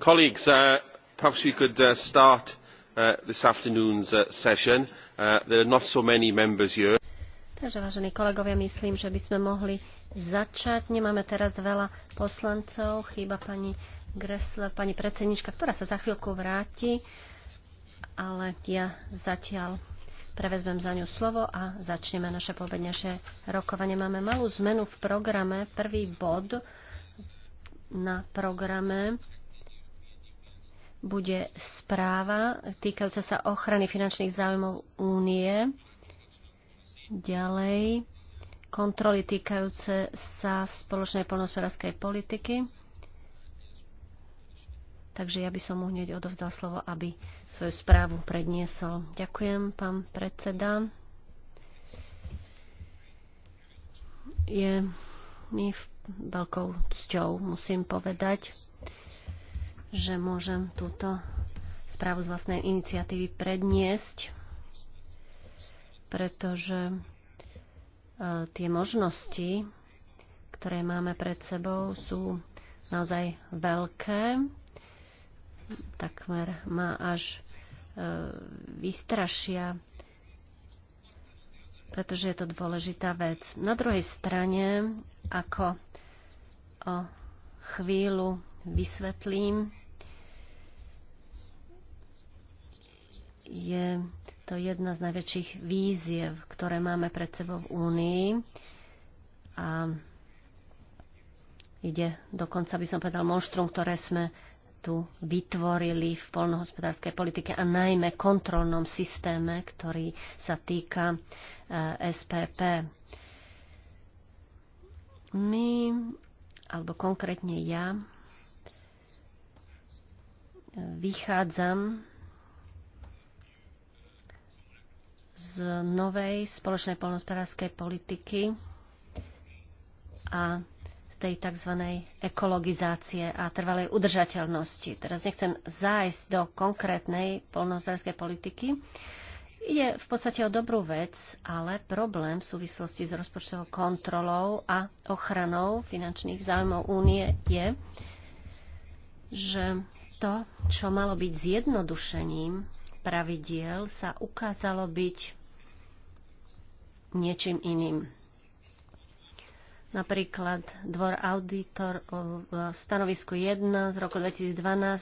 colleagues uh, perhaps we could uh, start uh, this afternoon's uh, session uh, there are not so many members here Takže vážení kolegovia, myslím, že by sme mohli začať. Nemáme teraz veľa poslancov, chýba pani Gresle, pani predsednička, ktorá sa za chvíľku vráti, ale ja zatiaľ prevezmem za ňu slovo a začneme naše povednejšie rokovanie. Máme malú zmenu v programe. Prvý bod na programe bude správa týkajúca sa ochrany finančných záujmov únie. Ďalej kontroly týkajúce sa spoločnej polnospodárskej politiky. Takže ja by som mu hneď odovzdal slovo, aby svoju správu predniesol. Ďakujem, pán predseda. Je mi veľkou cťou, musím povedať, že môžem túto správu z vlastnej iniciatívy predniesť, pretože e, tie možnosti, ktoré máme pred sebou, sú naozaj veľké. Takmer ma až e, vystrašia, pretože je to dôležitá vec. Na druhej strane, ako o chvíľu vysvetlím, je to jedna z najväčších víziev, ktoré máme pred sebou v Únii. A ide dokonca, by som povedal, monštrum, ktoré sme tu vytvorili v polnohospodárskej politike a najmä kontrolnom systéme, ktorý sa týka eh, SPP. My, alebo konkrétne ja, eh, vychádzam z novej spoločnej polnospodárskej politiky a z tej tzv. ekologizácie a trvalej udržateľnosti. Teraz nechcem zájsť do konkrétnej polnospodárskej politiky. Ide v podstate o dobrú vec, ale problém v súvislosti s rozpočtovou kontrolou a ochranou finančných záujmov únie je, že to, čo malo byť zjednodušením pravidiel sa ukázalo byť niečím iným. Napríklad dvor auditor v stanovisku 1 z roku 2012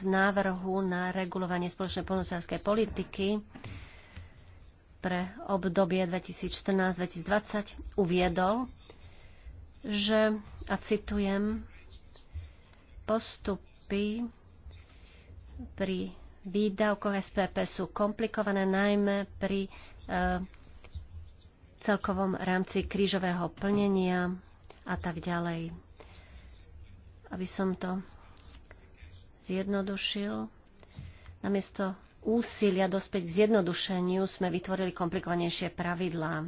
návrhu na regulovanie spoločnej polnospodárskej politiky pre obdobie 2014-2020 uviedol, že, a citujem, postupy pri výdavkoch SPP sú komplikované, najmä pri e, celkovom rámci krížového plnenia a tak ďalej. Aby som to zjednodušil, namiesto úsilia dospäť k zjednodušeniu sme vytvorili komplikovanejšie pravidlá,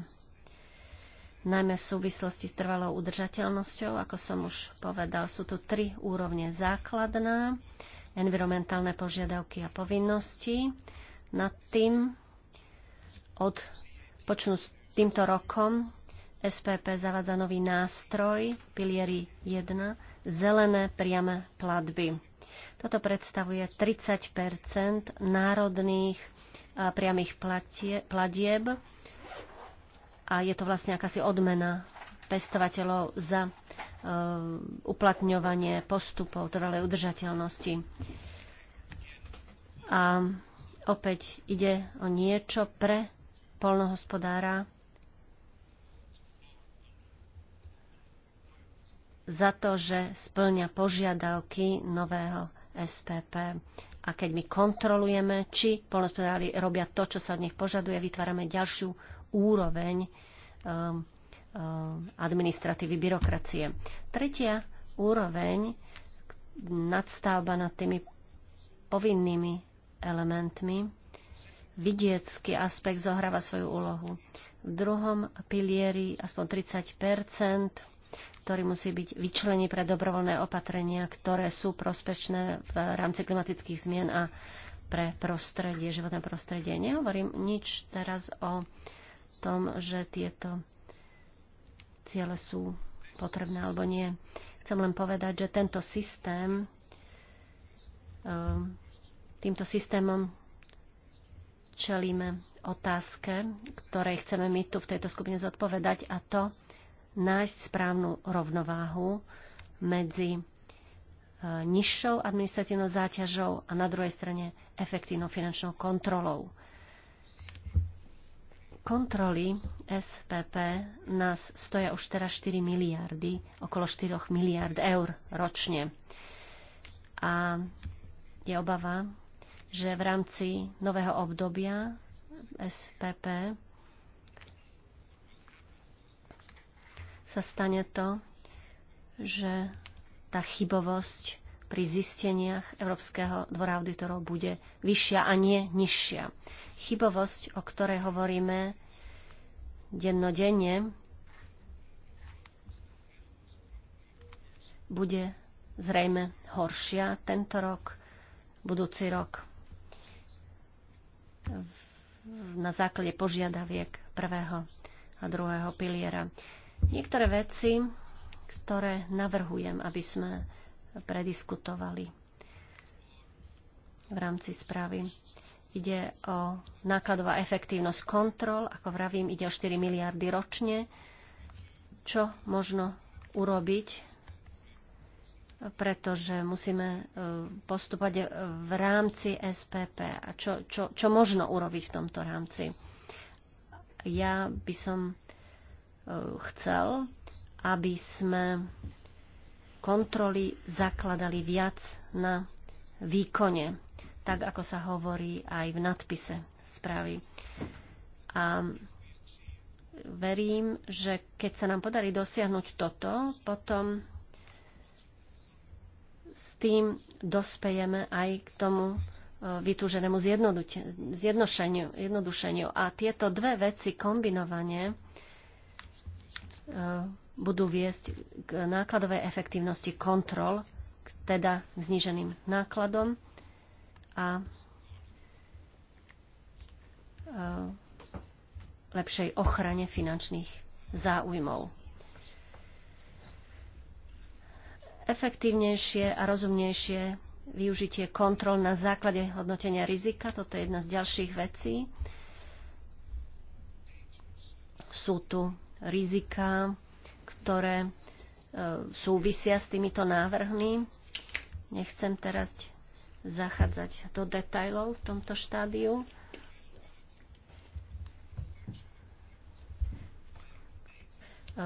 najmä v súvislosti s trvalou udržateľnosťou. Ako som už povedal, sú tu tri úrovne základná, environmentálne požiadavky a povinnosti. Nad tým od s týmto rokom SPP zavádza nový nástroj, pilieri 1, zelené priame platby. Toto predstavuje 30 národných priamých platieb a je to vlastne akási odmena pestovateľov za Eh, uplatňovanie postupov trvalej udržateľnosti. A opäť ide o niečo pre polnohospodára za to, že splňa požiadavky nového SPP. A keď my kontrolujeme, či polnohospodári robia to, čo sa od nich požaduje, vytvárame ďalšiu úroveň um, Eh, administratívy, byrokracie. Tretia úroveň, nadstavba nad tými povinnými elementmi, vidiecký aspekt zohráva svoju úlohu. V druhom pilieri aspoň 30 ktorý musí byť vyčlený pre dobrovoľné opatrenia, ktoré sú prospečné v rámci klimatických zmien a pre prostredie, životné prostredie. Nehovorím nič teraz o tom, že tieto ciele sú potrebné alebo nie. Chcem len povedať, že tento systém, ehm, týmto systémom čelíme otázke, ktorej chceme my tu v tejto skupine zodpovedať a to nájsť správnu rovnováhu medzi e, nižšou administratívnou záťažou a na druhej strane efektívnou finančnou kontrolou kontroly SPP nás stoja už teraz 4 miliardy, okolo 4 miliard eur ročne. A je obava, že v rámci nového obdobia SPP sa stane to, že tá chybovosť pri zisteniach Európskeho dvora auditorov bude vyššia a nie nižšia chybovosť, o ktorej hovoríme dennodenne, bude zrejme horšia tento rok, budúci rok na základe požiadaviek prvého a druhého piliera. Niektoré veci, ktoré navrhujem, aby sme prediskutovali v rámci správy ide o nákladová efektívnosť kontrol, ako vravím, ide o 4 miliardy ročne. Čo možno urobiť, pretože musíme e, postupovať e, v rámci SPP a čo, čo, čo možno urobiť v tomto rámci. Ja by som e, chcel, aby sme kontroly zakladali viac na výkone tak ako sa hovorí aj v nadpise správy. A verím, že keď sa nám podarí dosiahnuť toto, potom s tým dospejeme aj k tomu e, vytúženému zjednodušeniu, A tieto dve veci kombinovanie e, budú viesť k nákladovej efektívnosti kontrol, teda k zníženým nákladom a lepšej ochrane finančných záujmov. Efektívnejšie a rozumnejšie využitie kontrol na základe hodnotenia rizika, toto je jedna z ďalších vecí. Sú tu rizika, ktoré e, súvisia s týmito návrhmi. Nechcem teraz zachádzať do detajlov v tomto štádiu. E,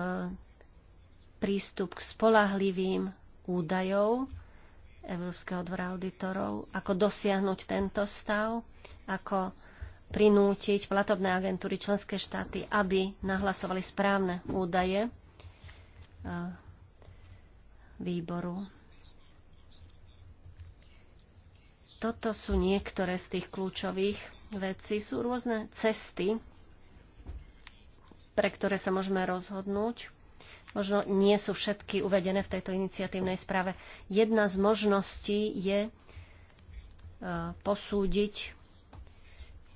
prístup k spolahlivým údajov Európskeho dvora auditorov, ako dosiahnuť tento stav, ako prinútiť platobné agentúry členské štáty, aby nahlasovali správne údaje e, výboru Toto sú niektoré z tých kľúčových vecí. Sú rôzne cesty, pre ktoré sa môžeme rozhodnúť. Možno nie sú všetky uvedené v tejto iniciatívnej správe. Jedna z možností je e, posúdiť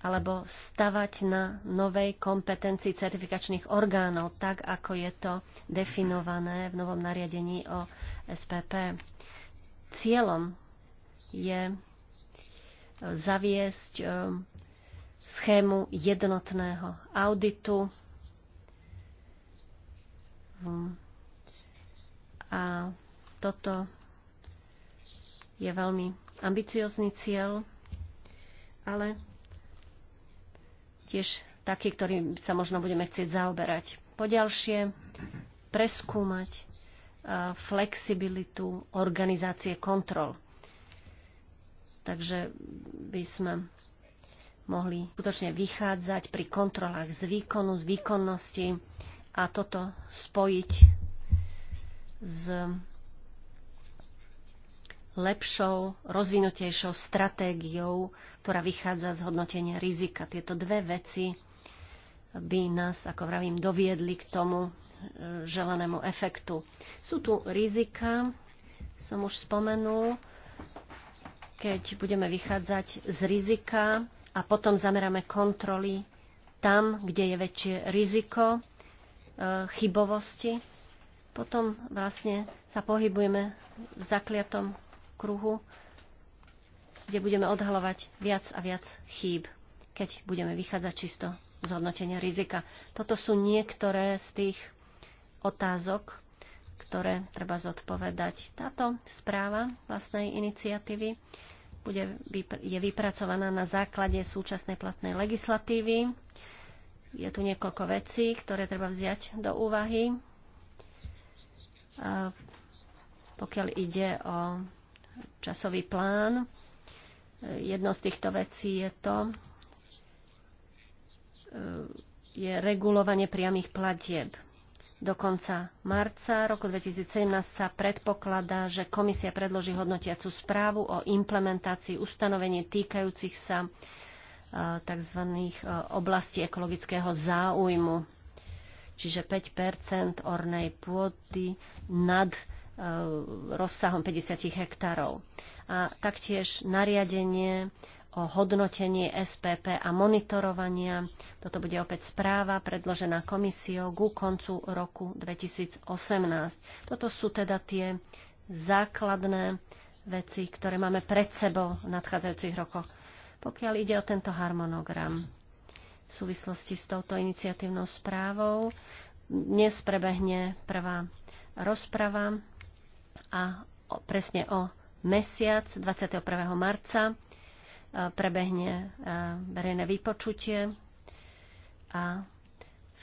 alebo stavať na novej kompetencii certifikačných orgánov, tak ako je to definované v novom nariadení o SPP. Cieľom je zaviesť um, schému jednotného auditu um, a toto je veľmi ambiciózny cieľ, ale tiež taký, ktorým sa možno budeme chcieť zaoberať. Poďalšie, preskúmať uh, flexibilitu organizácie kontrol. Takže by sme mohli skutočne vychádzať pri kontrolách z výkonu, z výkonnosti a toto spojiť s lepšou, rozvinutejšou stratégiou, ktorá vychádza z hodnotenia rizika. Tieto dve veci by nás, ako vravím, doviedli k tomu e, želenému efektu. Sú tu rizika, som už spomenul, keď budeme vychádzať z rizika a potom zameráme kontroly tam, kde je väčšie riziko e, chybovosti. Potom vlastne sa pohybujeme v zakliatom kruhu, kde budeme odhalovať viac a viac chýb, keď budeme vychádzať čisto z hodnotenia rizika. Toto sú niektoré z tých otázok, ktoré treba zodpovedať. Táto správa vlastnej iniciatívy bude, je vypracovaná na základe súčasnej platnej legislatívy. Je tu niekoľko vecí, ktoré treba vziať do úvahy. A pokiaľ ide o časový plán, jedno z týchto vecí je to, e, je regulovanie priamých platieb. Do konca marca roku 2017 sa predpokladá, že komisia predloží hodnotiacu správu o implementácii ustanovení týkajúcich sa e, tzv. E, oblastí ekologického záujmu, čiže 5 ornej pôdy nad e, rozsahom 50 hektárov. A taktiež nariadenie hodnotenie SPP a monitorovania. Toto bude opäť správa predložená komisiou ku koncu roku 2018. Toto sú teda tie základné veci, ktoré máme pred sebou v nadchádzajúcich rokoch. Pokiaľ ide o tento harmonogram v súvislosti s touto iniciatívnou správou, dnes prebehne prvá rozprava a presne o mesiac 21. marca prebehne verejné vypočutie a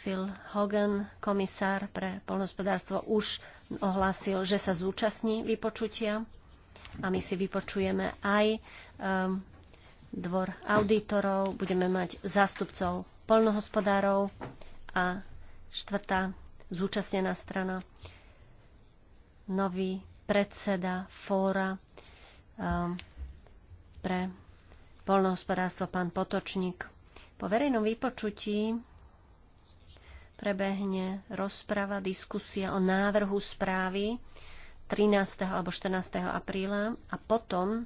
Phil Hogan, komisár pre poľnohospodárstvo, už ohlásil, že sa zúčastní vypočutia a my si vypočujeme aj ehm, dvor auditorov, budeme mať zástupcov polnohospodárov a štvrtá zúčastnená strana, nový predseda fóra ehm, pre polnohospodárstvo pán Potočník. Po verejnom vypočutí prebehne rozprava, diskusia o návrhu správy 13. alebo 14. apríla a potom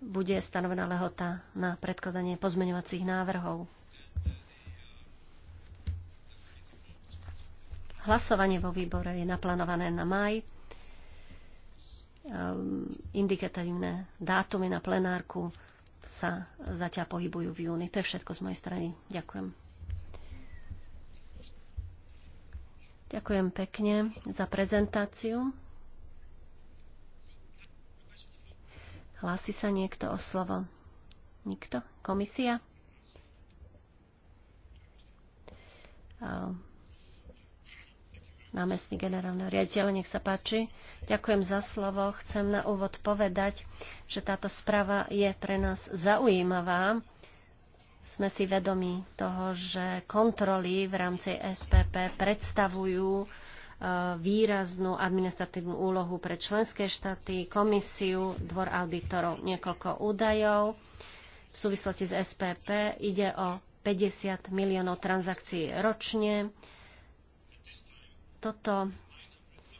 bude stanovená lehota na predkladanie pozmeňovacích návrhov. Hlasovanie vo výbore je naplánované na maj Ehm, indikatívne dátumy na plenárku sa zatiaľ pohybujú v júni. To je všetko z mojej strany. Ďakujem. Ďakujem pekne za prezentáciu. Hlási sa niekto o slovo? Nikto? Komisia? Ehm, námestník generálneho riaditeľa. Nech sa páči. Ďakujem za slovo. Chcem na úvod povedať, že táto správa je pre nás zaujímavá. Sme si vedomi toho, že kontroly v rámci SPP predstavujú e, výraznú administratívnu úlohu pre členské štáty, komisiu, dvor auditorov. Niekoľko údajov v súvislosti s SPP ide o 50 miliónov transakcií ročne, toto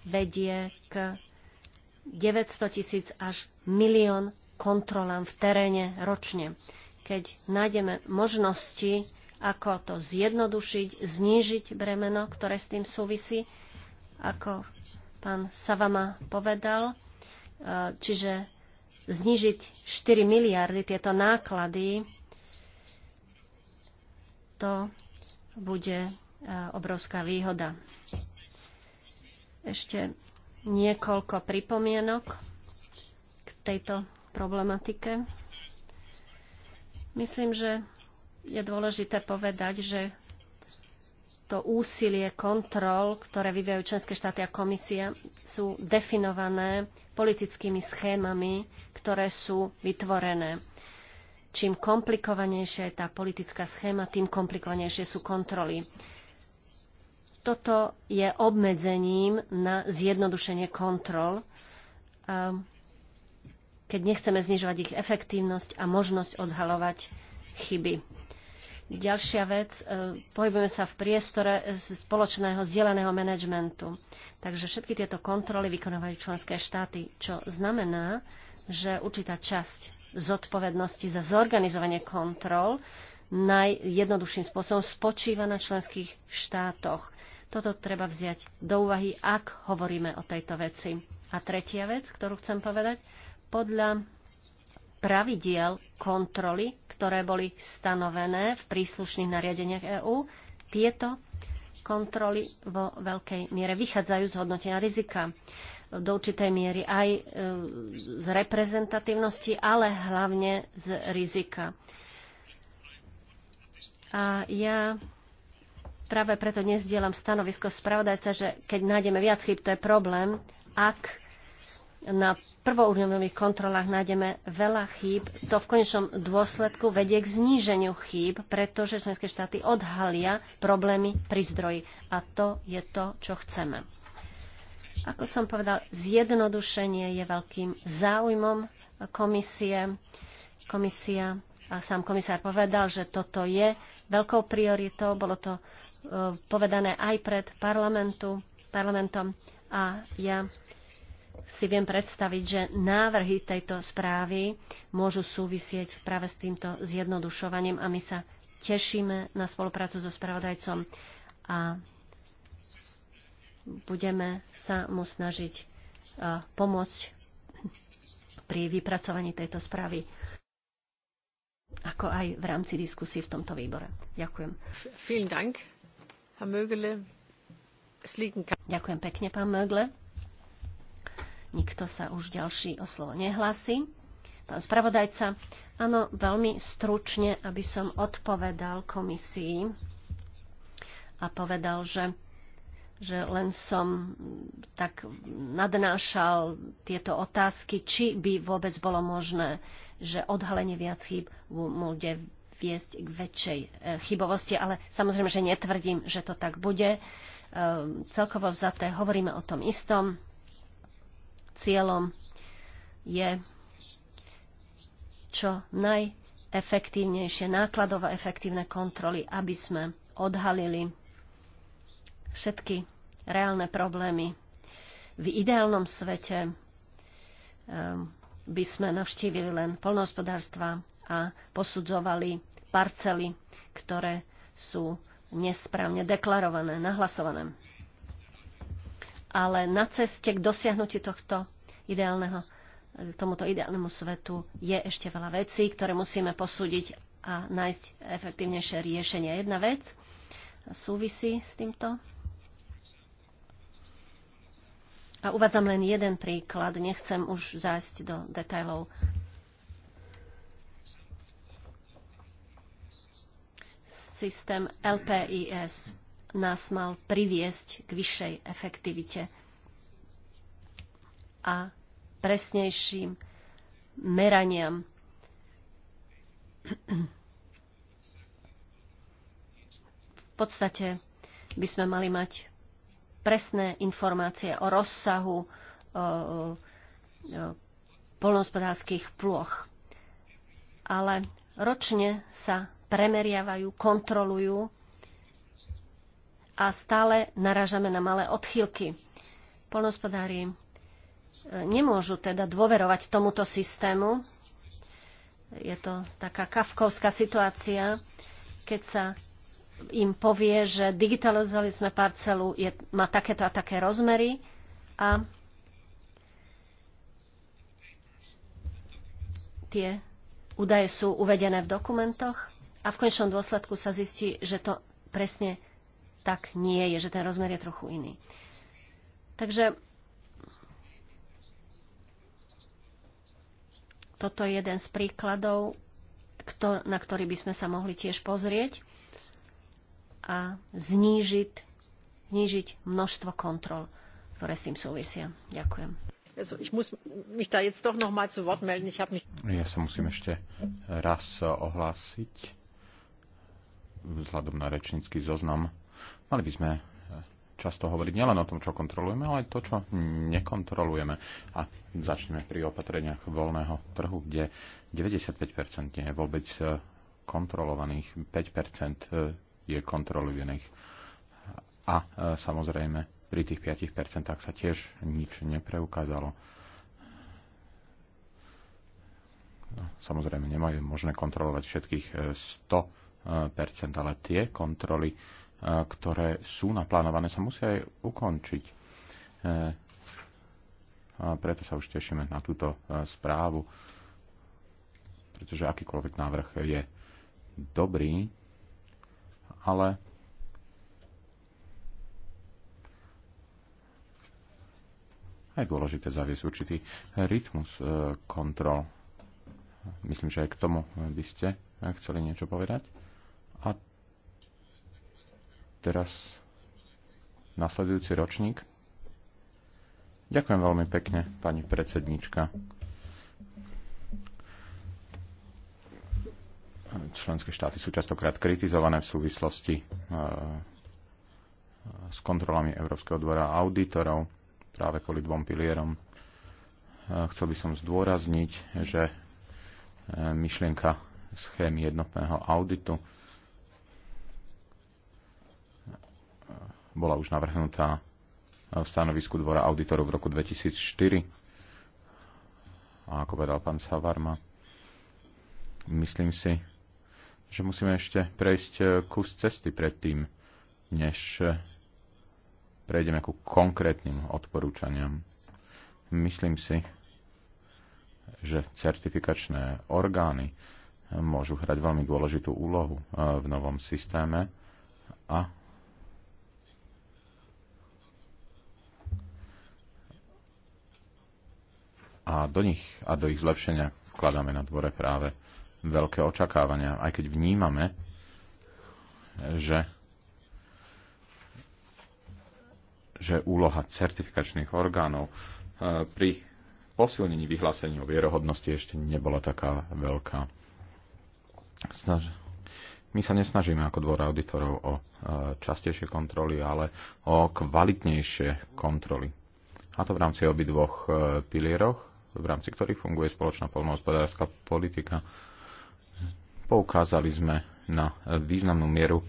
vedie k 900 tisíc až milión kontrolám v teréne ročne. Keď nájdeme možnosti, ako to zjednodušiť, znížiť bremeno, ktoré s tým súvisí, ako pán Savama povedal, e, čiže znížiť 4 miliardy tieto náklady, to bude e, obrovská výhoda ešte niekoľko pripomienok k tejto problematike. Myslím, že je dôležité povedať, že to úsilie kontrol, ktoré vyvíjajú členské štáty a komisia, sú definované politickými schémami, ktoré sú vytvorené. Čím komplikovanejšia je tá politická schéma, tým komplikovanejšie sú kontroly. Toto je obmedzením na zjednodušenie kontrol, keď nechceme znižovať ich efektívnosť a možnosť odhalovať chyby. Ďalšia vec, e, pohybujeme sa v priestore spoločného zdieľaného manažmentu. Takže všetky tieto kontroly vykonávajú členské štáty, čo znamená, že určitá časť zodpovednosti za zorganizovanie kontrol najjednoduchším spôsobom spočíva na členských štátoch. Toto treba vziať do úvahy, ak hovoríme o tejto veci. A tretia vec, ktorú chcem povedať, podľa pravidiel kontroly, ktoré boli stanovené v príslušných nariadeniach EÚ, tieto kontroly vo veľkej miere vychádzajú z hodnotenia rizika do určitej miery aj e, z reprezentatívnosti, ale hlavne z rizika. A ja práve preto nezdielam stanovisko spravodajca, že keď nájdeme viac chyb, to je problém. Ak na prvoúrovňových kontrolách nájdeme veľa chýb, to v konečnom dôsledku vedie k zníženiu chýb, pretože členské štáty odhalia problémy pri zdroji. A to je to, čo chceme. Ako som povedal, zjednodušenie je veľkým záujmom komisie. Komisia a sám komisár povedal, že toto je veľkou prioritou. Bolo to e, povedané aj pred parlamentu, parlamentom a ja si viem predstaviť, že návrhy tejto správy môžu súvisieť práve s týmto zjednodušovaním a my sa tešíme na spoluprácu so spravodajcom a budeme sa mu snažiť e, pomôcť pri vypracovaní tejto správy ako aj v rámci diskusí v tomto výbore. Ďakujem. Ďakujem pekne, pán Mögle. Nikto sa už ďalší o slovo nehlási. Pán spravodajca, áno, veľmi stručne, aby som odpovedal komisii a povedal, že že len som tak nadnášal tieto otázky, či by vôbec bolo možné, že odhalenie viac chýb môže viesť k väčšej e, chybovosti, ale samozrejme, že netvrdím, že to tak bude. E, celkovo vzaté hovoríme o tom istom. Cieľom je čo najefektívnejšie, nákladovo efektívne kontroly, aby sme odhalili všetky reálne problémy. V ideálnom svete um, by sme navštívili len polnohospodárstva a posudzovali parcely, ktoré sú nesprávne deklarované, nahlasované. Ale na ceste k dosiahnutiu tohto ideálneho, tomuto ideálnemu svetu je ešte veľa vecí, ktoré musíme posúdiť a nájsť efektívnejšie riešenie. Jedna vec súvisí s týmto a uvádzam len jeden príklad, nechcem už zájsť do detajlov. Systém LPIS nás mal priviesť k vyššej efektivite a presnejším meraniam. V podstate by sme mali mať presné informácie o rozsahu polnohospodárských plôch. Ale ročne sa premeriavajú, kontrolujú a stále naražame na malé odchýlky. Polnohospodári e, nemôžu teda dôverovať tomuto systému. Je to taká kafkovská situácia, keď sa im povie, že digitalizovali sme parcelu, je, má takéto a také rozmery a tie údaje sú uvedené v dokumentoch a v konečnom dôsledku sa zistí, že to presne tak nie je, že ten rozmer je trochu iný. Takže toto je jeden z príkladov, na ktorý by sme sa mohli tiež pozrieť a znížiť, znížiť množstvo kontrol, ktoré s tým súvisia. Ďakujem. Ja sa musím ešte raz ohlásiť vzhľadom na rečnícky zoznam. Mali by sme eh, často hovoriť nielen o tom, čo kontrolujeme, ale aj to, čo nekontrolujeme. A začneme pri opatreniach voľného trhu, kde 95% nie je vôbec eh, kontrolovaných, 5% je kontrolovaných. A e, samozrejme, pri tých 5% sa tiež nič nepreukázalo. No, samozrejme, nemajú možné kontrolovať všetkých 100%, e, e, ale tie kontroly, ktoré sú naplánované, sa musia aj ukončiť. A preto sa už tešíme na túto správu, pretože akýkoľvek návrh je dobrý, ale je dôležité zaviesť určitý rytmus e, kontrol. Myslím, že aj k tomu by ste chceli niečo povedať. A teraz nasledujúci ročník. Ďakujem veľmi pekne, pani predsednička. členské štáty sú častokrát kritizované v súvislosti eh, s kontrolami Európskeho dvora auditorov práve kvôli dvom pilierom. Eh, chcel by som zdôrazniť, že eh, myšlienka schémy jednotného auditu bola už navrhnutá v stanovisku Dvora auditorov v roku 2004. A ako povedal pán Savarma, myslím si, že musíme ešte prejsť e, kus cesty predtým, než e, prejdeme ku konkrétnym odporúčaniam. Myslím si, že certifikačné orgány e, môžu hrať veľmi dôležitú úlohu v novom systéme a a do nich a do ich zlepšenia vkladáme na dvore práve veľké očakávania, aj keď vnímame, že, že úloha certifikačných orgánov e, pri posilnení vyhlásení o vierohodnosti ešte nebola taká veľká. Snaž... My sa nesnažíme ako dvor auditorov o e, častejšie kontroly, ale o kvalitnejšie kontroly. A to v rámci obidvoch e, pilieroch, v rámci ktorých funguje spoločná polnohospodárska politika Poukázali sme na e, významnú mieru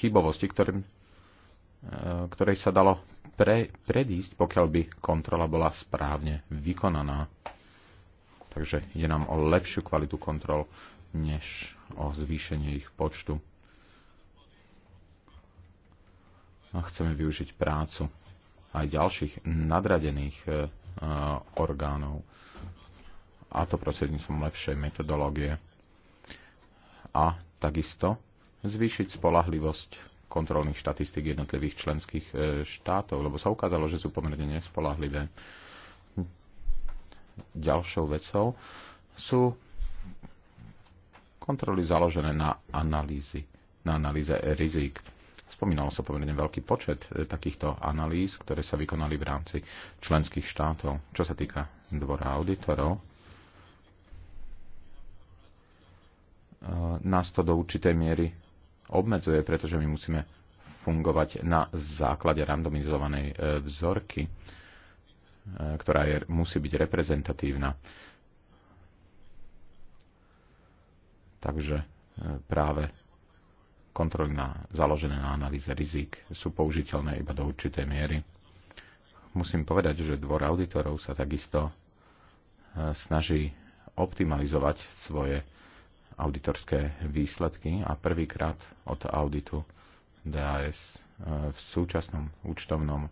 chybovosti, ktorým, e, ktorej sa dalo pre, predísť, pokiaľ by kontrola bola správne vykonaná. Takže ide nám o lepšiu kvalitu kontrol, než o zvýšenie ich počtu. A chceme využiť prácu aj ďalších nadradených e, e orgánov, a to prostredníctvom lepšej metodológie a takisto zvýšiť spolahlivosť kontrolných štatistik jednotlivých členských e, štátov, lebo sa ukázalo, že sú pomerne nespolahlivé. Ďalšou vecou sú kontroly založené na analýzy, na analýze rizik. Spomínalo sa pomerne veľký počet e, takýchto analýz, ktoré sa vykonali v rámci členských štátov. Čo sa týka dvora auditorov, Eh, nás to do určitej miery obmedzuje, pretože my musíme fungovať na základe randomizovanej eh, vzorky, eh, ktorá je, musí byť reprezentatívna. Takže práve kontroly na, založené na analýze rizik sú použiteľné iba do určitej miery. Musím povedať, že dvor auditorov sa takisto snaží optimalizovať svoje auditorské výsledky a prvýkrát od auditu DAS e, v súčasnom účtovnom e,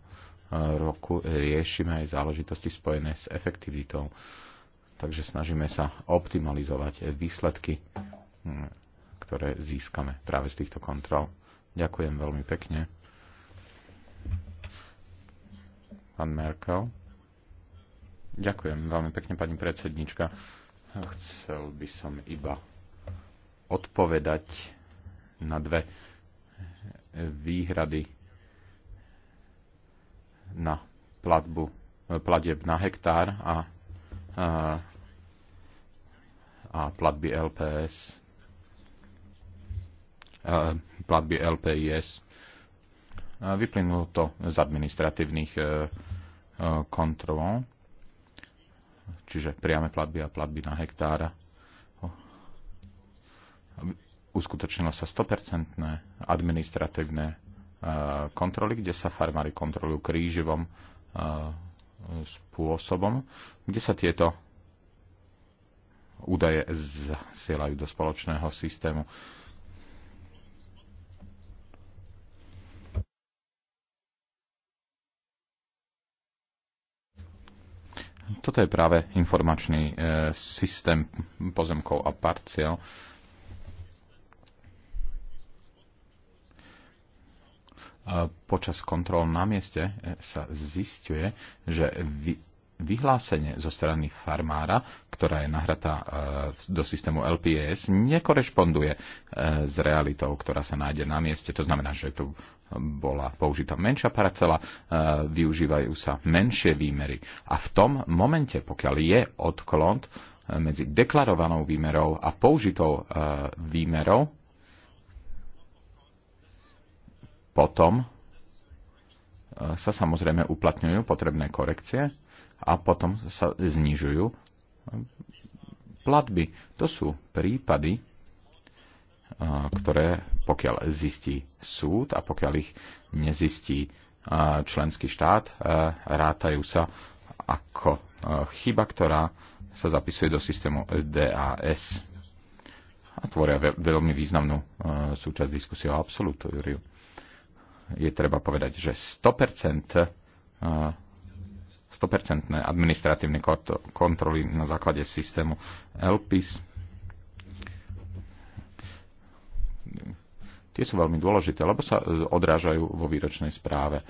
roku riešime aj záležitosti spojené s efektivitou. Takže snažíme sa optimalizovať výsledky, ktoré získame práve z týchto kontrol. Ďakujem veľmi pekne. Pán Merkel. Ďakujem veľmi pekne, pani predsednička. Chcel by som iba odpovedať na dve výhrady na platbu pladeb na hektár a, a, a platby LPS a, platby LPIS vyplynulo to z administratívnych e, e, kontrol čiže priame platby a platby na hektára uskutočnilo sa 100% administratívne e, kontroly, kde sa farmári kontrolujú kríživom e, spôsobom, kde sa tieto údaje zasielajú do spoločného systému. Toto je práve informačný e, systém pozemkov a parciel, počas kontrol na mieste e, sa zistuje, že vyhlásenie zo strany farmára, ktorá je nahratá e, do systému LPS, nekorešponduje e, s realitou, ktorá sa nájde na mieste. To znamená, že tu bola použitá menšia paracela, využívajú sa menšie výmery. A v tom momente, pokiaľ je odklon medzi deklarovanou výmerou a použitou výmerou, Potom e, sa samozrejme uplatňujú potrebné korekcie a potom sa znižujú e, platby. To sú prípady, e, ktoré pokiaľ zistí súd a pokiaľ ich nezistí členský štát, rátajú sa ako chyba, ktorá sa zapisuje do systému DAS a tvoria veľmi významnú súčasť diskusie o absolutóriu je treba povedať, že 100%, 100% administratívne kontroly na základe systému LPIS tie sú veľmi dôležité, lebo sa e, odrážajú vo výročnej správe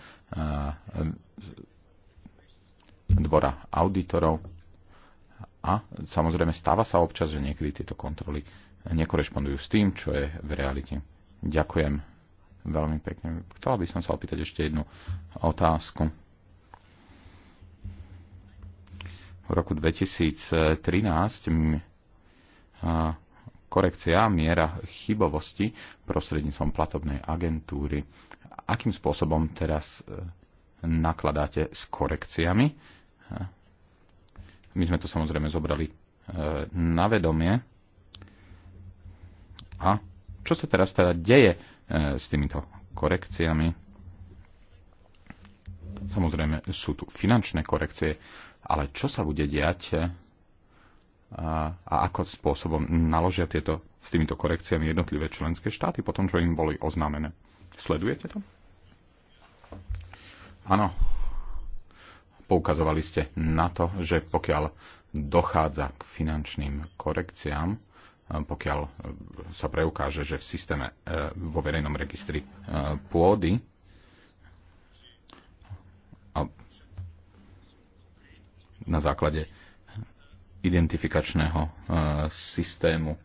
dvora auditorov a samozrejme stáva sa občas, že niekedy tieto kontroly nekorešpondujú s tým, čo je v realite. Ďakujem veľmi pekne. Chcela by som sa opýtať ešte jednu otázku. V roku 2013 korekcia miera chybovosti prostredníctvom platobnej agentúry. Akým spôsobom teraz e, nakladáte s korekciami? My sme to samozrejme zobrali e, na vedomie. A čo sa teraz teda deje s týmito korekciami. Samozrejme sú tu finančné korekcie, ale čo sa bude diať a ako spôsobom naložia tieto, s týmito korekciami jednotlivé členské štáty potom čo im boli oznámené. Sledujete to? Áno. Poukazovali ste na to, že pokiaľ dochádza k finančným korekciám, pokiaľ e, sa preukáže, že v systéme e, vo verejnom registri e, pôdy a na základe identifikačného systému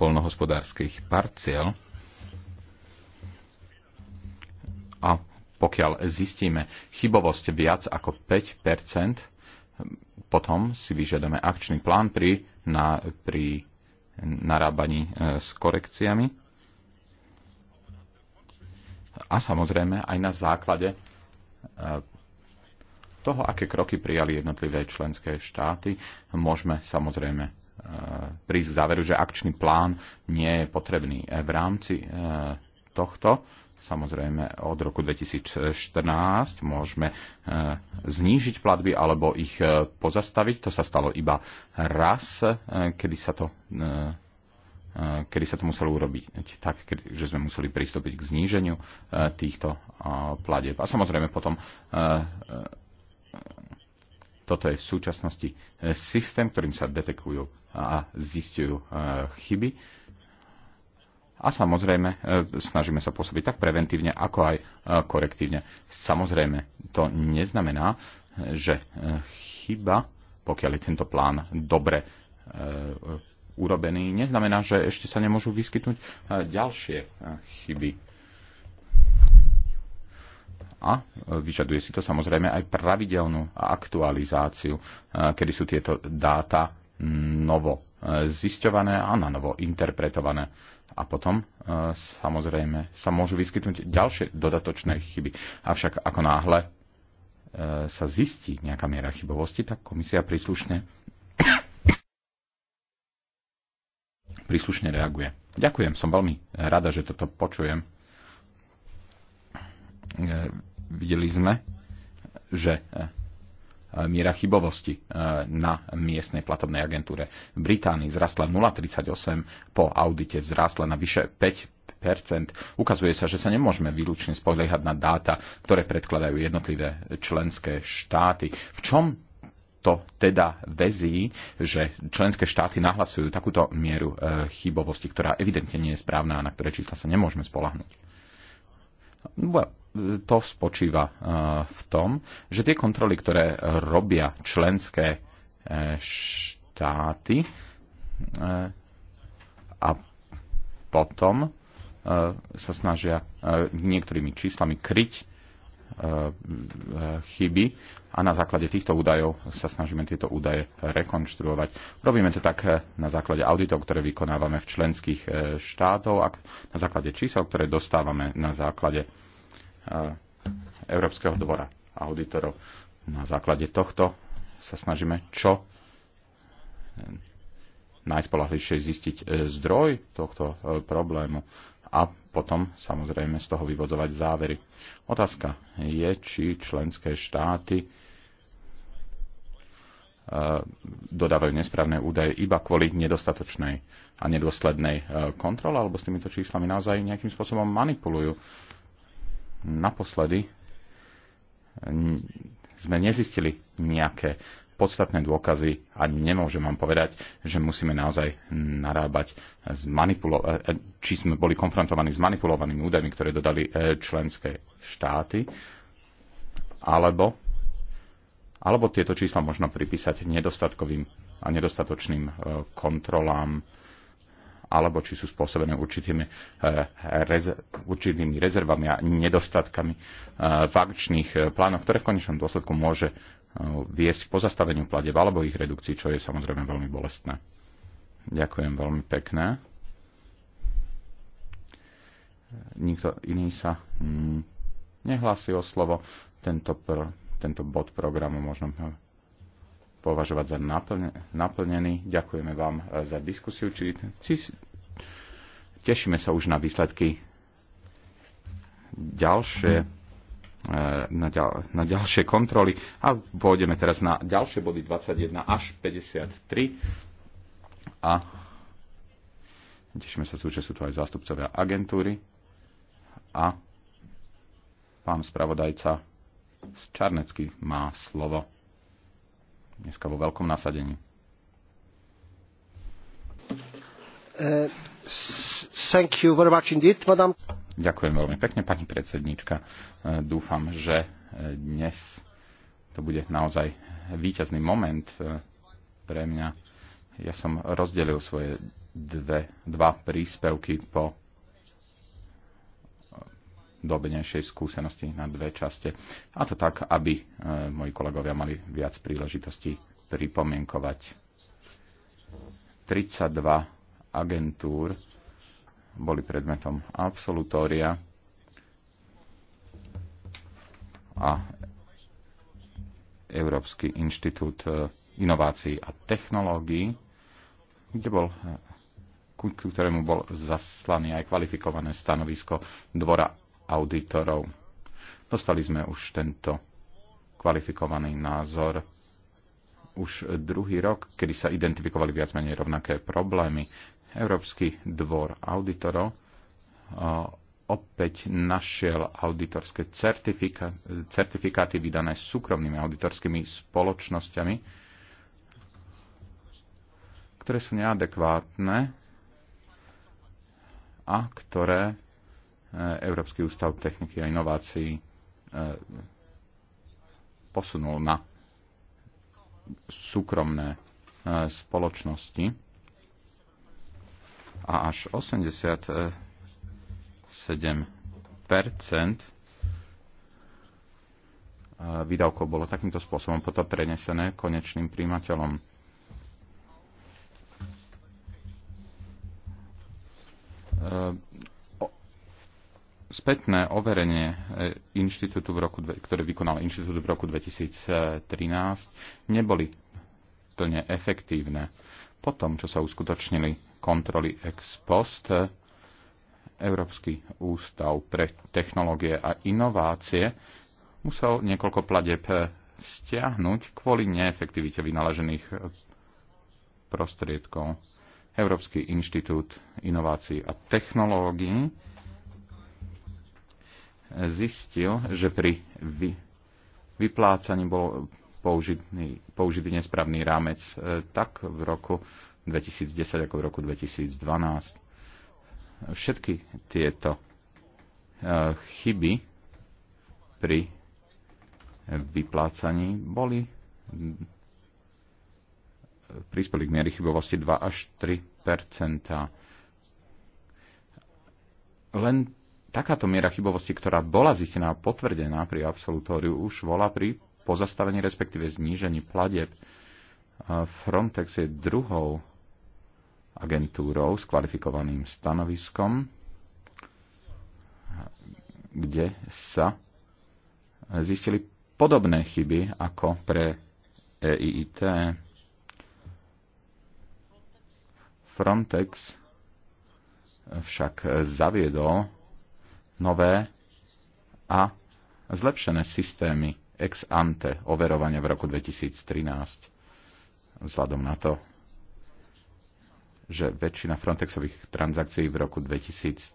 polnohospodárskych parciel a pokiaľ zistíme chybovosť viac ako 5 potom si vyžiadame akčný plán pri, na, pri narábaní e, s korekciami a samozrejme aj na základe e, toho, aké kroky prijali jednotlivé členské štáty, môžeme samozrejme e, prísť k záveru, že akčný plán nie je potrebný v rámci tohto Samozrejme, od roku 2014 môžeme eh, znížiť platby alebo ich eh, pozastaviť. To sa stalo iba raz, eh, kedy sa to kedy sa to muselo urobiť tak, že sme museli pristúpiť k zníženiu týchto platieb. A samozrejme potom toto je v súčasnosti systém, ktorým sa detekujú a zistujú chyby a samozrejme, e, snažíme sa pôsobiť tak preventívne, ako aj e, korektívne. Samozrejme, to neznamená, že e, chyba, pokiaľ je tento plán dobre urobený, neznamená, že ešte sa nemôžu vyskytnúť ďalšie chyby. A vyžaduje si to samozrejme aj pravidelnú aktualizáciu, kedy sú tieto dáta novo zisťované a na novo interpretované a potom e, samozrejme sa môžu vyskytnúť ďalšie dodatočné chyby. Avšak ako náhle e, sa zistí nejaká miera chybovosti, tak komisia príslušne príslušne reaguje. Ďakujem, som veľmi rada, že toto počujem. E, videli sme, že E, miera chybovosti e, na miestnej platobnej agentúre. V Británii zrastla 0,38, po audite vzrastla na vyše 5 Ukazuje sa, že sa nemôžeme výlučne spoliehať na dáta, ktoré predkladajú jednotlivé členské štáty. V čom to teda vezí, že členské štáty nahlasujú takúto mieru e, chybovosti, ktorá evidentne nie je správna a na ktoré čísla sa nemôžeme spolahnuť to spočíva e, v tom, že tie kontroly, ktoré robia členské e, štáty e, a potom sa snažia niektorými číslami kryť chyby a na základe týchto údajov sa snažíme tieto údaje rekonštruovať. Robíme to tak na základe auditov, ktoré vykonávame v členských štátoch a na základe čísel, ktoré dostávame na základe Eh, Európskeho dvora auditorov. Na základe tohto sa snažíme čo eh, najspolahlivšie zistiť eh, zdroj tohto problému a potom samozrejme z toho vyvodzovať závery. Otázka je, či členské štáty dodávajú nesprávne údaje iba kvôli nedostatočnej a nedôslednej kontrole, alebo s týmito číslami naozaj nejakým spôsobom manipulujú naposledy sme nezistili nejaké podstatné dôkazy a nemôžem vám povedať, že musíme naozaj narábať manipulo- e, e, či sme boli konfrontovaní s manipulovanými údajmi, ktoré dodali e, členské štáty, alebo, alebo tieto čísla možno pripísať nedostatkovým a nedostatočným kontrolám alebo či sú spôsobené určitými, eh, rez, určitými rezervami a nedostatkami v eh, akčných eh, plánoch, ktoré v konečnom dôsledku môže viesť k pozastaveniu pladeb alebo ich redukcii, čo je samozrejme veľmi bolestné. Ďakujem veľmi pekne. Nikto iný sa mm, nehlási o slovo. Tento, pr- tento bod programu možno považovať za naplnený. Ďakujeme vám e, za diskusiu. Či, či, tešíme sa už na výsledky ďalšie, mhm. e, na, ďal, na ďalšie kontroly a pôjdeme teraz na ďalšie body 21 až 53 a tešíme sa že sú tu aj zástupcovia agentúry a pán spravodajca z Čarnecky má slovo dneska vo veľkom nasadení. Eh, thank you very much indeed, madam. Ďakujem veľmi pekne, pani predsednička. Eh, dúfam, že eh, dnes to bude naozaj výťazný moment pre mňa. Ja som rozdelil svoje dve, dva príspevky po dobenejšej skúsenosti na dve časte. A to tak, aby e, moji kolegovia mali viac príležitostí pripomienkovať. 32 agentúr boli predmetom absolutória a Európsky inštitút e, inovácií a technológií, kde bol e, ku ktorému bol zaslaný aj kvalifikované stanovisko Dvora auditorov. Dostali sme už tento kvalifikovaný názor už druhý rok, kedy sa identifikovali viac menej rovnaké problémy. Európsky dvor auditorov opäť našiel auditorské certifika- certifikáty vydané súkromnými auditorskými spoločnosťami, ktoré sú neadekvátne a ktoré Eh, Európsky ústav techniky a inovácií eh, posunul na súkromné eh, spoločnosti a až 87 výdavkov bolo takýmto spôsobom potom prenesené konečným príjimateľom spätné overenie eh, inštitútu v roku, ktoré vykonal inštitút v roku 2013, neboli plne efektívne. Po tom, čo sa uskutočnili kontroly ex post, Európsky ústav pre technológie a inovácie musel niekoľko pladeb eh, stiahnuť kvôli neefektivite vynaležených eh, prostriedkov. Európsky inštitút inovácií a technológií zistil, že pri vy, vyplácaní bol použitý, použitý nesprávny rámec e, tak v roku 2010 ako v roku 2012. Všetky tieto e, chyby pri vyplácaní boli prispeli k miery chybovosti 2 až 3 Len takáto miera chybovosti, ktorá bola zistená a potvrdená pri absolutóriu, už volá pri pozastavení, respektíve znížení pladeb. Frontex je druhou agentúrou s kvalifikovaným stanoviskom, kde sa zistili podobné chyby ako pre EIT. Frontex však zaviedol nové a zlepšené systémy ex ante overovania v roku 2013 vzhľadom na to, že väčšina Frontexových transakcií v roku 2013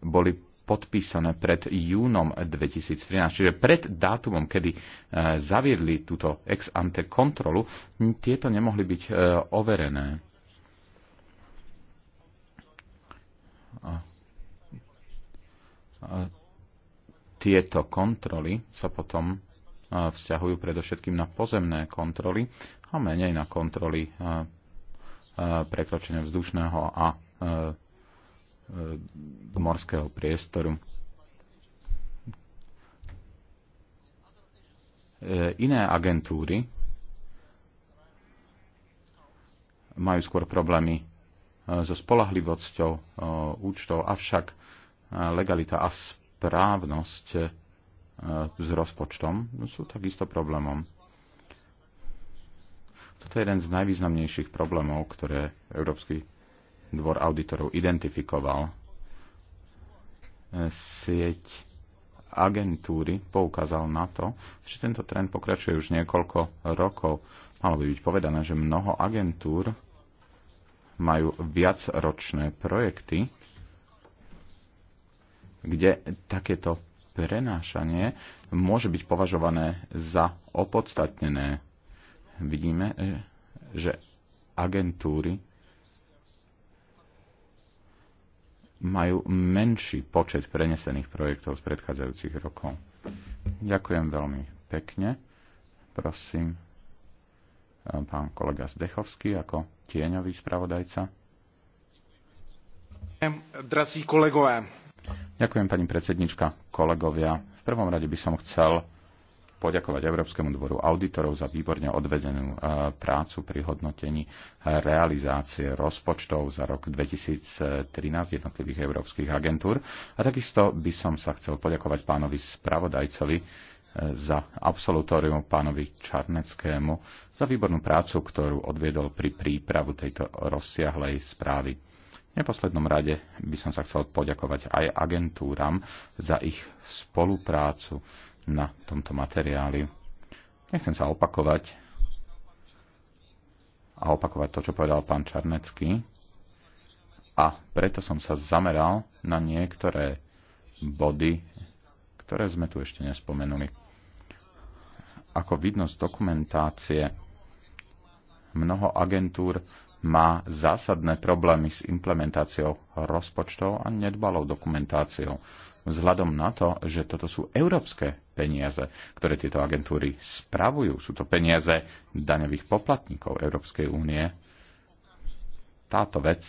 boli podpísané pred júnom 2013, čiže pred dátumom, kedy e, zaviedli túto ex ante kontrolu, tieto nemohli byť e, overené tieto kontroly sa potom vzťahujú predovšetkým na pozemné kontroly a menej na kontroly prekročenia vzdušného a morského priestoru. E, iné agentúry majú skôr problémy e, so spolahlivosťou e, účtov, avšak legalita a správnosť e, s rozpočtom sú takisto problémom. Toto je jeden z najvýznamnejších problémov, ktoré Európsky dvor auditorov identifikoval. E, sieť agentúry poukázal na to, že tento trend pokračuje už niekoľko rokov. Malo by byť povedané, že mnoho agentúr majú viacročné projekty, kde takéto prenášanie môže byť považované za opodstatnené. Vidíme, e, že agentúry majú menší počet prenesených projektov z predchádzajúcich rokov. Ďakujem veľmi pekne. Prosím, e, pán kolega Zdechovský ako tieňový spravodajca. Drazí kolegové, Ďakujem pani predsednička, kolegovia. V prvom rade by som chcel poďakovať Európskemu dvoru auditorov za výborne odvedenú e, prácu pri hodnotení e, realizácie rozpočtov za rok 2013 jednotlivých európskych agentúr. A takisto by som sa chcel poďakovať pánovi spravodajcovi e, za absolutórium pánovi Čarneckému za výbornú prácu, ktorú odviedol pri prípravu tejto rozsiahlej správy neposlednom rade by som sa chcel poďakovať aj agentúram za ich spoluprácu na tomto materiáli. Nechcem sa opakovať a opakovať to, čo povedal pán Čarnecký. A preto som sa zameral na niektoré body, ktoré sme tu ešte nespomenuli. Ako vidno z dokumentácie, mnoho agentúr má zásadné problémy s implementáciou rozpočtov a nedbalou dokumentáciou. Vzhľadom na to, že toto sú európske peniaze, ktoré tieto agentúry spravujú, sú to peniaze daňových poplatníkov Európskej únie, táto vec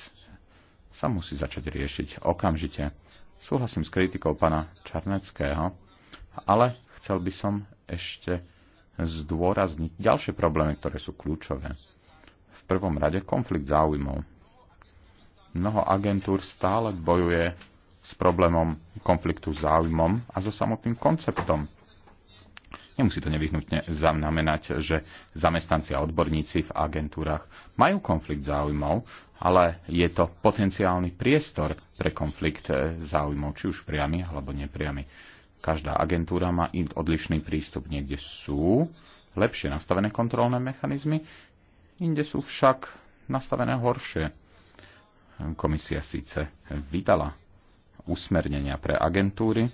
sa musí začať riešiť okamžite. Súhlasím s kritikou pana Čarneckého, ale chcel by som ešte zdôrazniť ďalšie problémy, ktoré sú kľúčové prvom rade konflikt záujmov. Mnoho agentúr stále bojuje s problémom konfliktu záujmom a so samotným konceptom. Nemusí to nevyhnutne znamenať, že zamestnanci a odborníci v agentúrach majú konflikt záujmov, ale je to potenciálny priestor pre konflikt záujmov, či už priamy alebo nepriamy. Každá agentúra má odlišný prístup. Niekde sú lepšie nastavené kontrolné mechanizmy, Inde sú však nastavené horšie. Komisia síce vydala usmernenia pre agentúry,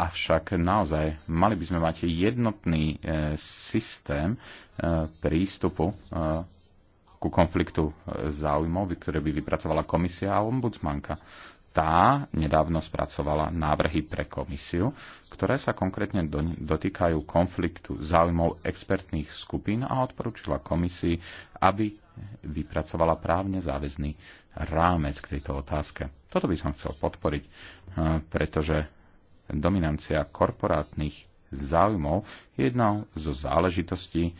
avšak naozaj mali by sme mať jednotný e, systém e, prístupu e, ku konfliktu záujmov, ktoré by vypracovala komisia a ombudsmanka tá nedávno spracovala návrhy pre komisiu, ktoré sa konkrétne dotýkajú konfliktu záujmov expertných skupín a odporúčila komisii, aby vypracovala právne záväzný rámec k tejto otázke. Toto by som chcel podporiť, eh, pretože dominancia korporátnych záujmov je jednou zo záležitostí,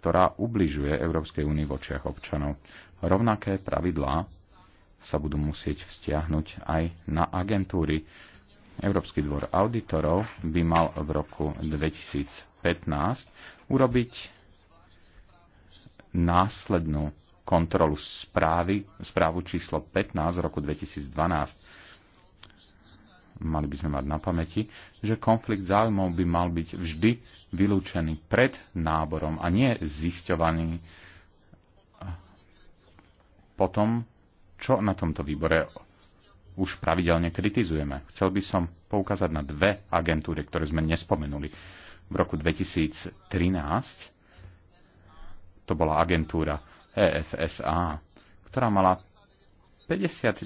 ktorá ubližuje Európskej únii v očiach občanov. Rovnaké pravidlá sa budú musieť vzťahnuť aj na agentúry. Európsky dvor auditorov by mal v roku 2015 urobiť následnú kontrolu správy, správu číslo 15 z roku 2012. Mali by sme mať na pamäti, že konflikt záujmov by mal byť vždy vylúčený pred náborom a nie zisťovaný potom čo na tomto výbore už pravidelne kritizujeme. Chcel by som poukázať na dve agentúry, ktoré sme nespomenuli. V roku 2013 to bola agentúra EFSA, ktorá mala 59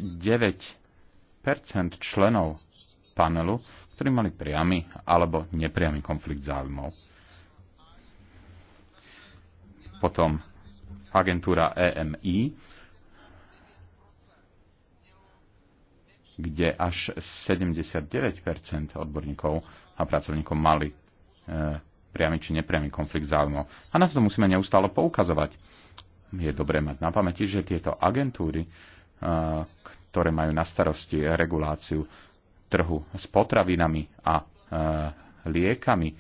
členov panelu, ktorí mali priamy alebo nepriamy konflikt záujmov. Potom agentúra EMI, kde až 79 odborníkov a pracovníkov mali e, priamy či nepriamy konflikt záujmov. A na to musíme neustále poukazovať. Je dobré mať na pamäti, že tieto agentúry, e, ktoré majú na starosti reguláciu trhu s potravinami a e, liekami,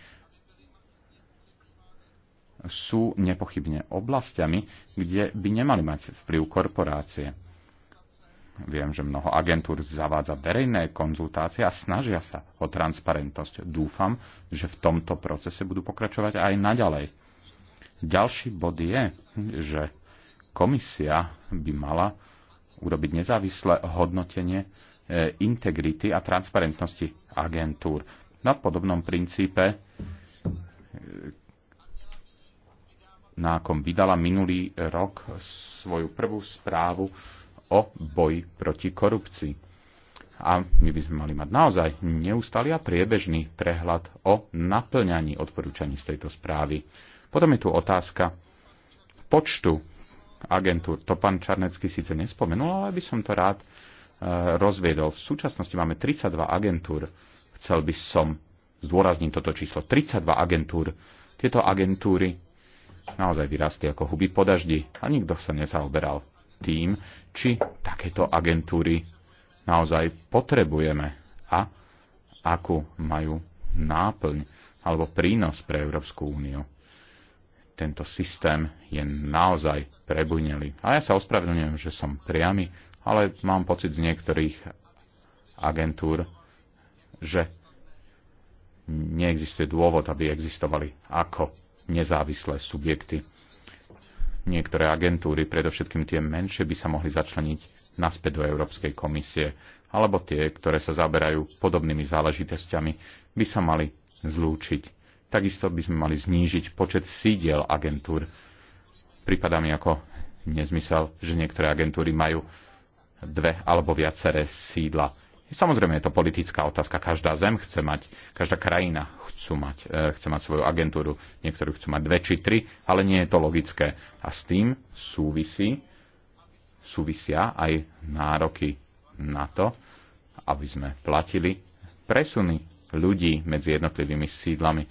sú nepochybne oblastiami, kde by nemali mať vplyv korporácie Viem, že mnoho agentúr zavádza verejné konzultácie a snažia sa o transparentnosť. Dúfam, že v tomto procese budú pokračovať aj naďalej. Ďalší bod je, že komisia by mala urobiť nezávislé hodnotenie e, integrity a transparentnosti agentúr. Na podobnom princípe, e, na akom vydala minulý rok svoju prvú správu o boji proti korupcii. A my by sme mali mať naozaj neustály a priebežný prehľad o naplňaní odporúčaní z tejto správy. Potom je tu otázka počtu agentúr. To pán Čarnecký síce nespomenul, ale by som to rád e, rozviedol. V súčasnosti máme 32 agentúr. Chcel by som zdôrazniť toto číslo. 32 agentúr. Tieto agentúry naozaj vyrastli ako huby po daždi a nikto sa nezaoberal tým, či takéto agentúry naozaj potrebujeme a akú majú náplň alebo prínos pre Európsku úniu. Tento systém je naozaj prebujnelý. A ja sa ospravedlňujem, že som priamy, ale mám pocit z niektorých agentúr, že neexistuje dôvod, aby existovali ako nezávislé subjekty niektoré agentúry, predovšetkým tie menšie, by sa mohli začleniť naspäť do Európskej komisie, alebo tie, ktoré sa zaberajú podobnými záležitosťami, by sa mali zlúčiť. Takisto by sme mali znížiť počet sídiel agentúr. Prípada mi ako nezmysel, že niektoré agentúry majú dve alebo viaceré sídla. Samozrejme je to politická otázka. Každá zem chce mať, každá krajina chcú mať, e, chce mať svoju agentúru. Niektorí chcú mať dve či tri, ale nie je to logické. A s tým súvisí, súvisia aj nároky na to, aby sme platili presuny ľudí medzi jednotlivými sídlami.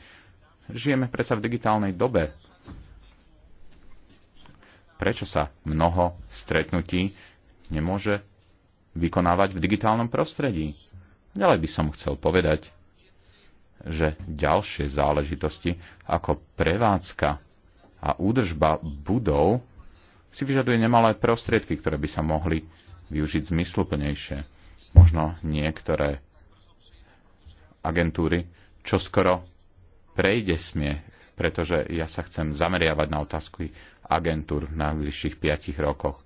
Žijeme predsa v digitálnej dobe. Prečo sa mnoho stretnutí nemôže vykonávať v digitálnom prostredí. Ďalej by som chcel povedať, že ďalšie záležitosti ako prevádzka a údržba budov si vyžaduje nemalé prostriedky, ktoré by sa mohli využiť zmysluplnejšie. Možno niektoré agentúry čo skoro prejde smiech, pretože ja sa chcem zameriavať na otázky agentúr v najbližších 5 rokoch.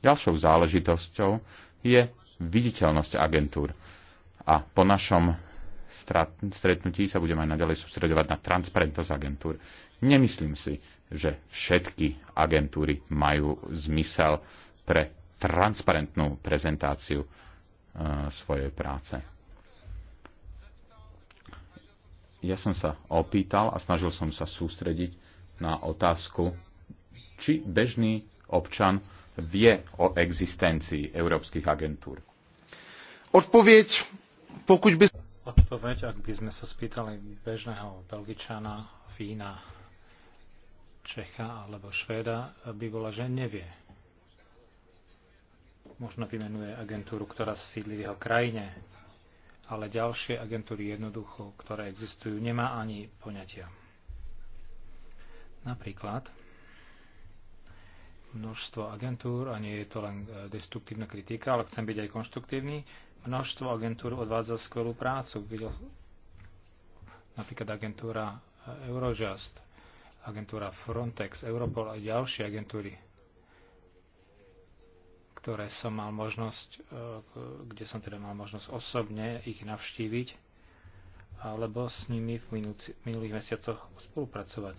Ďalšou záležitosťou je viditeľnosť agentúr. A po našom stretnutí sa budeme aj naďalej sústredovať na transparentnosť agentúr. Nemyslím si, že všetky agentúry majú zmysel pre transparentnú prezentáciu e, svojej práce. Ja som sa opýtal a snažil som sa sústrediť na otázku, či bežný občan vie o existencii európskych agentúr? Odpoveď, pokud by... Odpoveď, ak by sme sa spýtali bežného Belgičana, Fína, Čecha alebo Švéda, by bola, že nevie. Možno vymenuje agentúru, ktorá sídli v jeho krajine, ale ďalšie agentúry jednoducho, ktoré existujú, nemá ani poňatia. Napríklad množstvo agentúr a nie je to len e, destruktívna kritika, ale chcem byť aj konštruktívny. Množstvo agentúr odvádza skvelú prácu. Videl napríklad agentúra e, Eurojust, agentúra Frontex, Europol a ďalšie agentúry, ktoré som mal možnosť, e, kde som teda mal možnosť osobne ich navštíviť, alebo s nimi v minulých mesiacoch spolupracovať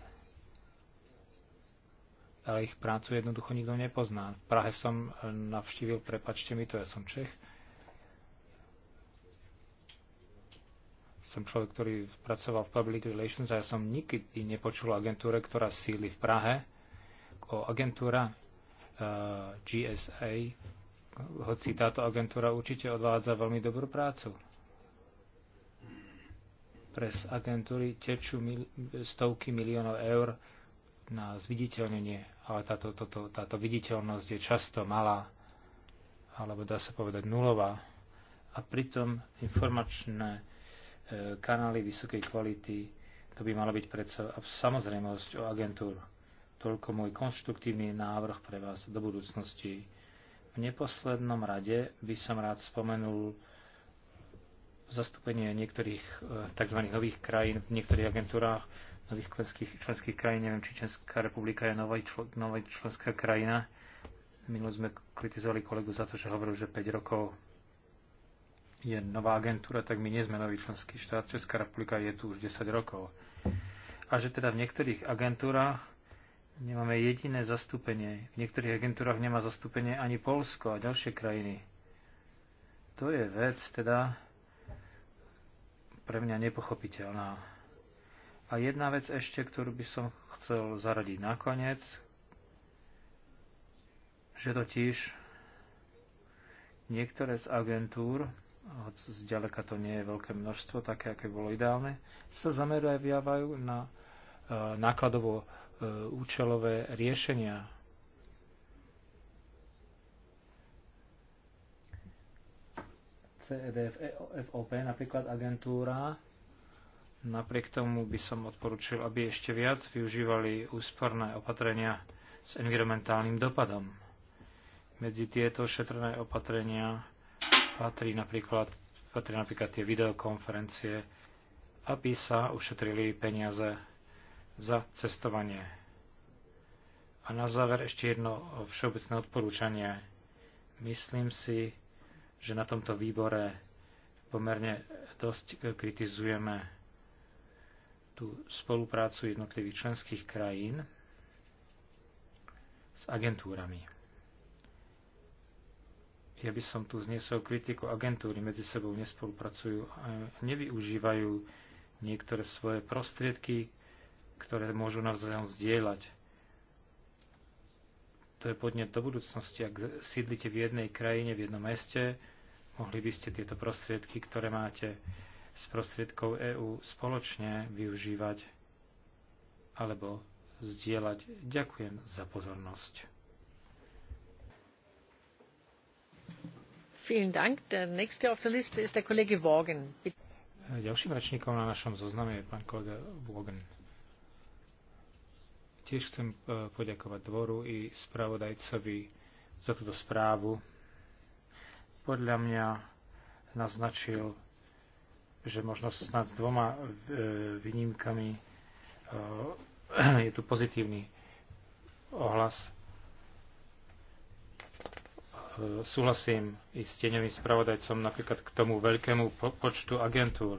ale ich prácu jednoducho nikto nepozná. V Prahe som e, navštívil, prepačte mi to, ja som Čech. Som človek, ktorý pracoval v public relations a ja som nikdy nepočul agentúre, ktorá síli v Prahe. O agentúra uh, e, GSA, hoci táto agentúra určite odvádza veľmi dobrú prácu. Pres agentúry tečú mil, stovky miliónov eur na zviditeľnenie ale táto, toto, táto viditeľnosť je často malá, alebo dá sa povedať nulová. A pritom informačné e, kanály vysokej kvality, to by mala byť predsa samozrejmosť o agentúr. Toľko môj konštruktívny návrh pre vás do budúcnosti. V neposlednom rade by som rád spomenul zastúpenie niektorých e, tzv. nových krajín v niektorých agentúrách, nových členských, členských krajín. Neviem, či Česká republika je nová, čl- nová členská krajina. Minulo sme kritizovali kolegu za to, že hovoril, že 5 rokov je nová agentúra, tak my nie sme nový členský štát. Česká republika je tu už 10 rokov. A že teda v niektorých agentúrach nemáme jediné zastúpenie. V niektorých agentúrach nemá zastúpenie ani Polsko a ďalšie krajiny. To je vec teda pre mňa nepochopiteľná. A jedna vec ešte, ktorú by som chcel zaradiť nakoniec, že totiž niektoré z agentúr, hoď zďaleka to nie je veľké množstvo, také, aké bolo ideálne, sa zameriavajú na e, nákladovo e, účelové riešenia. CEDF, e FOP, napríklad agentúra, Napriek tomu by som odporučil, aby ešte viac využívali úsporné opatrenia s environmentálnym dopadom. Medzi tieto šetrné opatrenia patrí napríklad, patrí napríklad tie videokonferencie, aby sa ušetrili peniaze za cestovanie. A na záver ešte jedno všeobecné odporúčanie. Myslím si, že na tomto výbore pomerne dosť kritizujeme tú spoluprácu jednotlivých členských krajín s agentúrami. Ja by som tu zniesol kritiku agentúry, medzi sebou nespolupracujú a nevyužívajú niektoré svoje prostriedky, ktoré môžu navzájom zdieľať. To je podnet do budúcnosti. Ak sídlite v jednej krajine, v jednom meste, mohli by ste tieto prostriedky, ktoré máte, z prostriedkov EÚ spoločne využívať alebo zdieľať. Ďakujem za pozornosť. Ďalším rečníkom na našom zozname je pán kolega Wogen. Tiež chcem e, poďakovať dvoru i spravodajcovi za túto správu. Podľa mňa naznačil že možno snad s dvoma e, výnimkami e, je tu pozitívny ohlas. E, súhlasím i s tieňovým spravodajcom napríklad k tomu veľkému počtu agentúr.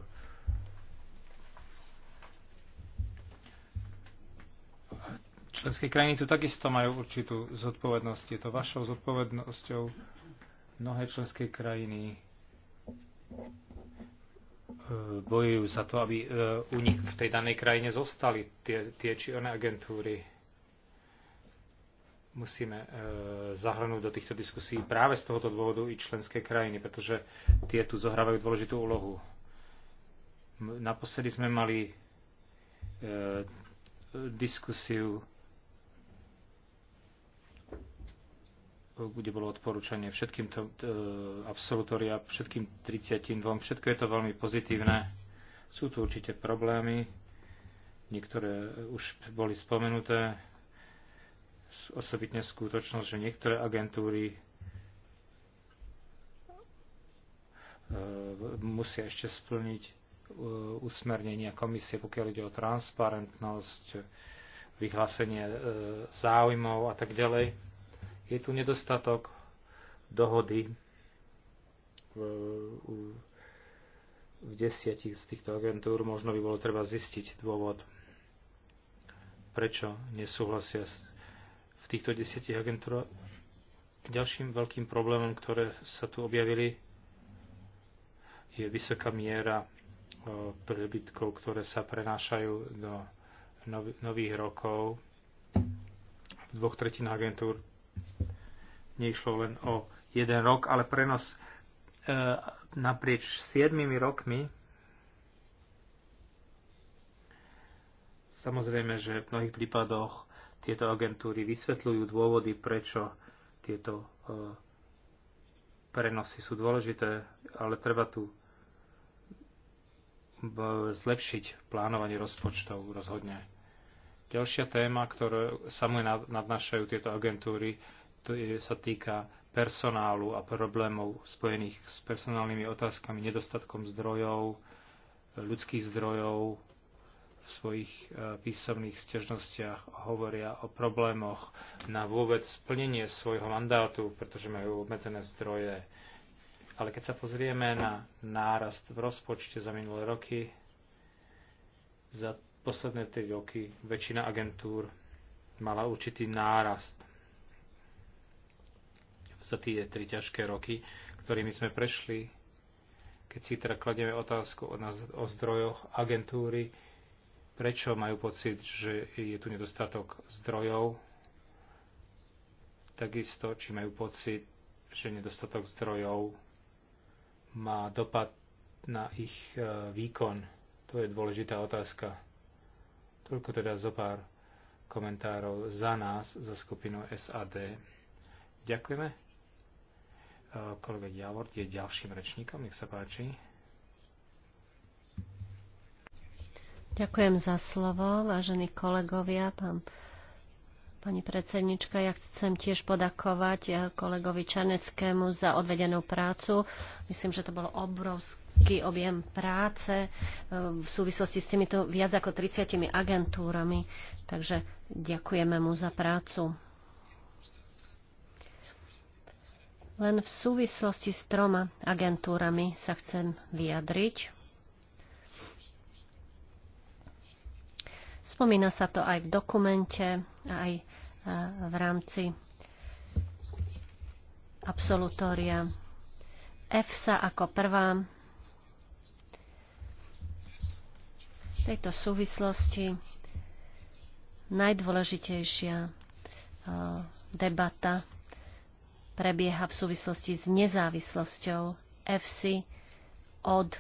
Členské krajiny tu takisto majú určitú zodpovednosť. Je to vašou zodpovednosťou mnohé členské krajiny E, bojujú za to, aby e, u nich v tej danej krajine zostali tie, tie či one agentúry. Musíme e, zahrnúť do týchto diskusí práve z tohoto dôvodu i členské krajiny, pretože tie tu zohrávajú dôležitú úlohu. Naposledy sme mali diskusiu kde bolo odporúčanie všetkým to, to, e, absolutória, všetkým 32. Všetko je to veľmi pozitívne. Sú tu určite problémy. Niektoré už boli spomenuté. Osobitne skutočnosť, že niektoré agentúry e, musia ešte splniť e, usmernenia komisie, pokiaľ ide o transparentnosť, vyhlásenie záujmov a tak ďalej je tu nedostatok dohody v, v desiatich z týchto agentúr. Možno by bolo treba zistiť dôvod, prečo nesúhlasia v týchto desiatich agentúrach. Ďalším veľkým problémom, ktoré sa tu objavili, je vysoká miera prebytkov, ktoré sa prenášajú do nových rokov. V dvoch tretinách agentúr neišlo len o jeden rok, ale prenos e, naprieč siedmimi rokmi. Samozrejme, že v mnohých prípadoch tieto agentúry vysvetľujú dôvody, prečo tieto e, prenosy sú dôležité, ale treba tu zlepšiť plánovanie rozpočtov rozhodne. Ďalšia téma, ktoré samé nadnášajú tieto agentúry, to je, sa týka personálu a problémov spojených s personálnymi otázkami, nedostatkom zdrojov, ľudských zdrojov. V svojich e, písomných stiažnostiach hovoria o problémoch na vôbec splnenie svojho mandátu, pretože majú obmedzené zdroje. Ale keď sa pozrieme na nárast v rozpočte za minulé roky, za posledné 3 roky väčšina agentúr mala určitý nárast za tie tri ťažké roky, ktorými sme prešli, keď si teda kladieme otázku o, nás, o zdrojoch agentúry, prečo majú pocit, že je tu nedostatok zdrojov, takisto, či majú pocit, že nedostatok zdrojov má dopad na ich e, výkon. To je dôležitá otázka. Toľko teda zo pár komentárov za nás, za skupinu SAD. Ďakujeme. Kolega Javor je ďalším rečníkom, nech sa páči. Ďakujem za slovo, vážení kolegovia, pán, pani predsednička. Ja chcem tiež podakovať eh, kolegovi Čaneckému za odvedenú prácu. Myslím, že to bolo obrovský objem práce eh, v súvislosti s týmito viac ako 30 agentúrami. Takže ďakujeme mu za prácu. Len v súvislosti s troma agentúrami sa chcem vyjadriť. Spomína sa to aj v dokumente, aj e, v rámci absolutória. EFSA ako prvá v tejto súvislosti najdôležitejšia e, debata prebieha v súvislosti s nezávislosťou FC od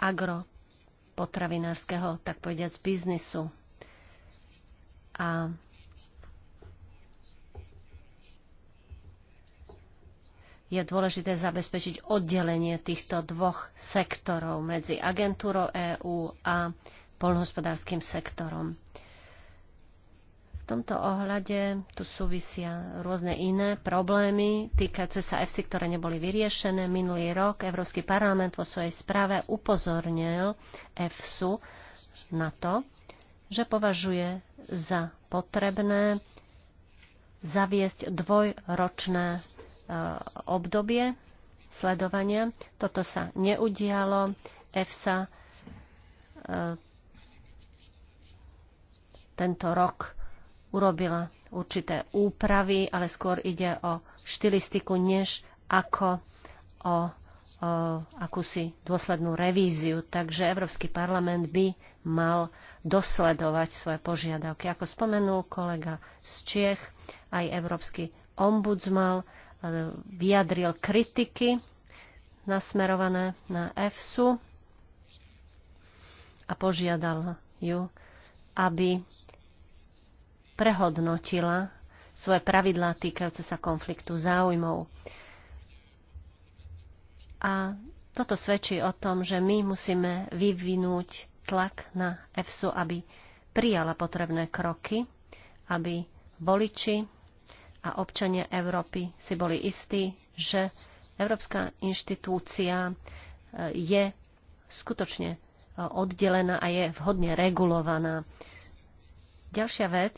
agropotravinárskeho, tak povediať, biznisu. A je dôležité zabezpečiť oddelenie týchto dvoch sektorov medzi agentúrou EÚ a polnohospodárským sektorom. V tomto ohľade tu súvisia rôzne iné problémy týkajúce sa EFSI, ktoré neboli vyriešené. Minulý rok Európsky parlament vo svojej správe upozornil EFSU na to, že považuje za potrebné zaviesť dvojročné e, obdobie sledovania. Toto sa neudialo. EFSA tento rok urobila určité úpravy, ale skôr ide o štilistiku, než ako o, o akúsi dôslednú revíziu. Takže Európsky parlament by mal dosledovať svoje požiadavky. Ako spomenul kolega z Čiech, aj Európsky ombudsman e, vyjadril kritiky nasmerované na EFSU a požiadal ju, aby prehodnotila svoje pravidlá týkajúce sa konfliktu záujmov. A toto svedčí o tom, že my musíme vyvinúť tlak na EFSU, aby prijala potrebné kroky, aby voliči a občania Európy si boli istí, že Európska inštitúcia eh, je skutočne eh, oddelená a je vhodne regulovaná. Ďalšia vec,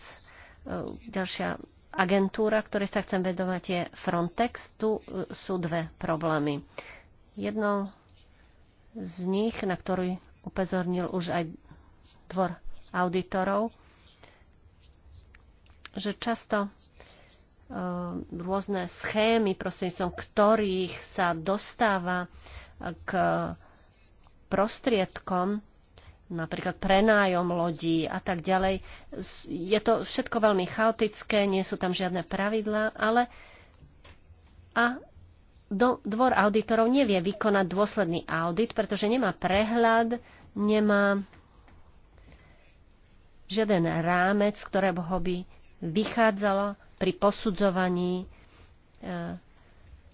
E, ďalšia agentúra, ktorej sa chcem vedovať, je Frontex. Tu e, sú dve problémy. Jedno z nich, na ktorý upozornil už aj dvor auditorov, že často e, rôzne schémy, prostredníctvom ktorých sa dostáva k prostriedkom, napríklad prenájom lodí a tak ďalej. Je to všetko veľmi chaotické, nie sú tam žiadne pravidlá, ale a do, dvor auditorov nevie vykonať dôsledný audit, pretože nemá prehľad, nemá žiaden rámec, ktorého by vychádzalo pri posudzovaní e,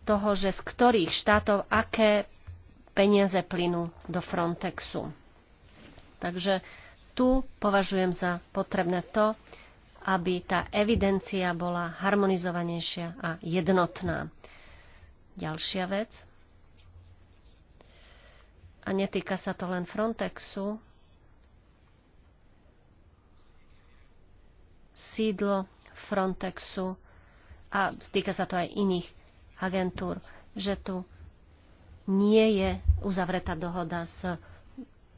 toho, že z ktorých štátov aké peniaze plynú do Frontexu. Takže tu považujem za potrebné to, aby tá evidencia bola harmonizovanejšia a jednotná. Ďalšia vec. A netýka sa to len Frontexu. Sídlo Frontexu a týka sa to aj iných agentúr, že tu nie je uzavretá dohoda s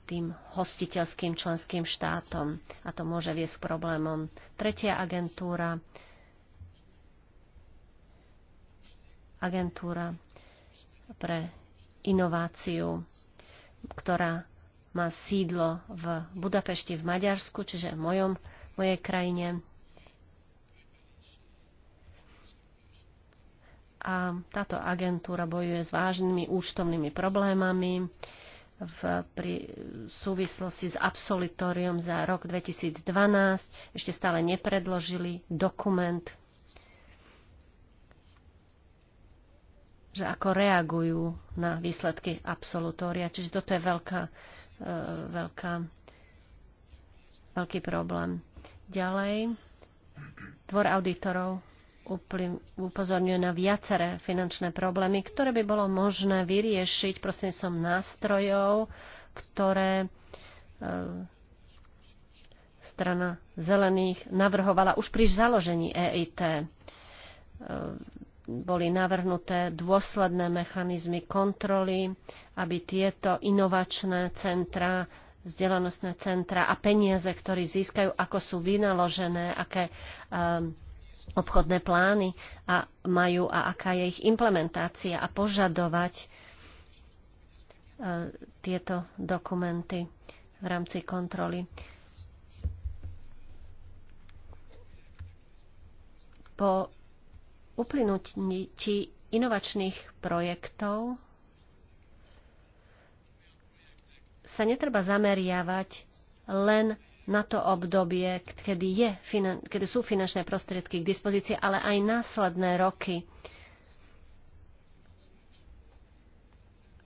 tým hostiteľským členským štátom a to môže viesť k problémom. Tretia agentúra, agentúra pre inováciu, ktorá má sídlo v Budapešti v Maďarsku, čiže v mojom, mojej krajine. A táto agentúra bojuje s vážnymi účtovnými problémami v, pri súvislosti s absolutóriom za rok 2012. Ešte stále nepredložili dokument, že ako reagujú na výsledky absolutória. Čiže toto je veľká, e, veľká, veľký problém. Ďalej, dvor auditorov upozorňuje na viaceré finančné problémy, ktoré by bolo možné vyriešiť prostredníctvom nástrojov, ktoré e, strana zelených navrhovala už pri založení EIT. E, boli navrhnuté dôsledné mechanizmy kontroly, aby tieto inovačné centra vzdelanostné centra a peniaze, ktoré získajú, ako sú vynaložené, aké um, obchodné plány a majú a aká je ich implementácia a požadovať e, tieto dokumenty v rámci kontroly. Po uplynutí inovačných projektov sa netreba zameriavať len na to obdobie, kedy, je, kedy sú finančné prostriedky k dispozícii, ale aj následné roky,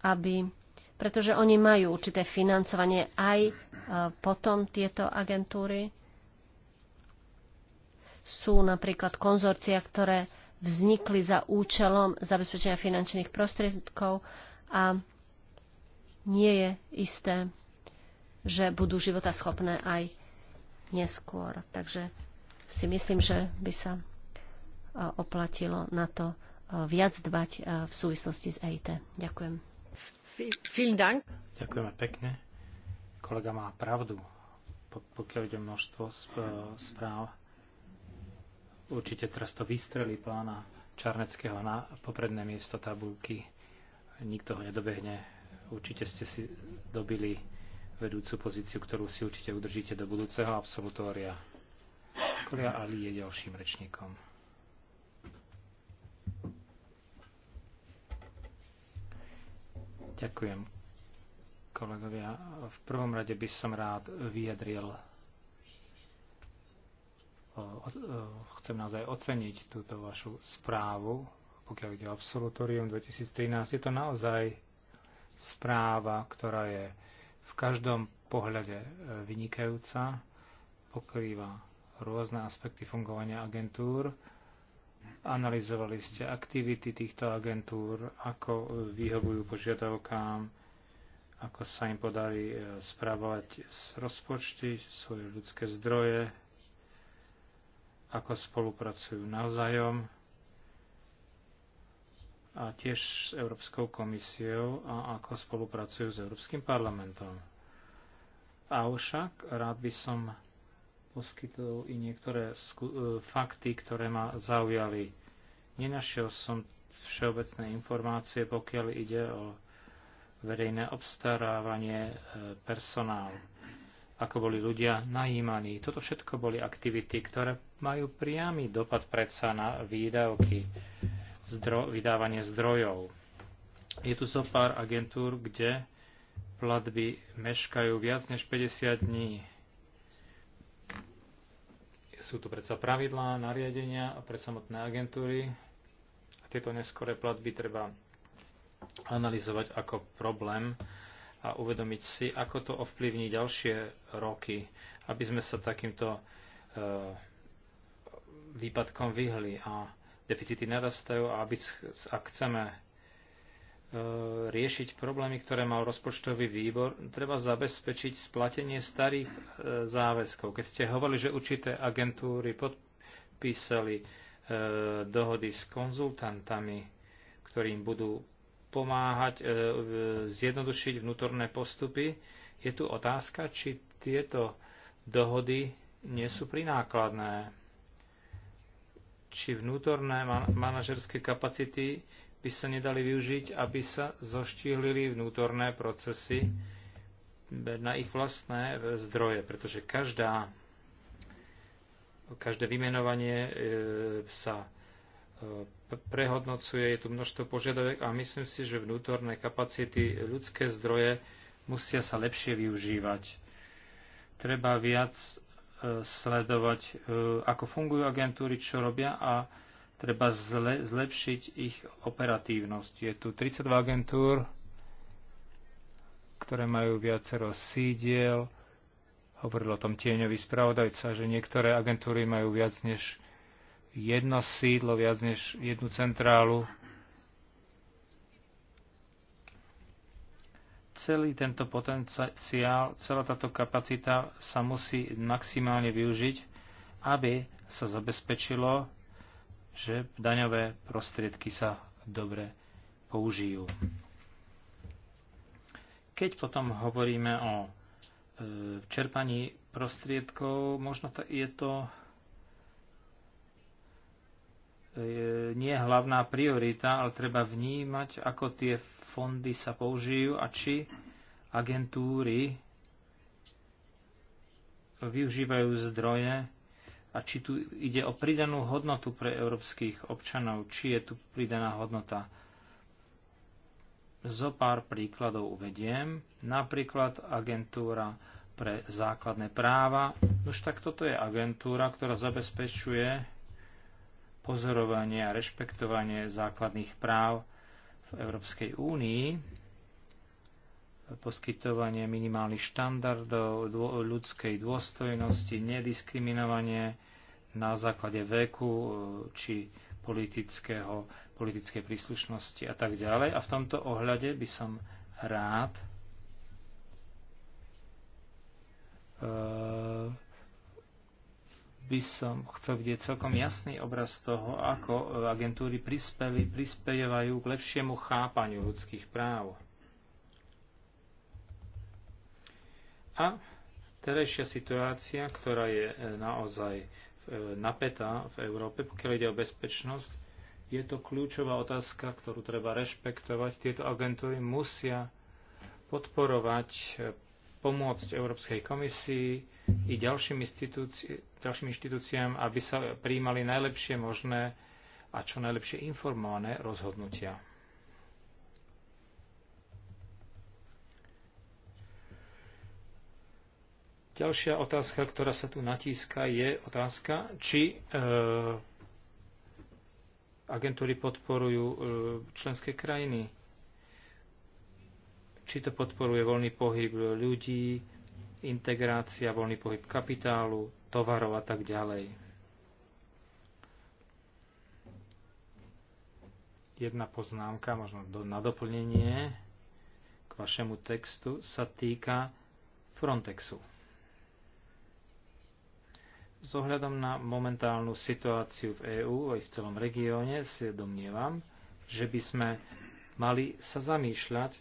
aby, pretože oni majú určité financovanie aj e, potom tieto agentúry. Sú napríklad konzorcia, ktoré vznikli za účelom zabezpečenia finančných prostriedkov a nie je isté, že budú života schopné aj neskôr. Takže si myslím, že by sa e, oplatilo na to e, viac dbať e, v súvislosti s EIT. Ďakujem. Ďakujeme pekne. Kolega má pravdu, pokiaľ ide množstvo správ. Určite teraz to vystrelí pána Čarneckého na popredné miesto tabulky. Nikto ho nedobehne. Určite ste si dobili vedúcu pozíciu, ktorú si určite udržíte do budúceho absolutória. Kolia Ali je ďalším rečníkom. Ďakujem, kolegovia. V prvom rade by som rád vyjadril, chcem naozaj oceniť túto vašu správu, pokiaľ ide o absolutorium 2013. Je to naozaj správa, ktorá je v každom pohľade e, vynikajúca, pokrýva rôzne aspekty fungovania agentúr. Analizovali ste aktivity týchto agentúr, ako vyhovujú požiadavkám, ako sa im podarí e, správovať z rozpočty, svoje ľudské zdroje, ako spolupracujú navzájom, a tiež s Európskou komisiou a ako spolupracujú s Európskym parlamentom. Avšak rád by som poskytol i niektoré e, fakty, ktoré ma zaujali. Nenašiel som všeobecné informácie, pokiaľ ide o verejné obstarávanie e, personálu, ako boli ľudia najímaní. Toto všetko boli aktivity, ktoré majú priamy dopad predsa na výdavky zdro, vydávanie zdrojov. Je tu zo pár agentúr, kde platby meškajú viac než 50 dní. Sú tu predsa pravidlá, nariadenia a pre samotné agentúry. A tieto neskoré platby treba analyzovať ako problém a uvedomiť si, ako to ovplyvní ďalšie roky, aby sme sa takýmto e, výpadkom vyhli. A deficity narastajú a aby, ak chceme e, riešiť problémy, ktoré mal rozpočtový výbor, treba zabezpečiť splatenie starých e, záväzkov. Keď ste hovorili, že určité agentúry podpísali e, dohody s konzultantami, ktorým budú pomáhať zjednodušiť vnútorné postupy, je tu otázka, či tieto dohody nie sú prinákladné či vnútorné manažerské kapacity by sa nedali využiť, aby sa zoštíhlili vnútorné procesy na ich vlastné zdroje, pretože každá, každé vymenovanie e, sa e, prehodnocuje, je tu množstvo požiadavek a myslím si, že vnútorné kapacity, ľudské zdroje musia sa lepšie využívať. Treba viac sledovať, e, ako fungujú agentúry, čo robia a treba zle, zlepšiť ich operatívnosť. Je tu 32 agentúr, ktoré majú viacero sídiel. Hovoril o tom tieňový spravodajca, že niektoré agentúry majú viac než jedno sídlo, viac než jednu centrálu. celý tento potenciál, celá táto kapacita sa musí maximálne využiť, aby sa zabezpečilo, že daňové prostriedky sa dobre použijú. Keď potom hovoríme o e, čerpaní prostriedkov, možno to je to e, nie hlavná priorita, ale treba vnímať, ako tie fondy sa použijú a či agentúry využívajú zdroje a či tu ide o pridanú hodnotu pre európskych občanov, či je tu pridaná hodnota. Zo pár príkladov uvediem. Napríklad agentúra pre základné práva. Už tak toto je agentúra, ktorá zabezpečuje pozorovanie a rešpektovanie základných práv v Európskej únii poskytovanie minimálnych štandardov ľudskej dôstojnosti, nediskriminovanie na základe veku e, či politického, politickej príslušnosti a tak ďalej. A v tomto ohľade by som rád e, by som chcel vidieť celkom jasný obraz toho, ako agentúry prispeli, prispievajú k lepšiemu chápaniu ľudských práv. A terajšia situácia, ktorá je e, naozaj e, napätá v Európe, pokiaľ ide o bezpečnosť, je to kľúčová otázka, ktorú treba rešpektovať. Tieto agentúry musia podporovať e, pomôcť Európskej komisii i ďalším, inštitúci- ďalším inštitúciám, aby sa prijímali najlepšie možné a čo najlepšie informované rozhodnutia. Ďalšia otázka, ktorá sa tu natíska, je otázka, či e, agentúry podporujú e, členské krajiny či to podporuje voľný pohyb ľudí, integrácia, voľný pohyb kapitálu, tovarov a tak ďalej. Jedna poznámka, možno do, na doplnenie k vašemu textu, sa týka Frontexu. S ohľadom na momentálnu situáciu v EÚ aj v celom regióne si domnievam, že by sme mali sa zamýšľať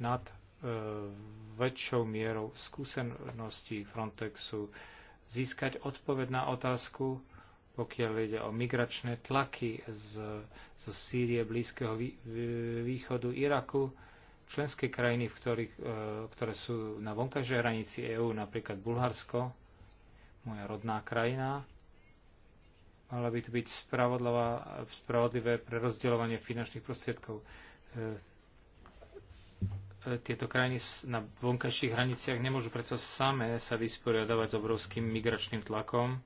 nad e, väčšou mierou skúseností Frontexu získať odpoveď na otázku, pokiaľ ide o migračné tlaky z, zo Sýrie, Blízkeho vý, východu, Iraku, členské krajiny, v ktorých, e, ktoré sú na vonkajšej hranici EÚ, napríklad Bulharsko, moja rodná krajina, mala by to byť spravodlivé pre rozdeľovanie finančných prostriedkov e, tieto krajiny na vonkajších hraniciach nemôžu predsa samé sa vysporiadavať s obrovským migračným tlakom.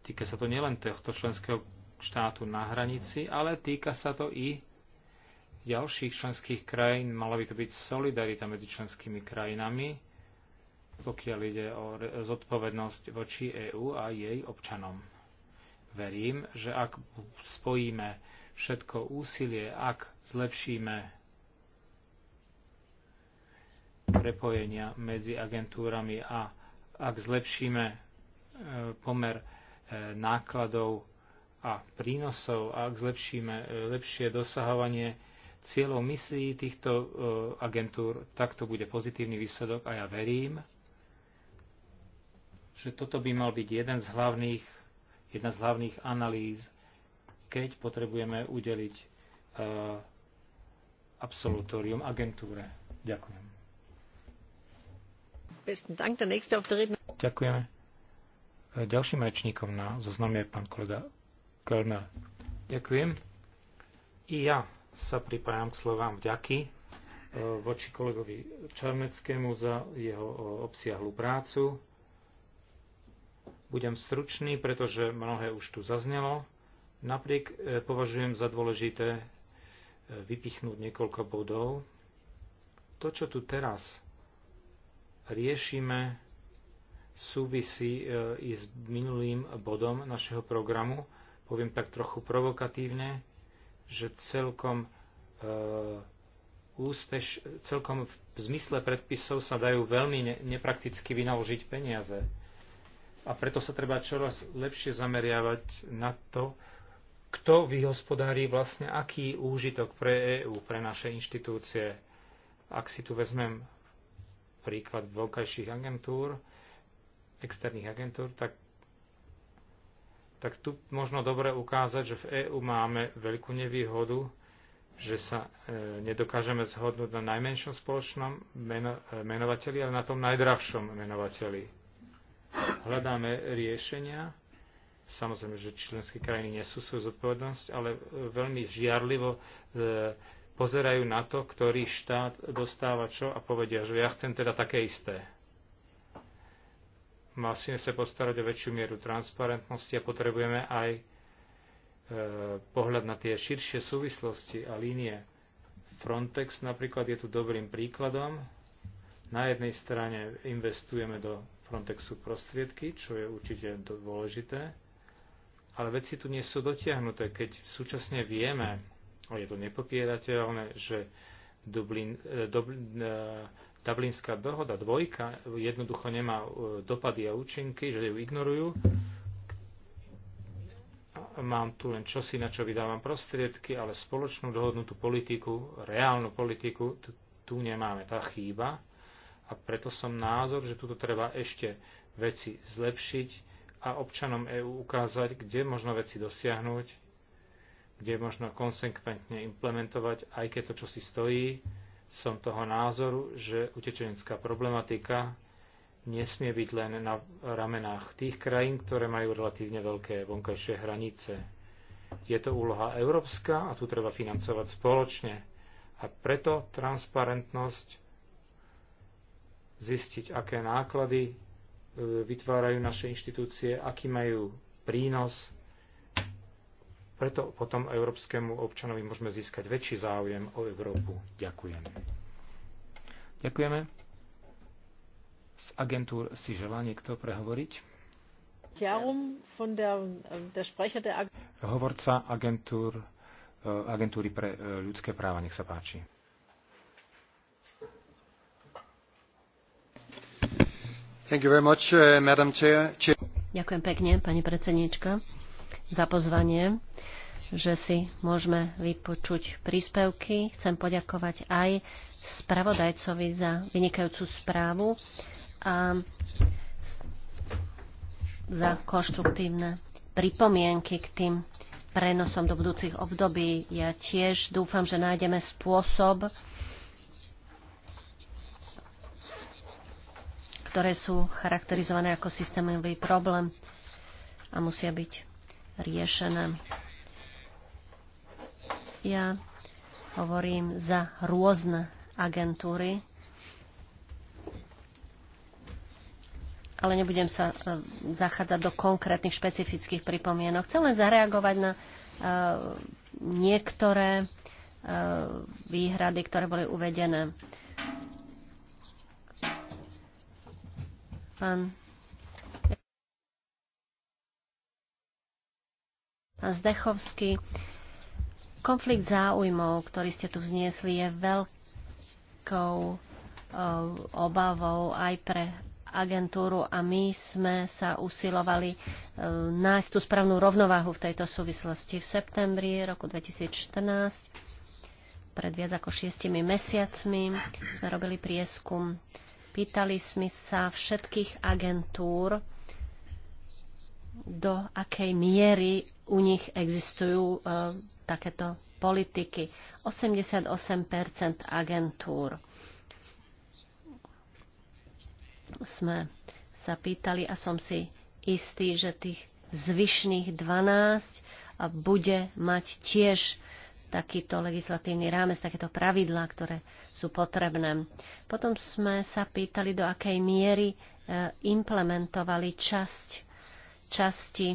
Týka sa to nielen tohto členského štátu na hranici, ale týka sa to i ďalších členských krajín. Mala by to byť solidarita medzi členskými krajinami, pokiaľ ide o zodpovednosť voči EÚ a jej občanom. Verím, že ak spojíme všetko úsilie, ak zlepšíme prepojenia medzi agentúrami a ak zlepšíme e, pomer e, nákladov a prínosov a ak zlepšíme e, lepšie dosahovanie cieľov misií týchto agentúr, tak to bude pozitívny výsledok a ja verím, že toto by mal byť jeden z hlavných, jedna z hlavných analýz, keď potrebujeme udeliť absolutórium agentúre. Ďakujem. Ďakujeme. E, ďalším rečníkom na zozname je pán kolega Kölner. Ďakujem. I ja sa pripájam k slovám vďaky e, voči kolegovi Čarneckému za jeho obsiahlu prácu. Budem stručný, pretože mnohé už tu zaznelo. Napriek e, považujem za dôležité vypichnúť niekoľko bodov. To, čo tu teraz riešime, súvisí e, i s minulým bodom našeho programu. Poviem tak trochu provokatívne, že celkom, e, úspeš, celkom v zmysle predpisov sa dajú veľmi neprakticky vynaložiť peniaze. A preto sa treba čoraz lepšie zameriavať na to, kto vyhospodári vlastne aký úžitok pre EÚ, pre naše inštitúcie. Ak si tu vezmem príklad vonkajších agentúr, externých agentúr, tak, tak tu možno dobre ukázať, že v EÚ máme veľkú nevýhodu, že sa e, nedokážeme zhodnúť na najmenšom spoločnom meno, e, menovateli, ale na tom najdravšom menovateli. Hľadáme riešenia. Samozrejme, že členské krajiny nesú svoju zodpovednosť, ale veľmi žiarlivo e, pozerajú na to, ktorý štát dostáva čo a povedia, že ja chcem teda také isté. Musíme sa postarať o väčšiu mieru transparentnosti a potrebujeme aj e, pohľad na tie širšie súvislosti a línie. Frontex napríklad je tu dobrým príkladom. Na jednej strane investujeme do Frontexu prostriedky, čo je určite dôležité, ale veci tu nie sú dotiahnuté, keď súčasne vieme, je to nepopierateľné, že Dublin, e, Dublin, e, Dublinská dohoda dvojka jednoducho nemá e, dopady a účinky, že ju ignorujú. Mám tu len čosi, na čo vydávam prostriedky, ale spoločnú dohodnutú politiku, reálnu politiku, tu, tu nemáme. Tá chýba. A preto som názor, že tuto treba ešte veci zlepšiť a občanom EÚ ukázať, kde možno veci dosiahnuť, kde možno konsekventne implementovať, aj keď to, čo si stojí, som toho názoru, že utečenecká problematika nesmie byť len na ramenách tých krajín, ktoré majú relatívne veľké vonkajšie hranice. Je to úloha európska a tu treba financovať spoločne. A preto transparentnosť, zistiť, aké náklady e, vytvárajú naše inštitúcie, aký majú prínos preto potom európskemu občanovi môžeme získať väčší záujem o Európu. Ďakujem. Ďakujeme. Z agentúr si želá niekto prehovoriť? Hovorca agentúr, eh, agentúry pre eh, ľudské práva, nech sa páči. Much, eh, Ďakujem pekne, pani predsedníčka za pozvanie, že si môžeme vypočuť príspevky. Chcem poďakovať aj spravodajcovi za vynikajúcu správu a za konštruktívne pripomienky k tým prenosom do budúcich období. Ja tiež dúfam, že nájdeme spôsob, ktoré sú charakterizované ako systémový problém a musia byť riešené. Ja hovorím za rôzne agentúry, ale nebudem sa e, zachádzať do konkrétnych špecifických pripomienok. Chcem len zareagovať na e, niektoré e, výhrady, ktoré boli uvedené. Pán Zdechovský. Konflikt záujmov, ktorý ste tu vzniesli, je veľkou eh, obavou aj pre agentúru a my sme sa usilovali eh, nájsť tú správnu rovnováhu v tejto súvislosti. V septembri roku 2014, pred viac ako šiestimi mesiacmi, sme robili prieskum. Pýtali sme sa všetkých agentúr, do akej miery u nich existujú e, takéto politiky. 88 agentúr. Sme sa pýtali a som si istý, že tých zvyšných 12 bude mať tiež takýto legislatívny rámec, takéto pravidlá, ktoré sú potrebné. Potom sme sa pýtali, do akej miery e, implementovali časť časti,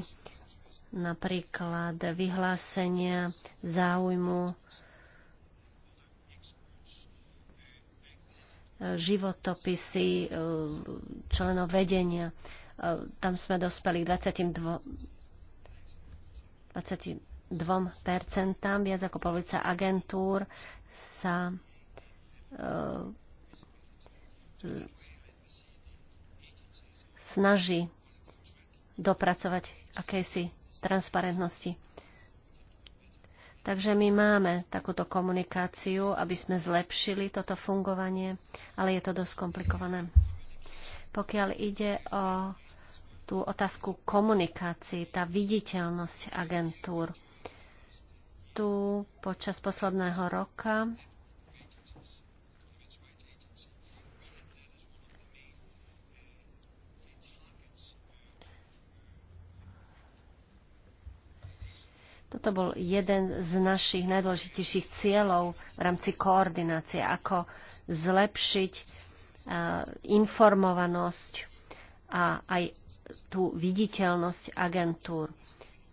napríklad vyhlásenia záujmu životopisy eh, členov vedenia. Eh, tam sme dospeli k 22, 22 viac ako polovica agentúr sa eh, snaží dopracovať akejsi transparentnosti. Takže my máme takúto komunikáciu, aby sme zlepšili toto fungovanie, ale je to dosť komplikované. Pokiaľ ide o tú otázku komunikácií, tá viditeľnosť agentúr, tu počas posledného roka To bol jeden z našich najdôležitejších cieľov v rámci koordinácie, ako zlepšiť informovanosť a aj tú viditeľnosť agentúr.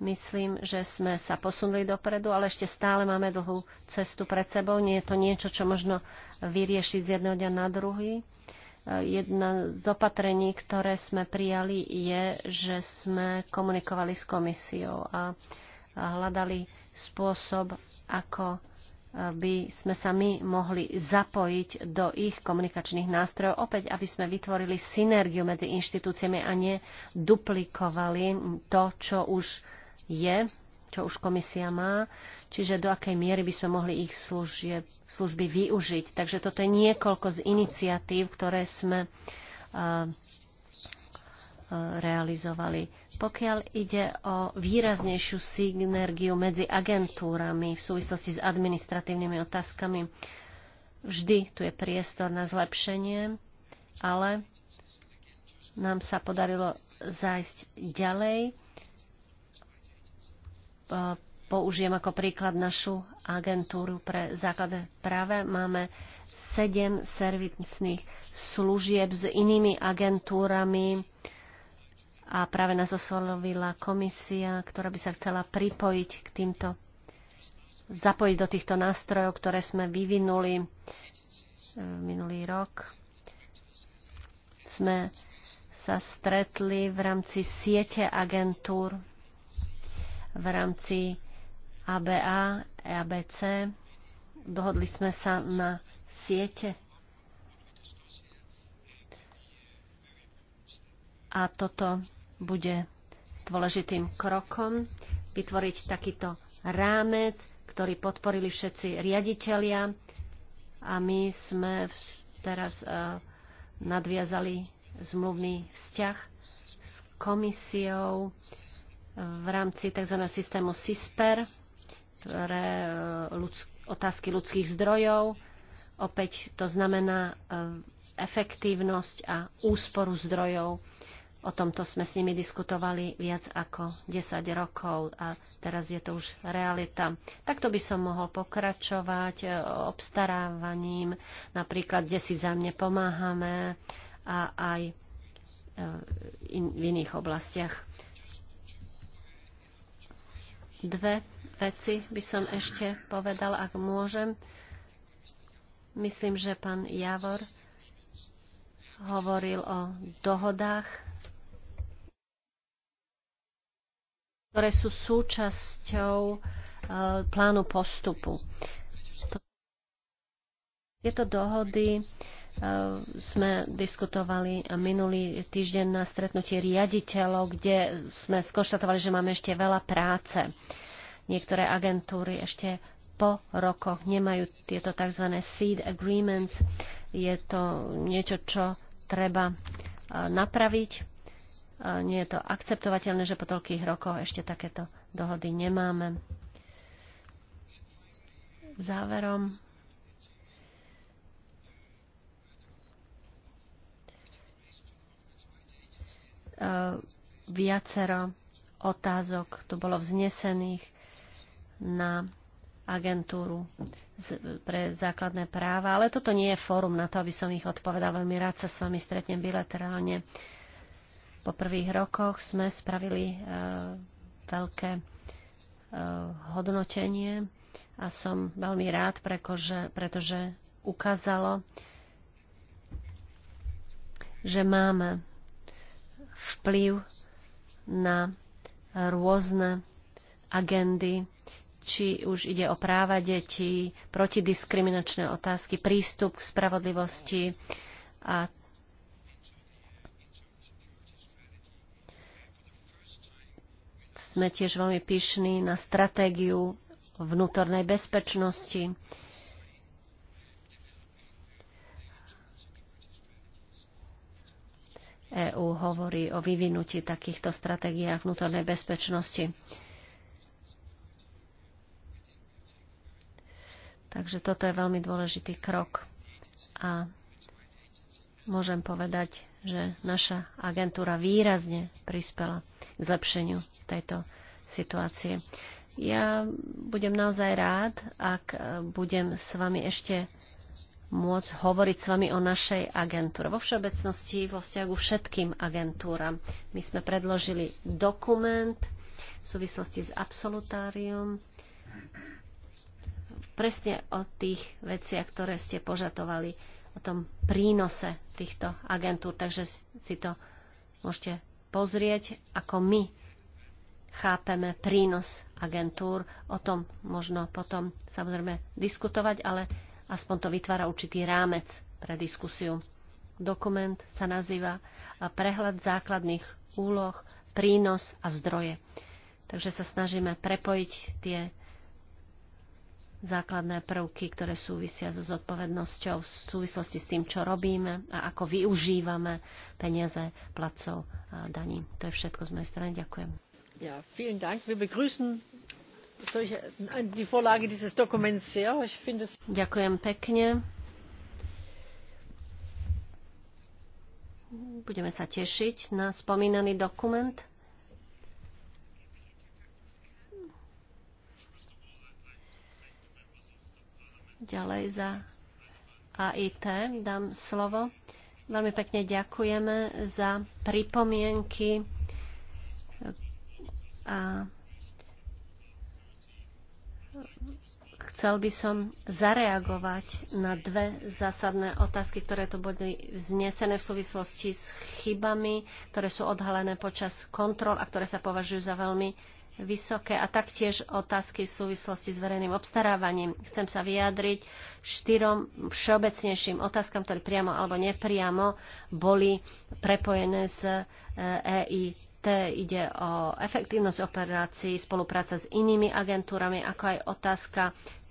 Myslím, že sme sa posunuli dopredu, ale ešte stále máme dlhú cestu pred sebou. Nie je to niečo, čo možno vyriešiť z jedného dňa na druhý. E, jedna z opatrení, ktoré sme prijali, je, že sme komunikovali s komisiou a uh, hľadali spôsob, ako e, by sme sa my mohli zapojiť do ich komunikačných nástrojov, opäť aby sme vytvorili synergiu medzi inštitúciami a neduplikovali to, čo už je, čo už komisia má, čiže do akej miery by sme mohli ich služie, služby využiť. Takže toto je niekoľko z iniciatív, ktoré sme uh, realizovali. Pokiaľ ide o výraznejšiu synergiu medzi agentúrami v súvislosti s administratívnymi otázkami, vždy tu je priestor na zlepšenie, ale nám sa podarilo zájsť ďalej. Použijem ako príklad našu agentúru pre základné práve. Máme sedem servisných služieb s inými agentúrami, a práve nás oslovila komisia, ktorá by sa chcela pripojiť k týmto, zapojiť do týchto nástrojov, ktoré sme vyvinuli e, minulý rok. Sme sa stretli v rámci siete agentúr, v rámci ABA, EABC. Dohodli sme sa na siete a toto bude dôležitým krokom vytvoriť takýto rámec, ktorý podporili všetci riaditeľia a my sme teraz e, nadviazali zmluvný vzťah s komisiou e, v rámci tzv. systému CISPER, ktoré e, otázky ľudských zdrojov. Opäť to znamená efektívnosť a úsporu zdrojov O tomto sme s nimi diskutovali viac ako 10 rokov a teraz je to už realita. Takto by som mohol pokračovať e, obstarávaním, napríklad, kde si za mne pomáhame a aj e, v iných oblastiach. Dve veci by som ešte povedal, ak môžem. Myslím, že pán Javor hovoril o dohodách ktoré sú súčasťou eh, plánu postupu. Tieto dohody eh, sme diskutovali minulý týždeň na stretnutí riaditeľov, kde sme skonštatovali, že máme ešte veľa práce. Niektoré agentúry ešte po rokoch nemajú tieto tzv. seed agreements. Je to niečo, čo treba eh, napraviť nie je to akceptovateľné, že po toľkých rokoch ešte takéto dohody nemáme. Záverom e, viacero otázok tu bolo vznesených na agentúru pre základné práva, ale toto nie je fórum na to, aby som ich odpovedal. Veľmi rád sa s vami stretnem bilaterálne. Po prvých rokoch sme spravili e, veľké e, hodnotenie a som veľmi rád, pretože, pretože ukázalo, že máme vplyv na rôzne agendy, či už ide o práva detí, protidiskriminačné otázky, prístup k spravodlivosti a Sme tiež veľmi pyšní na stratégiu vnútornej bezpečnosti. EÚ hovorí o vyvinutí takýchto stratégiách vnútornej bezpečnosti. Takže toto je veľmi dôležitý krok. A môžem povedať, že naša agentúra výrazne prispela zlepšeniu tejto situácie. Ja budem naozaj rád, ak e, budem s vami ešte môcť hovoriť s vami o našej agentúre. Vo všeobecnosti, vo vzťahu všetkým agentúram. My sme predložili dokument v súvislosti s absolutáriom presne o tých veciach, ktoré ste požadovali, o tom prínose týchto agentúr, takže si to môžete pozrieť, ako my chápeme prínos agentúr. O tom možno potom samozrejme diskutovať, ale aspoň to vytvára určitý rámec pre diskusiu. Dokument sa nazýva Prehľad základných úloh, prínos a zdroje. Takže sa snažíme prepojiť tie základné prvky, ktoré súvisia so zodpovednosťou v súvislosti s tým, čo robíme a ako využívame peniaze placov a daní. To je všetko z mojej strany. Ďakujem. Ja, vielen Dank. Wir begrüßen solche, die Vorlage dieses Dokuments sehr. Ich finde es... Ďakujem pekne. Budeme sa tešiť na spomínaný dokument. Ďalej za AIT dám slovo. Veľmi pekne ďakujeme za pripomienky a chcel by som zareagovať na dve zásadné otázky, ktoré tu boli vznesené v súvislosti s chybami, ktoré sú odhalené počas kontrol a ktoré sa považujú za veľmi vysoké a taktiež otázky v súvislosti s verejným obstarávaním. Chcem sa vyjadriť štyrom všeobecnejším otázkam, ktoré priamo alebo nepriamo boli prepojené s EIT. E Ide o efektívnosť operácií, spolupráca s inými agentúrami, ako aj otázka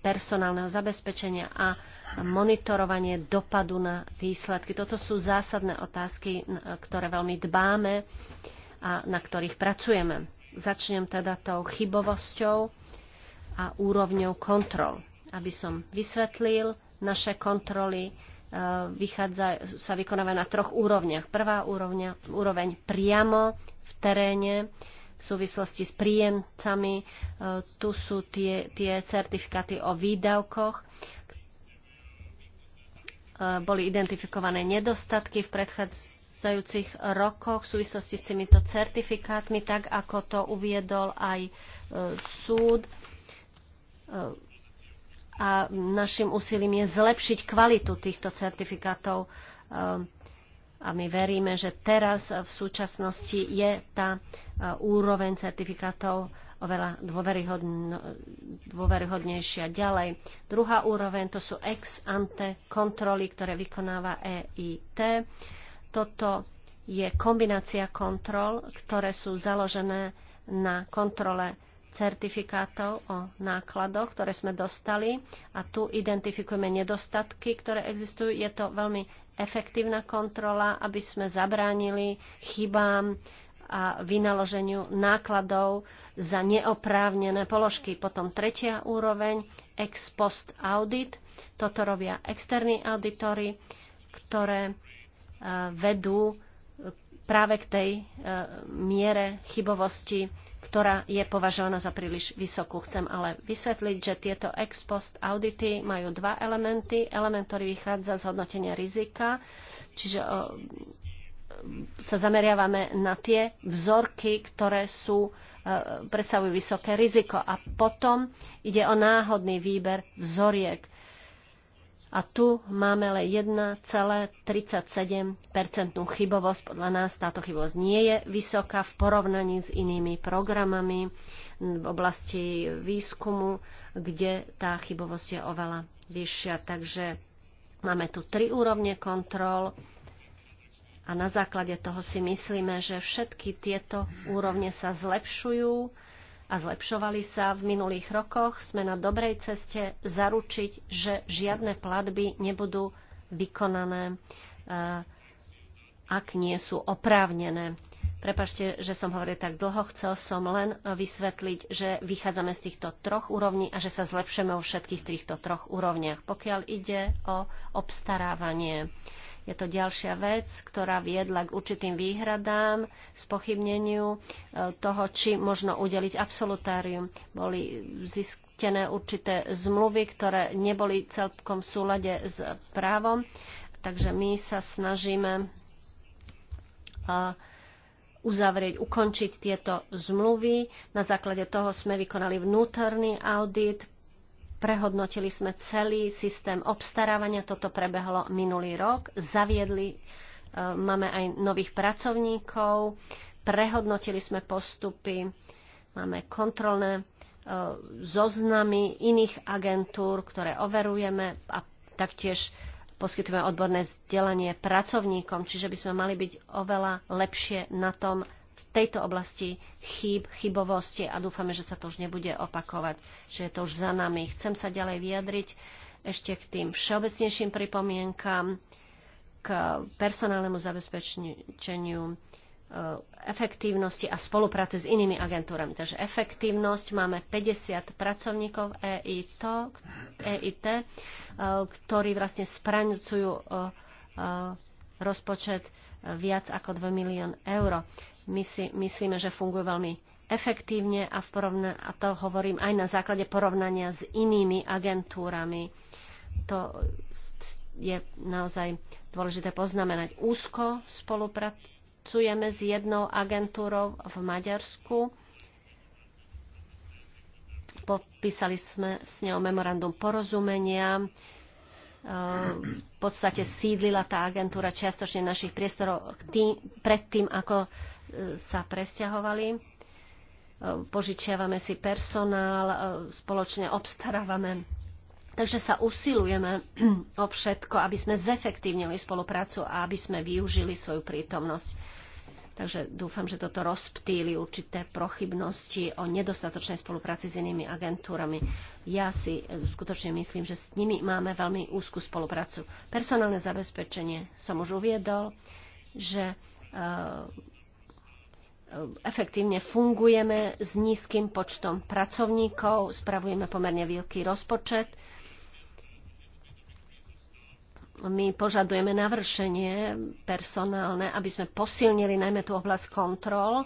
personálneho zabezpečenia a monitorovanie dopadu na výsledky. Toto sú zásadné otázky, ktoré veľmi dbáme a na ktorých pracujeme. Začnem teda tou chybovosťou a úrovňou kontrol. Aby som vysvetlil, naše kontroly e, vychádza, sa vykonávajú na troch úrovniach. Prvá úrovňa, úroveň priamo v teréne v súvislosti s príjemcami. E, tu sú tie, tie certifikáty o výdavkoch. E, boli identifikované nedostatky v predchádzajúcich predchádzajúcich rokoch v súvislosti s týmito certifikátmi, tak ako to uviedol aj e, súd. E, a našim úsilím je zlepšiť kvalitu týchto certifikátov. E, a my veríme, že teraz v súčasnosti je tá úroveň certifikátov oveľa dôveryhodnejšia. Ďalej, druhá úroveň to sú ex ante kontroly, ktoré vykonáva EIT toto je kombinácia kontrol, ktoré sú založené na kontrole certifikátov o nákladoch, ktoré sme dostali a tu identifikujeme nedostatky, ktoré existujú. Je to veľmi efektívna kontrola, aby sme zabránili chybám a vynaloženiu nákladov za neoprávnené položky. Potom tretia úroveň, ex post audit. Toto robia externí auditory, ktoré vedú práve k tej e, miere chybovosti, ktorá je považovaná za príliš vysokú. Chcem ale vysvetliť, že tieto ex post audity majú dva elementy. Element, ktorý vychádza z hodnotenia rizika, čiže e, sa zameriavame na tie vzorky, ktoré sú, e, predstavujú vysoké riziko. A potom ide o náhodný výber vzoriek a tu máme len 1,37% chybovosť. Podľa nás táto chybovosť nie je vysoká v porovnaní s inými programami v oblasti výskumu, kde tá chybovosť je oveľa vyššia. Takže máme tu tri úrovne kontrol a na základe toho si myslíme, že všetky tieto úrovne sa zlepšujú a zlepšovali sa v minulých rokoch. Sme na dobrej ceste zaručiť, že žiadne platby nebudú vykonané, e, ak nie sú oprávnené. Prepašte, že som hovoril tak dlho, chcel som len vysvetliť, že vychádzame z týchto troch úrovní a že sa zlepšeme vo všetkých týchto troch úrovniach. Pokiaľ ide o obstarávanie, je to ďalšia vec, ktorá viedla k určitým výhradám, spochybneniu e, toho, či možno udeliť absolutárium. Boli zistené určité zmluvy, ktoré neboli celkom v súlade s právom, takže my sa snažíme e, uzavrieť, ukončiť tieto zmluvy. Na základe toho sme vykonali vnútorný audit, Prehodnotili sme celý systém obstarávania, toto prebehlo minulý rok. Zaviedli, e, máme aj nových pracovníkov, prehodnotili sme postupy, máme kontrolné e, zoznamy iných agentúr, ktoré overujeme a taktiež poskytujeme odborné vzdelanie pracovníkom, čiže by sme mali byť oveľa lepšie na tom, tejto oblasti chýb, chybovosti a dúfame, že sa to už nebude opakovať, že je to už za nami. Chcem sa ďalej vyjadriť ešte k tým všeobecnejším pripomienkam, k personálnemu zabezpečeniu e, efektívnosti a spolupráce s inými agentúrami. Takže efektívnosť máme 50 pracovníkov EIT, EIT e, ktorí vlastne spraňujú e, rozpočet viac ako 2 milión eur. My si myslíme, že funguje veľmi efektívne a, v porovna- a to hovorím aj na základe porovnania s inými agentúrami. To je naozaj dôležité poznamenať. Úzko spolupracujeme s jednou agentúrou v Maďarsku. Popísali sme s ňou memorandum porozumenia v podstate sídlila tá agentúra čiastočne v našich priestoroch tým, pred tým, ako e, sa presťahovali. E, požičiavame si personál, e, spoločne obstarávame. Takže sa usilujeme o všetko, aby sme zefektívnili spoluprácu a aby sme využili svoju prítomnosť. Takže dúfam, že toto rozptýli určité prochybnosti o nedostatočnej spolupráci s inými agentúrami. Ja si e, skutočne myslím, že s nimi máme veľmi úzkú spoluprácu. Personálne zabezpečenie som už uviedol, že e, e, efektívne fungujeme s nízkym počtom pracovníkov, spravujeme pomerne veľký rozpočet my požadujeme navršenie personálne, aby sme posilnili najmä tú oblasť kontrol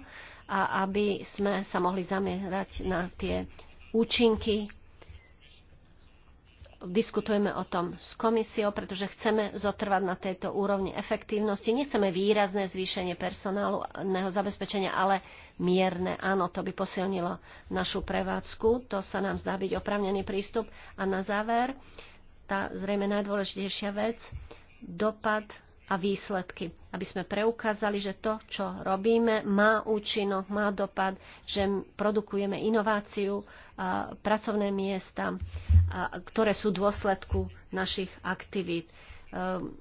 a aby sme sa mohli zamerať na tie účinky. Diskutujeme o tom s komisiou, pretože chceme zotrvať na tejto úrovni efektívnosti. Nechceme výrazné zvýšenie personálneho zabezpečenia, ale mierne. Áno, to by posilnilo našu prevádzku. To sa nám zdá byť opravnený prístup. A na záver, uh, tá zrejme najdôležitejšia vec, dopad a výsledky. Aby sme preukázali, že to, čo robíme, má účinok, má dopad, že produkujeme inováciu, a pracovné miesta, a, ktoré sú dôsledku našich aktivít. Ehm,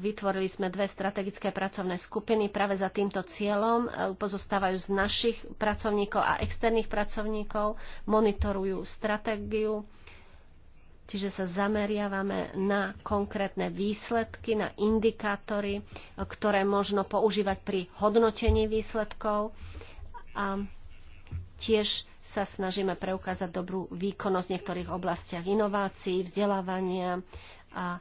vytvorili sme dve strategické pracovné skupiny práve za týmto cieľom. E, Pozostávajú z našich pracovníkov a externých pracovníkov, monitorujú stratégiu, Čiže sa zameriavame na konkrétne výsledky, na indikátory, ktoré možno používať pri hodnotení výsledkov. A tiež sa snažíme preukázať dobrú výkonnosť v niektorých oblastiach inovácií, vzdelávania a e,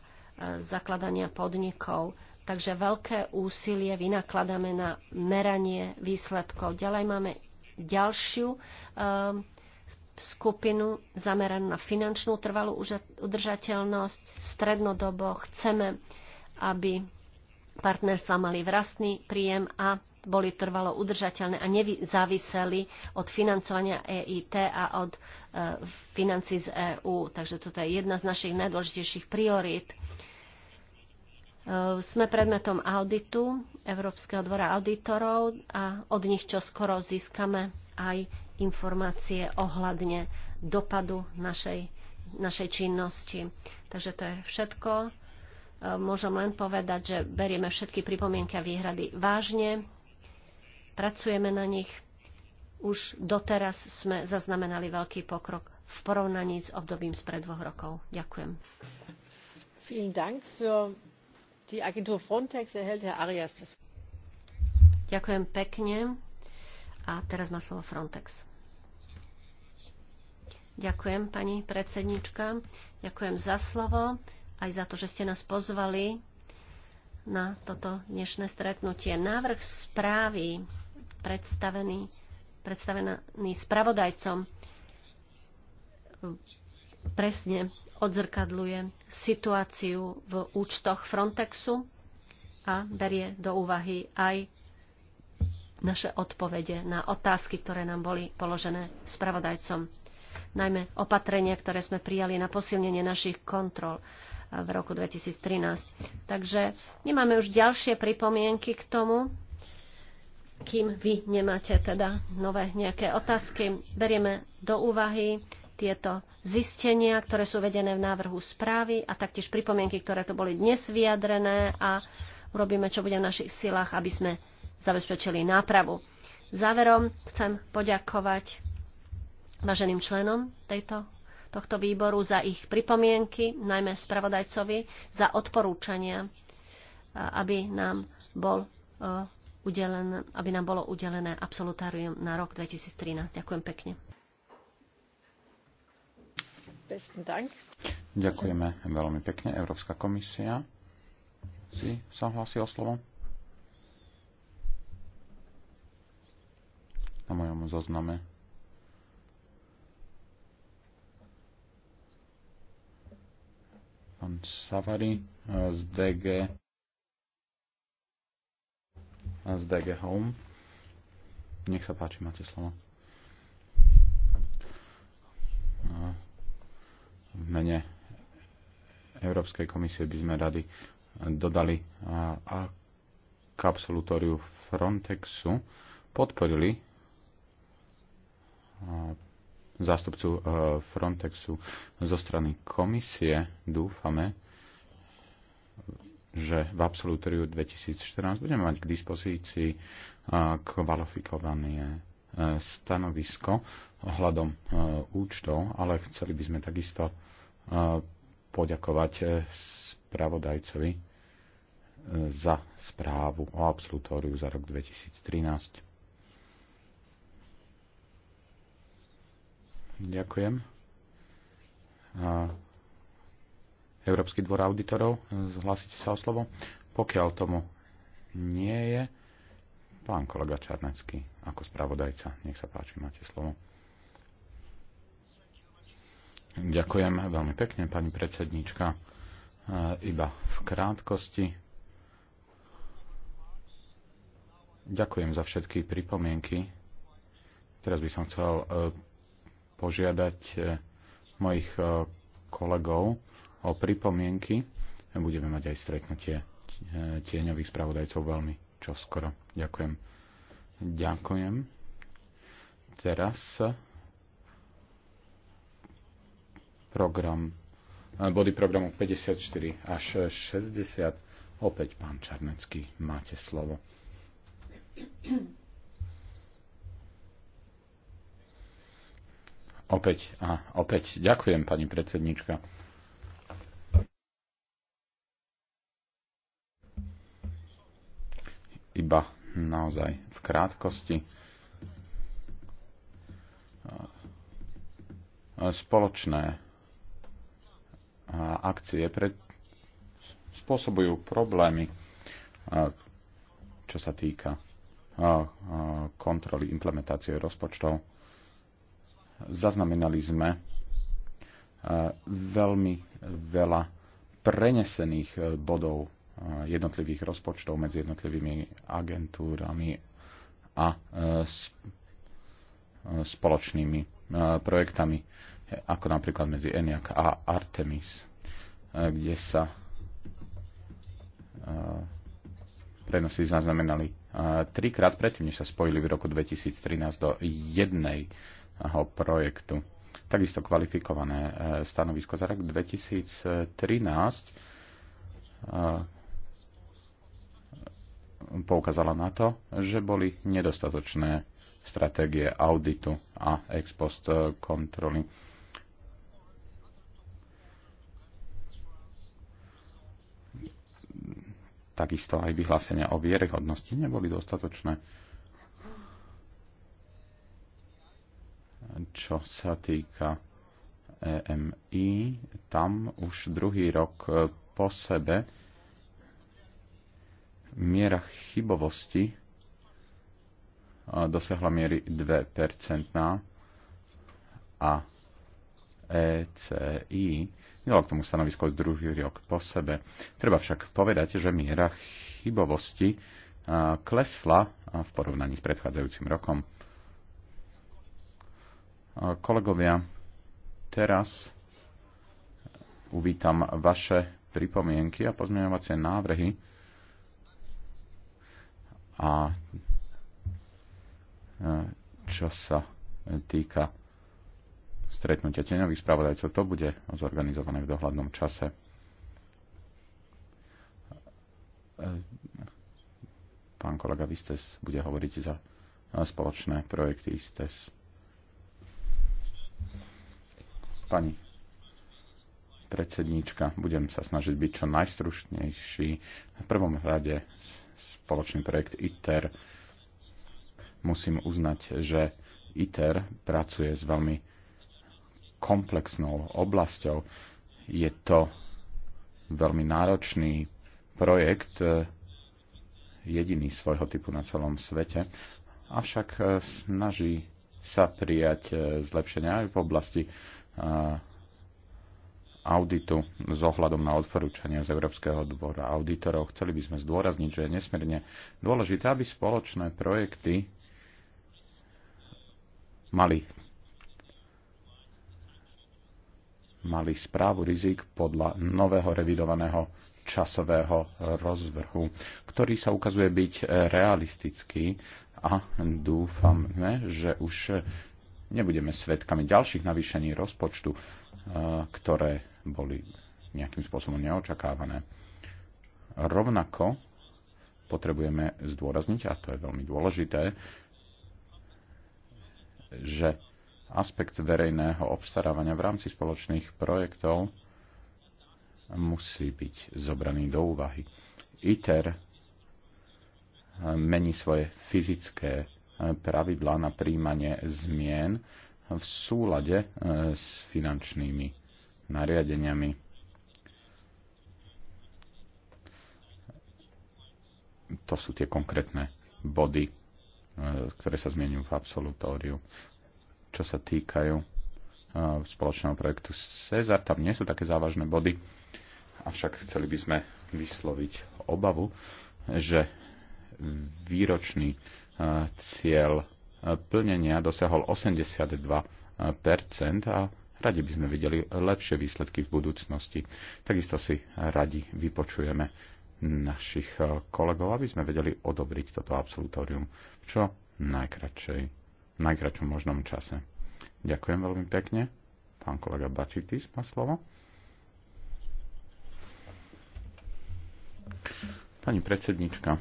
zakladania podnikov. Takže veľké úsilie vynakladáme na meranie výsledkov. Ďalej máme ďalšiu um, skupinu zameranú na finančnú trvalú udržateľnosť. Strednodobo chceme, aby partnerstva mali vlastný príjem a boli trvalo udržateľné a nezáviseli od financovania EIT a od e, financí z EÚ. Takže toto je jedna z našich najdôležitejších priorít. Eh, sme predmetom auditu Európskeho dvora auditorov a od nich čo skoro získame aj informácie ohľadne dopadu našej, našej činnosti. Takže to je všetko. Eh, môžem len povedať, že berieme všetky pripomienky a výhrady vážne, pracujeme na nich. Už doteraz sme zaznamenali veľký pokrok v porovnaní s obdobím spred dvoch rokov. Ďakujem. Vielen Dank für Frontex erhält Herr Arias das Ďakujem pekne. A teraz má slovo Frontex. Ďakujem, pani predsednička. Ďakujem za slovo, aj za to, že ste nás pozvali na toto dnešné stretnutie. Návrh správy predstavený, predstavený spravodajcom presne odzrkadluje situáciu v účtoch Frontexu a berie do úvahy aj naše odpovede na otázky, ktoré nám boli položené spravodajcom. Najmä opatrenia, ktoré sme prijali na posilnenie našich kontrol eh, v roku 2013. Takže nemáme už ďalšie pripomienky k tomu, kým vy nemáte teda nové nejaké otázky. Berieme do úvahy tieto zistenia, ktoré sú vedené v návrhu správy a taktiež pripomienky, ktoré to boli dnes vyjadrené a urobíme, čo bude v našich silách, aby sme zabezpečili nápravu. Záverom chcem poďakovať váženým členom tejto, tohto výboru za ich pripomienky, najmä spravodajcovi, za odporúčania, aby nám, bol, e, udelen, aby nám bolo udelené absolutárium na rok 2013. Ďakujem pekne. Besten Dank. Ďakujeme veľmi pekne. Európska komisia si sa hlási o slovo. Na mojom zozname. Pán Savary eh, z DG eh, z DG Home. Nech sa páči, máte slovo. Eh, v mene Európskej komisie by sme rady dodali a k absolutóriu Frontexu podporili zástupcu e, Frontexu zo strany komisie. Dúfame, že v absolutóriu 2014 budeme mať k dispozícii kvalifikované E, stanovisko ohľadom e, účtov, ale chceli by sme takisto e, poďakovať spravodajcovi za správu o absolutóriu za rok 2013. Ďakujem. Európsky dvor auditorov, zhlásite sa o slovo? Pokiaľ tomu nie je, Pán kolega Čarnecký, ako spravodajca, nech sa páči, máte slovo. Ďakujem veľmi pekne, pani predsednička. E, iba v krátkosti. Ďakujem za všetky pripomienky. Teraz by som chcel e, požiadať e, mojich kolegov o pripomienky. Budeme mať aj stretnutie tieňových spravodajcov veľmi čo skoro. Ďakujem. Ďakujem. Teraz program, body programu 54 až 60. Opäť pán Čarnecký, máte slovo. Opäť, a opäť ďakujem, pani predsednička. iba naozaj v krátkosti. Spoločné akcie pred, spôsobujú problémy, čo sa týka kontroly implementácie rozpočtov. Zaznamenali sme veľmi veľa prenesených e, bodov Eh, jednotlivých rozpočtov medzi jednotlivými agentúrami a eh, eh, spoločnými projektami, ako napríklad medzi ENIAC a Artemis, kde sa prenosy zaznamenali trikrát predtým, než sa spojili v roku 2013 do jedného projektu. Takisto kvalifikované stanovisko za rok 2013 poukázala na to, že boli nedostatočné stratégie auditu a ex post eh, kontroly. Takisto aj vyhlásenia o vierehodnosti neboli dostatočné. Čo sa týka EMI, tam už druhý rok eh, po sebe miera chybovosti dosiahla miery 2% a ECI dalo k tomu stanovisko druhý rok po sebe. Treba však povedať, že miera chybovosti klesla v porovnaní s predchádzajúcim rokom. Kolegovia, teraz uvítam vaše pripomienky a pozmeňovacie návrhy a čo sa týka stretnutia tieňových spravodajcov, to bude zorganizované v dohľadnom čase. Pán kolega Vistes bude hovoriť za spoločné projekty ISTES. Pani predsedníčka, budem sa snažiť byť čo najstrušnejší. V prvom rade spoločný projekt ITER. Musím uznať, že ITER pracuje s veľmi komplexnou oblasťou. Je to veľmi náročný projekt, e, jediný svojho typu na celom svete, avšak e, snaží sa prijať e, zlepšenia aj v oblasti auditu s ohľadom na odporúčania z Európskeho dvora auditorov. Chceli by sme zdôrazniť, že je nesmierne dôležité, aby spoločné projekty mali, mali správu rizik podľa nového revidovaného časového rozvrhu, ktorý sa ukazuje byť realistický a dúfame, že už nebudeme svedkami ďalších navýšení rozpočtu, eh, ktoré boli nejakým spôsobom neočakávané. Rovnako potrebujeme zdôrazniť, a to je veľmi dôležité, že aspekt verejného obstarávania v rámci spoločných projektov musí byť zobraný do úvahy. ITER mení svoje fyzické pravidlá na príjmanie zmien v súlade e, s finančnými nariadeniami. To sú tie konkrétne body, e, ktoré sa zmienujú v absolutóriu. Čo sa týkajú e, spoločného projektu Cezar, tam nie sú také závažné body, avšak chceli by sme vysloviť obavu, že výročný e, cieľ plnenia dosiahol 82 a Radi by sme videli lepšie výsledky v budúcnosti. Takisto si radi vypočujeme našich eh, kolegov, aby sme vedeli odobriť toto absolutórium v čo najkračej, najkračom možnom čase. Ďakujem veľmi pekne. Pán kolega Bačitis má slovo. Pani predsednička,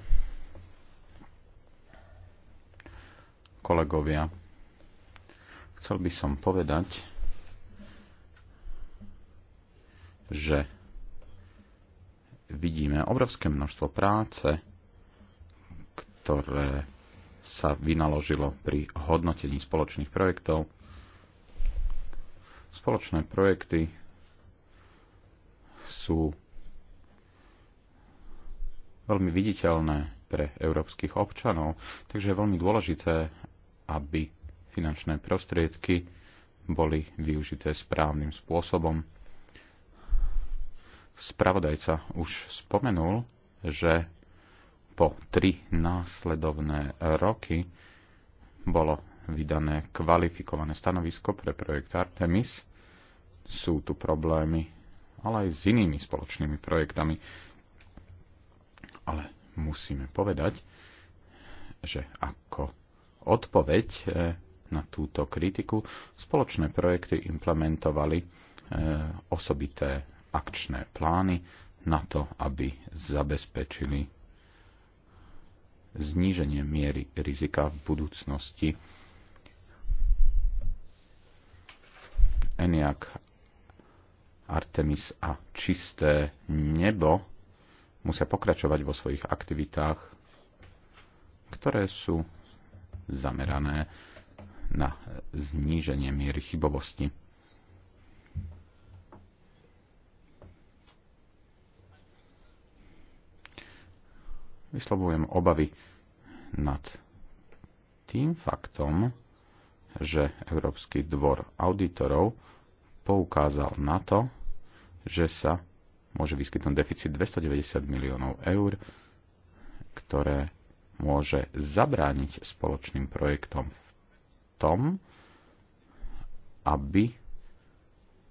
kolegovia, chcel by som povedať, že vidíme obrovské množstvo práce, ktoré sa vynaložilo pri hodnotení spoločných projektov. Spoločné projekty sú veľmi viditeľné pre európskych občanov, takže je veľmi dôležité, aby finančné prostriedky boli využité správnym spôsobom Spravodajca už spomenul, že po tri následovné roky bolo vydané kvalifikované stanovisko pre projekt Artemis. Sú tu problémy, ale aj s inými spoločnými projektami. Ale musíme povedať, že ako odpoveď eh, na túto kritiku spoločné projekty implementovali eh, osobité akčné plány na to, aby zabezpečili zníženie miery rizika v budúcnosti. Eniak, Artemis a čisté nebo musia pokračovať vo svojich aktivitách, ktoré sú zamerané na zníženie miery chybovosti. vyslovujem obavy nad tým faktom, že Európsky dvor auditorov poukázal na to, že sa môže vyskytnúť deficit 290 miliónov eur, ktoré môže zabrániť spoločným projektom v tom, aby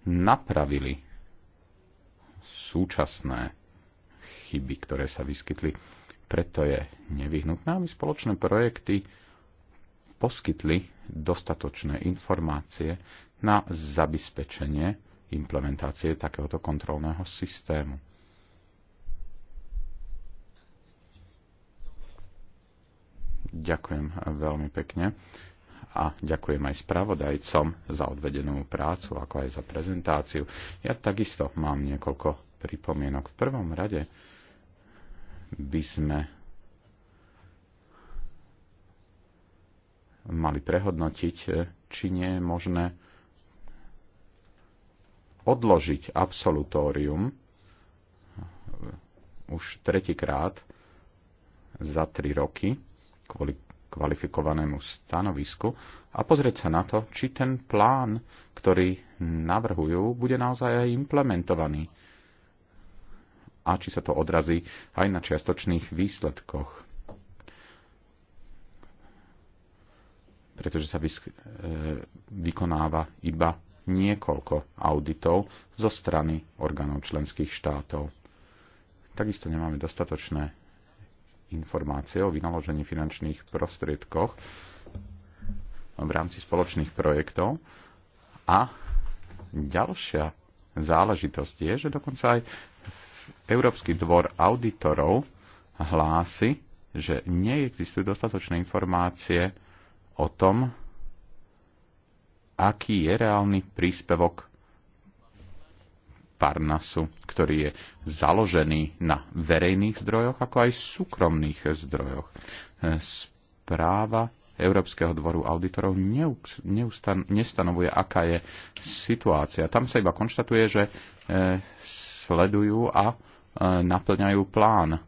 napravili súčasné chyby, ktoré sa vyskytli preto je nevyhnutné, aby spoločné projekty poskytli dostatočné informácie na zabezpečenie implementácie takéhoto kontrolného systému. Ďakujem veľmi pekne a ďakujem aj spravodajcom za odvedenú prácu, ako aj za prezentáciu. Ja takisto mám niekoľko pripomienok. V prvom rade by sme mali prehodnotiť, e, či nie je možné odložiť absolutórium e, už tretíkrát za tri roky kvôli kvalifikovanému stanovisku a pozrieť sa na to, či ten plán, ktorý navrhujú, bude naozaj aj implementovaný a či sa to odrazí aj na čiastočných výsledkoch. Pretože sa vysk- e, vykonáva iba niekoľko auditov zo strany orgánov členských štátov. Takisto nemáme dostatočné informácie o vynaložení finančných prostriedkoch v rámci spoločných projektov. A ďalšia záležitosť je, že dokonca aj Európsky dvor auditorov hlási, že neexistujú dostatočné informácie o tom, aký je reálny príspevok Parnasu, ktorý je založený na verejných zdrojoch, ako aj súkromných zdrojoch. Správa Európskeho dvoru auditorov nestanovuje, aká je situácia. Tam sa iba konštatuje, že eh, sledujú a e, naplňajú plán.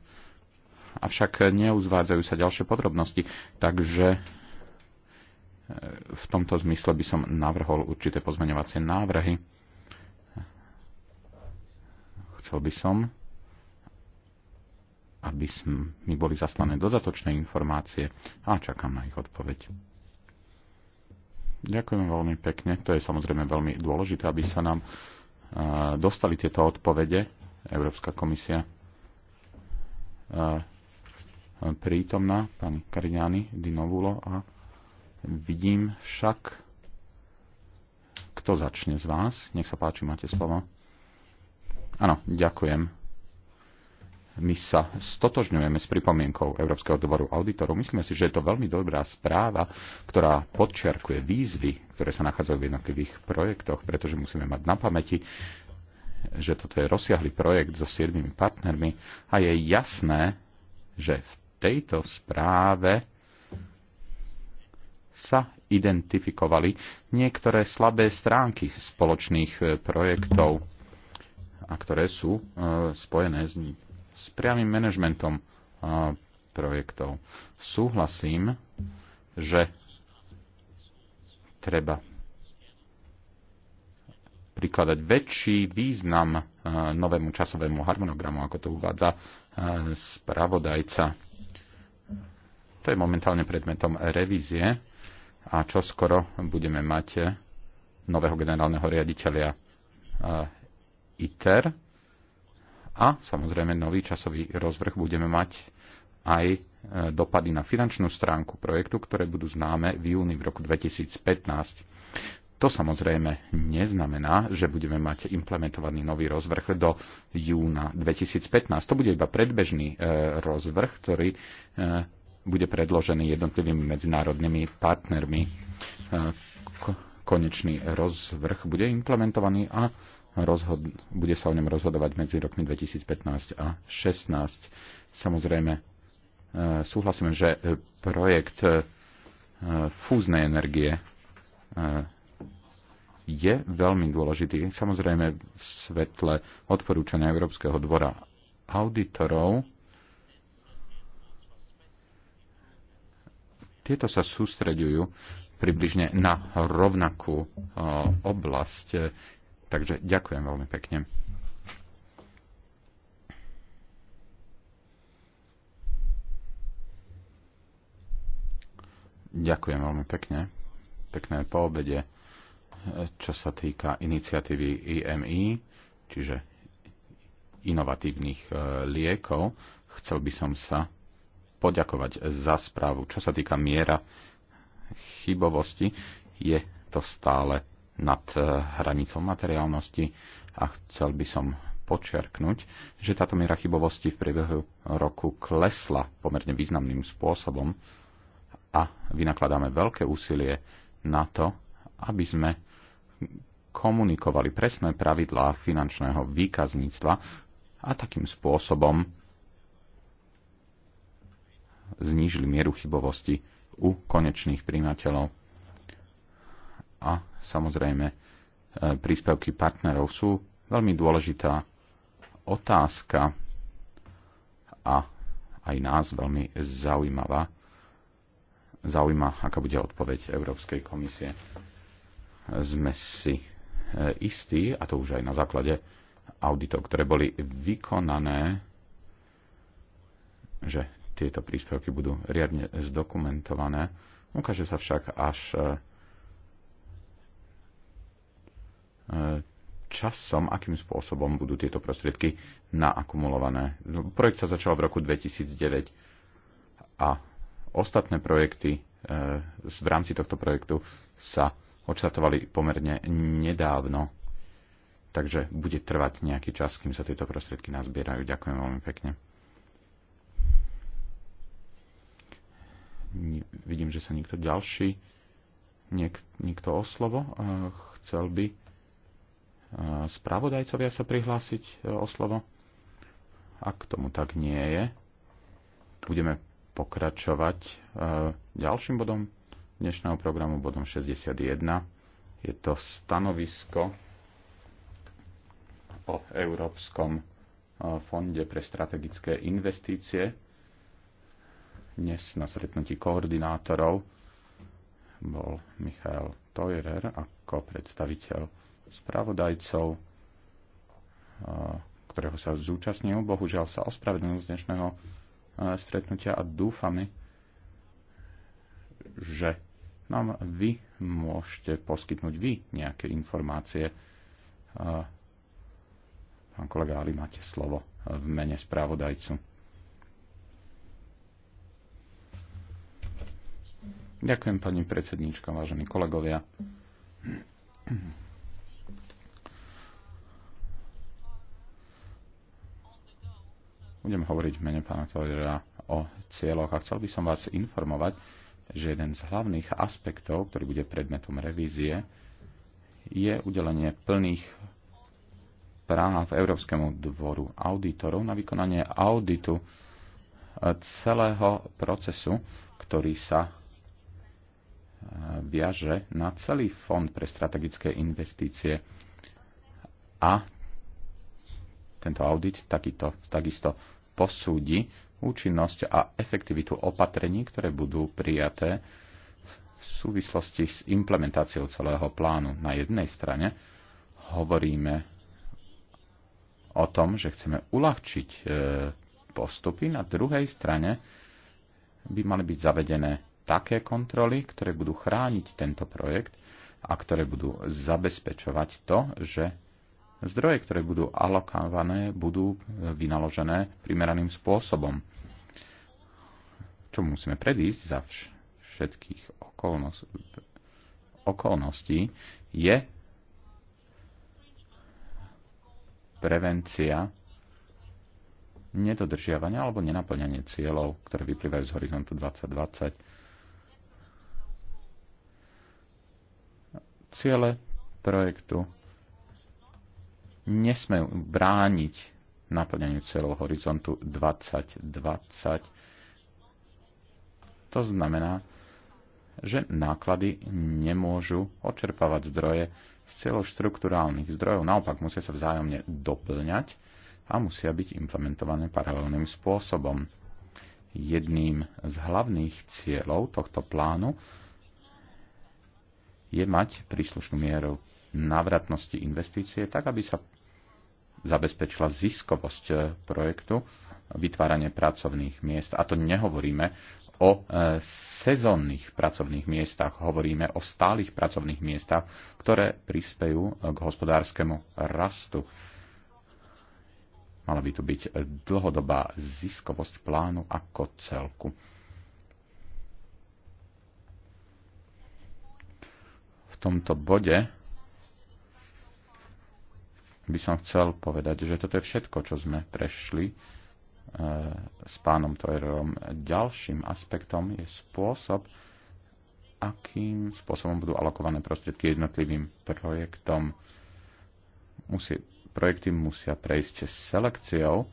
Avšak neuzvádzajú sa ďalšie podrobnosti, takže e, v tomto zmysle by som navrhol určité pozmeňovacie návrhy. Chcel by som, aby mi boli zaslané dodatočné informácie a čakám na ich odpoveď. Ďakujem veľmi pekne. To je samozrejme veľmi dôležité, aby sa nám dostali tieto odpovede, Európska komisia prítomná, pani Kariňány Dinovulo a vidím však, kto začne z vás. Nech sa páči, máte slovo. Áno, ďakujem my sa stotožňujeme s pripomienkou Európskeho dvoru auditorov. Myslíme si, že je to veľmi dobrá správa, ktorá podčiarkuje výzvy, ktoré sa nachádzajú v jednotlivých projektoch, pretože musíme mať na pamäti, že toto je rozsiahly projekt so siedmými partnermi a je jasné, že v tejto správe sa identifikovali niektoré slabé stránky spoločných eh, projektov a ktoré sú eh, spojené s s priamým manažmentom projektov. Súhlasím, že treba prikladať väčší význam novému časovému harmonogramu, ako to uvádza spravodajca. To je momentálne predmetom revízie a čo skoro budeme mať nového generálneho riaditeľa ITER, a samozrejme nový časový rozvrh budeme mať aj e, dopady na finančnú stránku projektu, ktoré budú známe v júni v roku 2015. To samozrejme neznamená, že budeme mať implementovaný nový rozvrh do júna 2015. To bude iba predbežný e, rozvrh, ktorý e, bude predložený jednotlivými medzinárodnými partnermi. E, konečný rozvrh bude implementovaný a rozhod- bude sa o ňom rozhodovať medzi rokmi 2015 a 2016. Samozrejme, e, súhlasím, že e, projekt e, fúznej energie je veľmi dôležitý. Samozrejme, v svetle odporúčania Európskeho dvora auditorov tieto sa sústreďujú približne na rovnakú oblasť. Takže ďakujem veľmi pekne. Ďakujem veľmi pekne. Pekné po obede, eh, čo sa týka iniciatívy IMI, čiže inovatívnych eh, liekov. Chcel by som sa poďakovať za správu. Čo sa týka miera chybovosti, je to stále nad eh, hranicou materiálnosti a chcel by som počerknúť, že táto miera chybovosti v priebehu roku klesla pomerne významným spôsobom a vynakladáme veľké úsilie na to, aby sme komunikovali presné pravidlá finančného výkazníctva a takým spôsobom znížili mieru chybovosti u konečných príjmateľov a samozrejme e, príspevky partnerov sú veľmi dôležitá otázka a aj nás veľmi zaujímavá. Zaujíma, aká bude odpoveď Európskej komisie. Sme si e, istí, a to už aj na základe auditov, ktoré boli vykonané, že tieto príspevky budú riadne zdokumentované. Ukáže sa však až e, časom, akým spôsobom budú tieto prostriedky naakumulované. Projekt sa začal v roku 2009 a ostatné projekty e, v rámci tohto projektu sa odštartovali pomerne nedávno, takže bude trvať nejaký čas, kým sa tieto prostriedky nazbierajú. Ďakujem veľmi pekne. Vidím, že sa nikto ďalší, niek, nikto o slovo e, chcel by spravodajcovia sa prihlásiť e, o slovo? Ak tomu tak nie je, budeme pokračovať e, ďalším bodom dnešného programu, bodom 61. Je to stanovisko o Európskom e, fonde pre strategické investície. Dnes na stretnutí koordinátorov bol Michal Teurer ako predstaviteľ spravodajcov, ktorého sa zúčastnil. Bohužiaľ sa ospravedlnil z dnešného stretnutia a dúfame, že nám vy môžete poskytnúť vy nejaké informácie. Pán kolega Ali, máte slovo v mene spravodajcu. Ďakujem pani predsedníčka, vážení kolegovia. Budem hovoriť v mene pána Tollera o cieľoch a chcel by som vás informovať, že jeden z hlavných aspektov, ktorý bude predmetom revízie, je udelenie plných práv Európskemu dvoru auditorov na vykonanie auditu celého procesu, ktorý sa e, viaže na celý fond pre strategické investície a tento audit takýto, takisto posúdi účinnosť a efektivitu opatrení, ktoré budú prijaté v súvislosti s implementáciou celého plánu. Na jednej strane hovoríme o tom, že chceme uľahčiť e, postupy, na druhej strane by mali byť zavedené také kontroly, ktoré budú chrániť tento projekt a ktoré budú zabezpečovať to, že zdroje, ktoré budú alokované, budú vynaložené primeraným spôsobom. Čo musíme predísť za všetkých okolností, je prevencia nedodržiavania alebo nenaplňanie cieľov, ktoré vyplývajú z horizontu 2020. Ciele projektu nesme brániť naplňaniu celého horizontu 2020. To znamená, že náklady nemôžu očerpávať zdroje z celoštruktúrálnych zdrojov. Naopak musia sa vzájomne doplňať a musia byť implementované paralelným spôsobom. Jedným z hlavných cieľov tohto plánu je mať príslušnú mieru návratnosti investície, tak aby sa zabezpečila ziskovosť e, projektu, vytváranie pracovných miest. A to nehovoríme o e, sezónnych pracovných miestach, hovoríme o stálych pracovných miestach, ktoré prispejú e, k hospodárskému rastu. Mala by tu byť dlhodobá ziskovosť plánu ako celku. V tomto bode by som chcel povedať, že toto je všetko, čo sme prešli e, s pánom Tojerom Ďalším aspektom je spôsob, akým spôsobom budú alokované prostriedky jednotlivým projektom. Musí, projekty musia prejsť s selekciou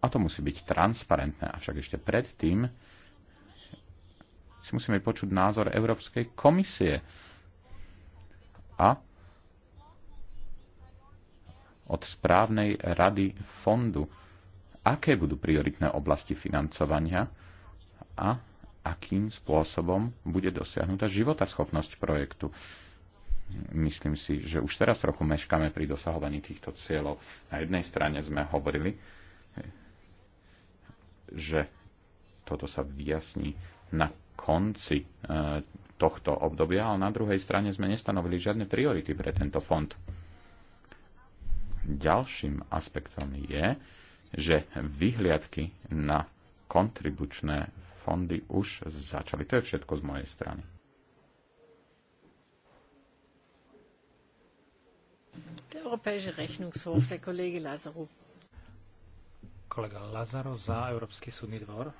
a to musí byť transparentné. Avšak ešte predtým si musíme počuť názor Európskej komisie a od správnej rady fondu, aké budú prioritné oblasti financovania a akým spôsobom bude dosiahnutá životaschopnosť projektu. Myslím si, že už teraz trochu meškáme pri dosahovaní týchto cieľov. Na jednej strane sme hovorili, že toto sa vyjasní na konci eh, tohto obdobia, ale na druhej strane sme nestanovili žiadne priority pre tento fond. Ďalším aspektom je, že vyhliadky na kontribučné fondy už začali. To je všetko z mojej strany. Kolega Lazaro za Európsky súdny dvor.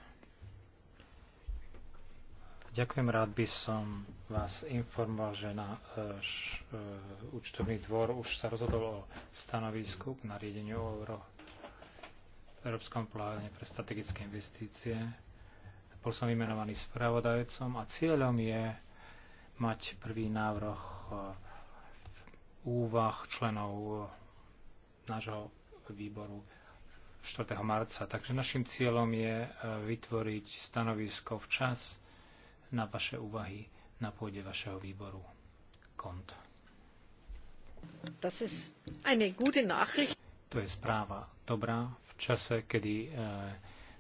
Ďakujem, rád by som vás informoval, že na e, e, účtovný dvor už sa rozhodol o stanovisku k nariadeniu o euro, Európskom pláne pre strategické investície. Bol som vymenovaný spravodajcom a cieľom je mať prvý návrh e, úvah členov nášho výboru 4. marca. Takže našim cieľom je vytvoriť stanovisko včas, na vaše úvahy na pôde vašeho výboru KONT. To je správa dobrá v čase, kedy e,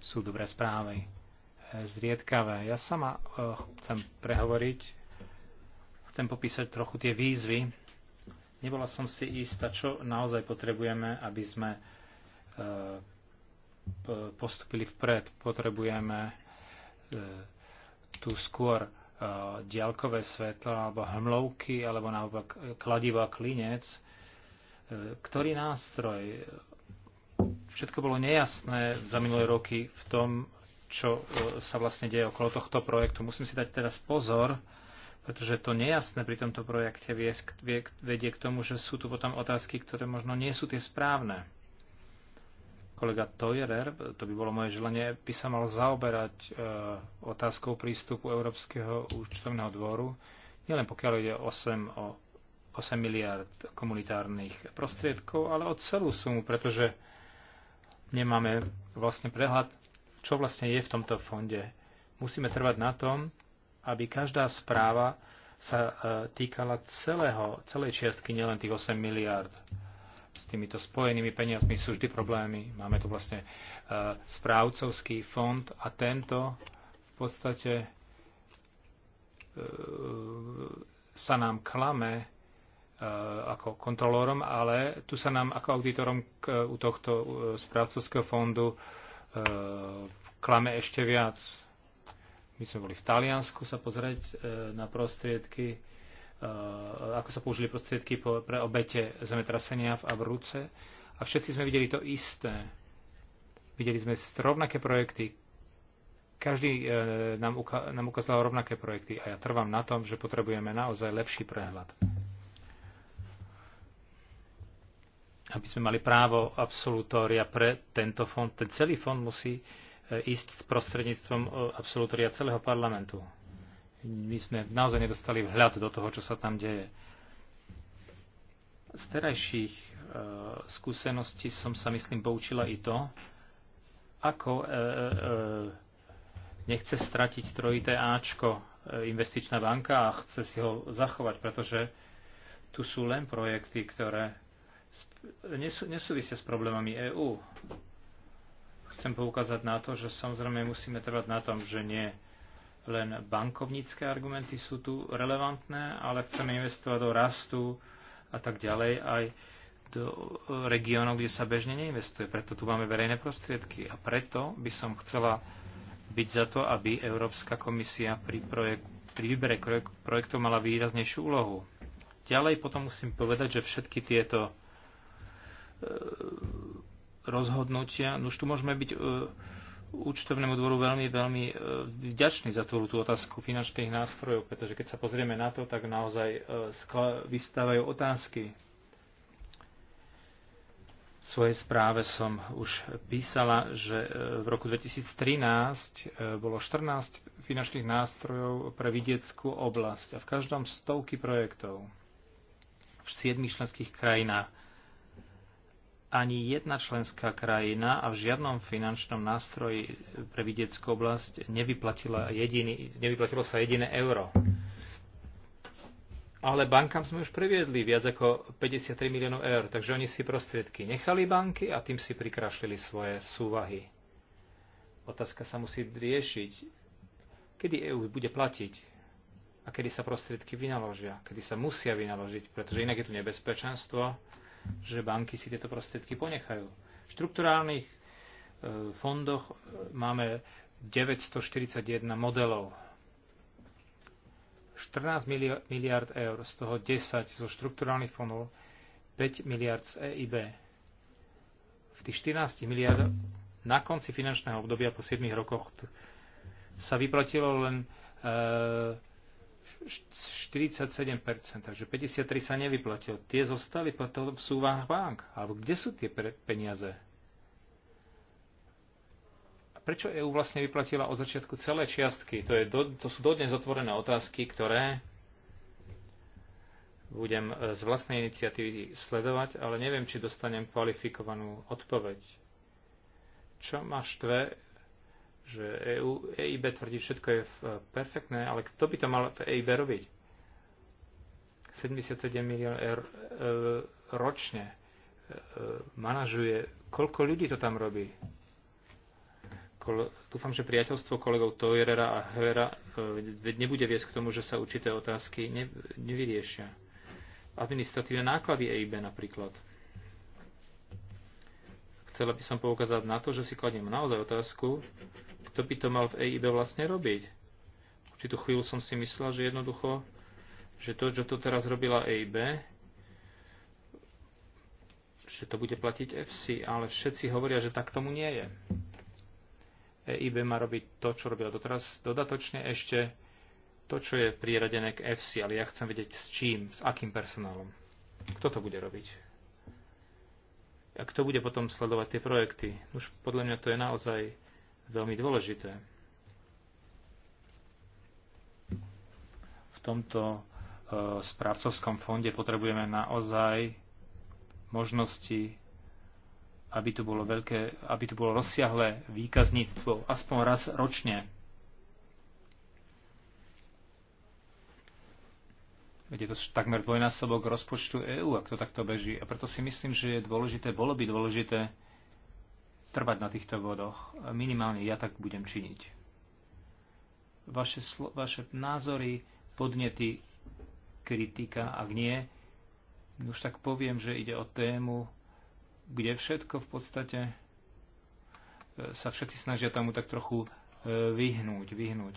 sú dobré správy e, zriedkavé. Ja sama e, chcem prehovoriť, chcem popísať trochu tie výzvy. Nebola som si istá, čo naozaj potrebujeme, aby sme e, postupili vpred. Potrebujeme e, tu skôr e, diaľkové svetlo alebo hmlovky alebo naopak kladiva klinec. E, ktorý nástroj? Všetko bolo nejasné za minulé roky v tom, čo e, sa vlastne deje okolo tohto projektu. Musím si dať teraz pozor, pretože to nejasné pri tomto projekte vedie k tomu, že sú tu potom otázky, ktoré možno nie sú tie správne kolega Tojerer, to by bolo moje želanie, by sa mal zaoberať e, otázkou prístupu Európskeho účtovného dvoru, nielen pokiaľ ide 8, o 8 miliard komunitárnych prostriedkov, ale o celú sumu, pretože nemáme vlastne prehľad, čo vlastne je v tomto fonde. Musíme trvať na tom, aby každá správa sa e, týkala celého, celej čiastky, nielen tých 8 miliard s týmito spojenými peniazmi sú vždy problémy. Máme tu vlastne e, správcovský fond a tento v podstate e, sa nám klame e, ako kontrolórom, ale tu sa nám ako auditorom k, u tohto správcovského fondu klame ešte viac. My sme boli v Taliansku sa pozrieť na prostriedky Eh, ako sa použili prostriedky pre obete zemetrasenia v Abruce. A všetci sme videli to isté. Videli sme rovnaké projekty. Každý eh, nám, uka- nám ukázal rovnaké projekty a ja trvám na tom, že potrebujeme naozaj lepší prehľad. Aby sme mali právo absolutória pre tento fond, ten celý fond musí eh, ísť s prostredníctvom absolutória celého parlamentu my sme naozaj nedostali vhľad do toho, čo sa tam deje. Z terajších uh, skúseností som sa, myslím, poučila i to, ako uh, uh, nechce stratiť trojité Ačko uh, investičná banka a chce si ho zachovať, pretože tu sú len projekty, ktoré nesú, nesúvisia s problémami EÚ. Chcem poukázať na to, že samozrejme musíme trvať na tom, že nie len bankovnícke argumenty sú tu relevantné, ale chceme investovať do rastu a tak ďalej aj do regiónov, kde sa bežne neinvestuje. Preto tu máme verejné prostriedky a preto by som chcela byť za to, aby Európska komisia pri, projek- pri výbere projektov mala výraznejšiu úlohu. Ďalej potom musím povedať, že všetky tieto e, rozhodnutia, no už tu môžeme byť e, účtovnému dvoru veľmi, veľmi e, vďačný za tú, otázku finančných nástrojov, pretože keď sa pozrieme na to, tak naozaj e, vystávajú otázky. V svojej správe som už písala, že e, v roku 2013 bolo 14 finančných nástrojov pre vidieckú oblasť a v každom stovky projektov v 7 členských krajinách ani jedna členská krajina a v žiadnom finančnom nástroji pre vidieckú oblasť nevyplatila jediný, nevyplatilo sa jediné euro. Ale bankám sme už previedli viac ako 53 miliónov eur, takže oni si prostriedky nechali banky a tým si prikrašlili svoje súvahy. Otázka sa musí riešiť, kedy EU bude platiť a kedy sa prostriedky vynaložia, kedy sa musia vynaložiť, pretože inak je tu nebezpečenstvo, že banky si tieto prostriedky ponechajú. V štruktúrálnych e, fondoch e, máme 941 modelov. 14 miliard eur, z toho 10 zo štrukturálnych fondov, 5 miliard z EIB. V tých 14 miliard na konci finančného obdobia po 7 rokoch sa vyplatilo len e, 47%, takže 53 sa nevyplatilo. Tie zostali potom v súvách bank. Alebo kde sú tie peniaze? A prečo EU vlastne vyplatila od začiatku celé čiastky? To, je do, to sú dodnes otvorené otázky, ktoré budem z vlastnej iniciatívy sledovať, ale neviem, či dostanem kvalifikovanú odpoveď. Čo ma štve, že EU, EIB tvrdí, že všetko je e, perfektné, ale kto by to mal v EIB robiť? 77 milión eur e, ročne e, e, manažuje. Koľko ľudí to tam robí? Kol, dúfam, že priateľstvo kolegov Tojerera a Hera e, nebude viesť k tomu, že sa určité otázky ne, nevyriešia. Administratívne náklady EIB napríklad. Chcela by som poukázať na to, že si kladiem naozaj otázku, kto by to mal v EIB vlastne robiť? Určitú chvíľu som si myslel, že jednoducho, že to, čo to teraz robila EIB, že to bude platiť FC, ale všetci hovoria, že tak tomu nie je. EIB má robiť to, čo robila doteraz, dodatočne ešte to, čo je priradené k FC, ale ja chcem vedieť s čím, s akým personálom. Kto to bude robiť? A kto bude potom sledovať tie projekty? Už podľa mňa to je naozaj veľmi dôležité. V tomto e, správcovskom fonde potrebujeme naozaj možnosti, aby tu bolo, veľké, aby tu bolo rozsiahle výkazníctvo aspoň raz ročne. Veď je to takmer dvojnásobok rozpočtu EÚ, ak to takto beží. A preto si myslím, že je dôležité, bolo by dôležité trvať na týchto vodoch. Minimálne ja tak budem činiť. Vaše, vaše názory, podnety, kritika, ak nie, už tak poviem, že ide o tému, kde všetko v podstate e, sa všetci snažia tomu tak trochu e, vyhnúť, vyhnúť.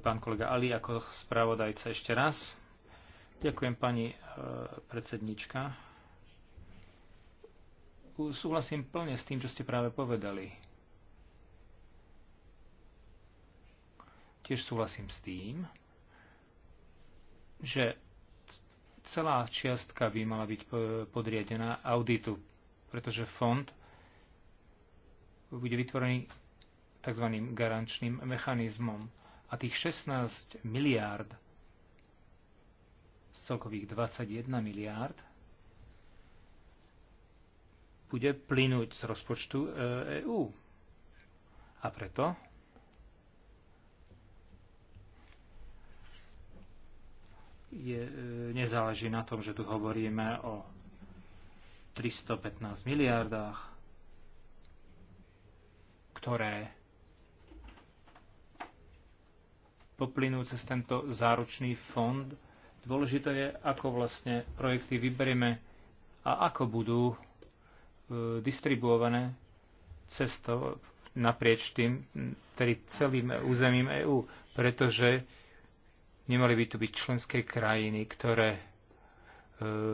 Pán kolega Ali, ako spravodajca ešte raz. Ďakujem, pani e, predsednička. Súhlasím plne s tým, čo ste práve povedali. Tiež súhlasím s tým, že celá čiastka by mala byť e, podriadená auditu, pretože fond bude vytvorený tzv. garančným mechanizmom. A tých 16 miliárd z celkových 21 miliárd bude plynúť z rozpočtu EÚ. E A preto je, e, nezáleží na tom, že tu hovoríme o 315 miliardách, ktoré poplynú cez tento záručný fond Dôležité je, ako vlastne projekty vyberieme a ako budú e, distribuované cestou naprieč tým, tedy celým územím EÚ, pretože nemali by tu byť členské krajiny, ktoré e,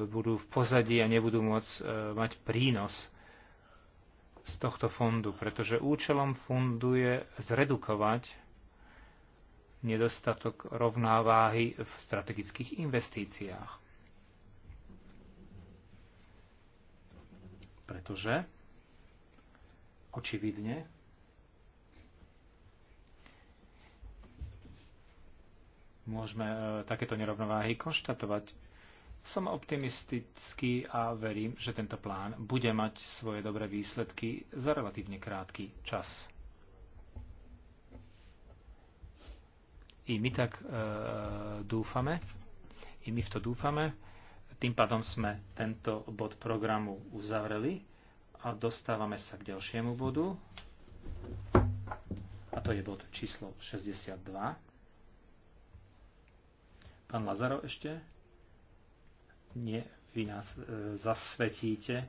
budú v pozadí a nebudú môcť e, mať prínos z tohto fondu, pretože účelom fondu je zredukovať nedostatok rovnováhy v strategických investíciách. Pretože očividne môžeme e, takéto nerovnováhy konštatovať. Som optimistický a verím, že tento plán bude mať svoje dobré výsledky za relatívne krátky čas. I my tak e, dúfame, i my v to dúfame. Tým pádom sme tento bod programu uzavreli a dostávame sa k ďalšiemu bodu. A to je bod číslo 62. Pán Lazaro ešte? Nie, vy nás e, zasvetíte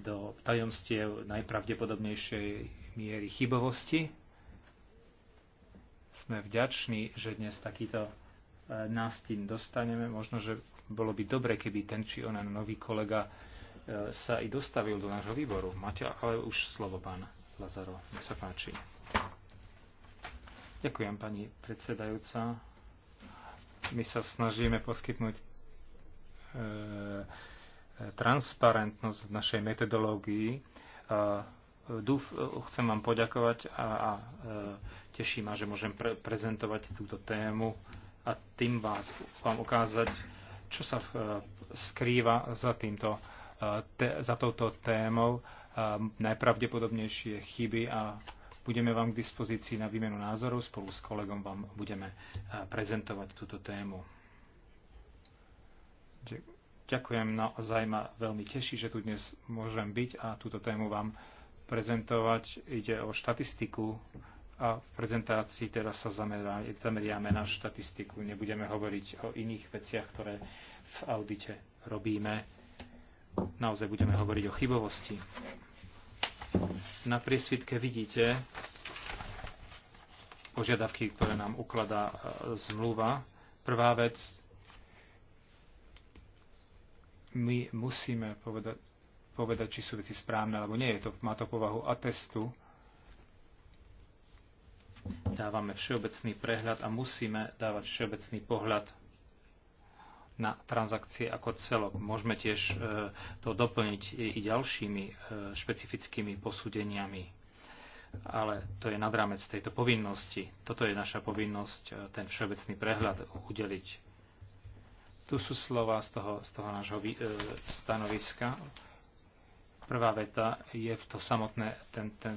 do tajomstiev najpravdepodobnejšej miery chybovosti. Sme vďační, že dnes takýto e, nástin dostaneme. Možno, že bolo by dobre, keby ten či onen nový kolega e, sa i dostavil do nášho výboru. Máte ale už slovo, pán Lazaro. Nech sa páči. Ďakujem, pani predsedajúca. My sa snažíme poskytnúť e, e transparentnosť v našej metodológii. E, dúf, chcem vám poďakovať a, a e, Teší ma, že môžem pre- prezentovať túto tému a tým vás, vám ukázať, čo sa eh, skrýva za, týmto, eh, za touto témou. Eh, najpravdepodobnejšie chyby a budeme vám k dispozícii na výmenu názorov. Spolu s kolegom vám budeme prezentovať túto tému. Ďakujem, naozaj ma veľmi teší, že tu dnes môžem byť a túto tému vám prezentovať. Ide o štatistiku a v prezentácii teda sa zameriame na štatistiku. Nebudeme hovoriť o iných veciach, ktoré v audite robíme. Naozaj budeme hovoriť o chybovosti. Na priesvitke vidíte požiadavky, ktoré nám ukladá e, zmluva. Prvá vec, my musíme povedať, povedať či sú veci správne, alebo nie. Je to, má to povahu atestu, Dávame všeobecný prehľad a musíme dávať všeobecný pohľad na transakcie ako celok. Môžeme tiež e, to doplniť i ďalšími e, špecifickými posúdeniami. Ale to je nad rámec tejto povinnosti. Toto je naša povinnosť, e, ten všeobecný prehľad udeliť. Tu sú slova z toho, z toho nášho stanoviska. Prvá veta je v to samotné, ten, ten,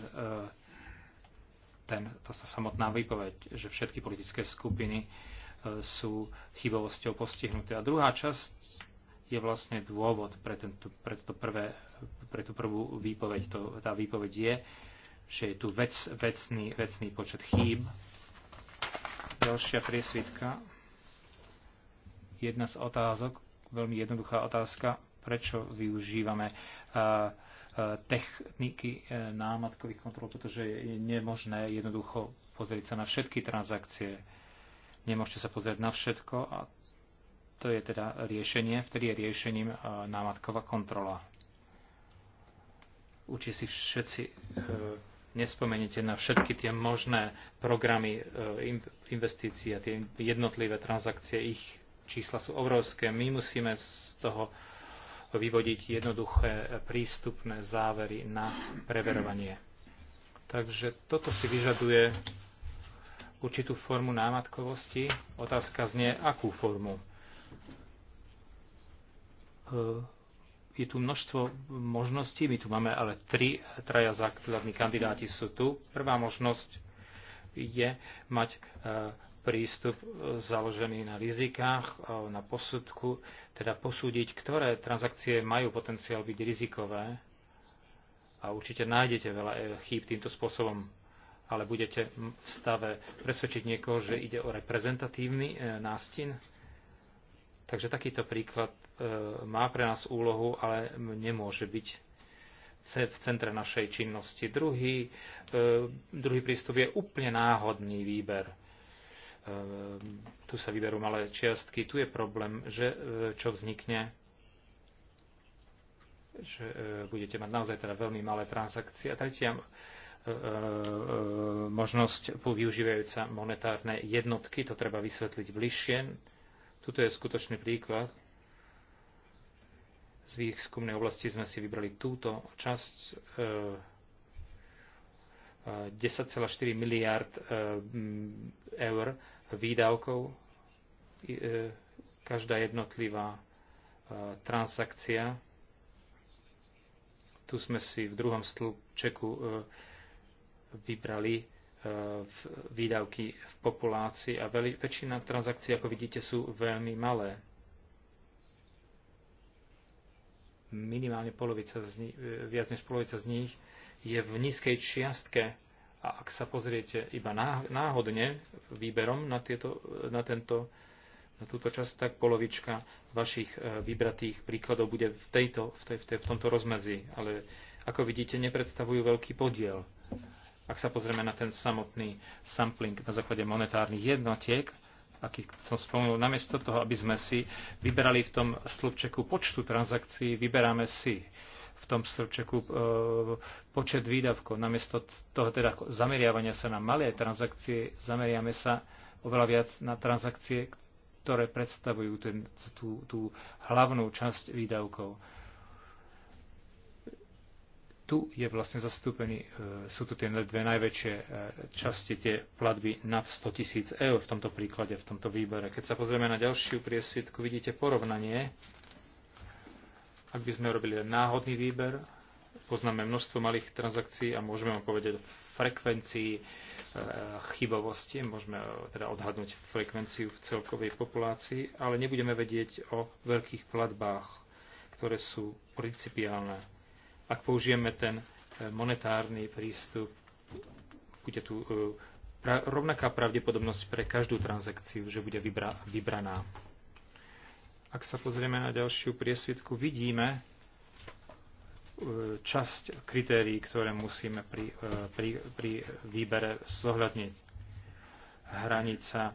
ten, tá samotná výpoveď, že všetky politické skupiny e, sú chybovosťou postihnuté. A druhá časť je vlastne dôvod pre, tento, pre, to prvé, pre tú prvú výpoveď. To, tá výpoveď je, že je tu vec, vecný, vecný počet chýb. Ďalšia priesvitka. Jedna z otázok, veľmi jednoduchá otázka, prečo využívame uh, techniky e, námatkových kontrol, pretože je nemožné jednoducho pozrieť sa na všetky transakcie. Nemôžete sa pozrieť na všetko a to je teda riešenie, vtedy je riešením e, námatková kontrola. Učí si všetci, e, nespomeniete na všetky tie možné programy investícií a tie jednotlivé transakcie, ich čísla sú obrovské. My musíme z toho vyvodiť jednoduché e, prístupné závery na preverovanie. Takže toto si vyžaduje určitú formu námatkovosti. Otázka znie, akú formu. E, je tu množstvo možností, my tu máme ale tri, traja základní kandidáti sú tu. Prvá možnosť je mať e, prístup e, založený na rizikách, na posudku, teda posúdiť, ktoré transakcie majú potenciál byť rizikové. A určite nájdete veľa e, chýb týmto spôsobom, ale budete v stave presvedčiť niekoho, že ide o reprezentatívny e, nástin. Takže takýto príklad má pre nás úlohu, ale nemôže byť v centre našej činnosti. Druhý, druhý prístup je úplne náhodný výber Ehm, tu sa vyberú malé čiastky, tu je problém, že e, čo vznikne, že e, budete mať naozaj teda veľmi malé transakcie. A tretia e, možnosť využívajúca monetárne jednotky, to treba vysvetliť bližšie. Tuto je skutočný príklad. Z výskumnej oblasti sme si vybrali túto časť 10,4 miliard eur výdavkov. E, každá jednotlivá e, transakcia. Tu sme si v druhom stĺpčeku e, vybrali výdavky v populácii a väčšina transakcií, ako vidíte, sú veľmi malé. Minimálne polovica z nich, viac než polovica z nich je v nízkej čiastke a ak sa pozriete iba náhodne výberom na, tieto, na, tento, na túto časť, tak polovička vašich e, vybratých príkladov bude v, tejto, v, tej, v, tej, v tomto rozmedzi. Ale ako vidíte, nepredstavujú veľký podiel. Ak sa pozrieme na ten samotný sampling na základe monetárnych jednotiek, aký som spomenul, namiesto toho, aby sme si vyberali v tom slupčeku počtu transakcií, vyberáme si v tom strčeku e, počet výdavkov. Namiesto toho teda zameriavania sa na malé transakcie, zameriame sa oveľa viac na transakcie, ktoré predstavujú ten, tú, tú hlavnú časť výdavkov. Tu je vlastne zastúpený, e, sú tu tie dve najväčšie e, časti, tie platby na 100 tisíc eur v tomto príklade, v tomto výbere. Keď sa pozrieme na ďalšiu priesvitku, vidíte porovnanie ak by sme robili náhodný výber, poznáme množstvo malých transakcií a môžeme vám povedať o frekvencii e, chybovosti, môžeme e, teda odhadnúť frekvenciu v celkovej populácii, ale nebudeme vedieť o veľkých platbách, ktoré sú principiálne. Ak použijeme ten e, monetárny prístup, bude tu rovnaká pravdepodobnosť pre každú transakciu, že bude vybraná. Ak sa pozrieme na ďalšiu priesvitku, vidíme e, časť kritérií, ktoré musíme pri, e, pri, pri výbere zohľadniť. Hranica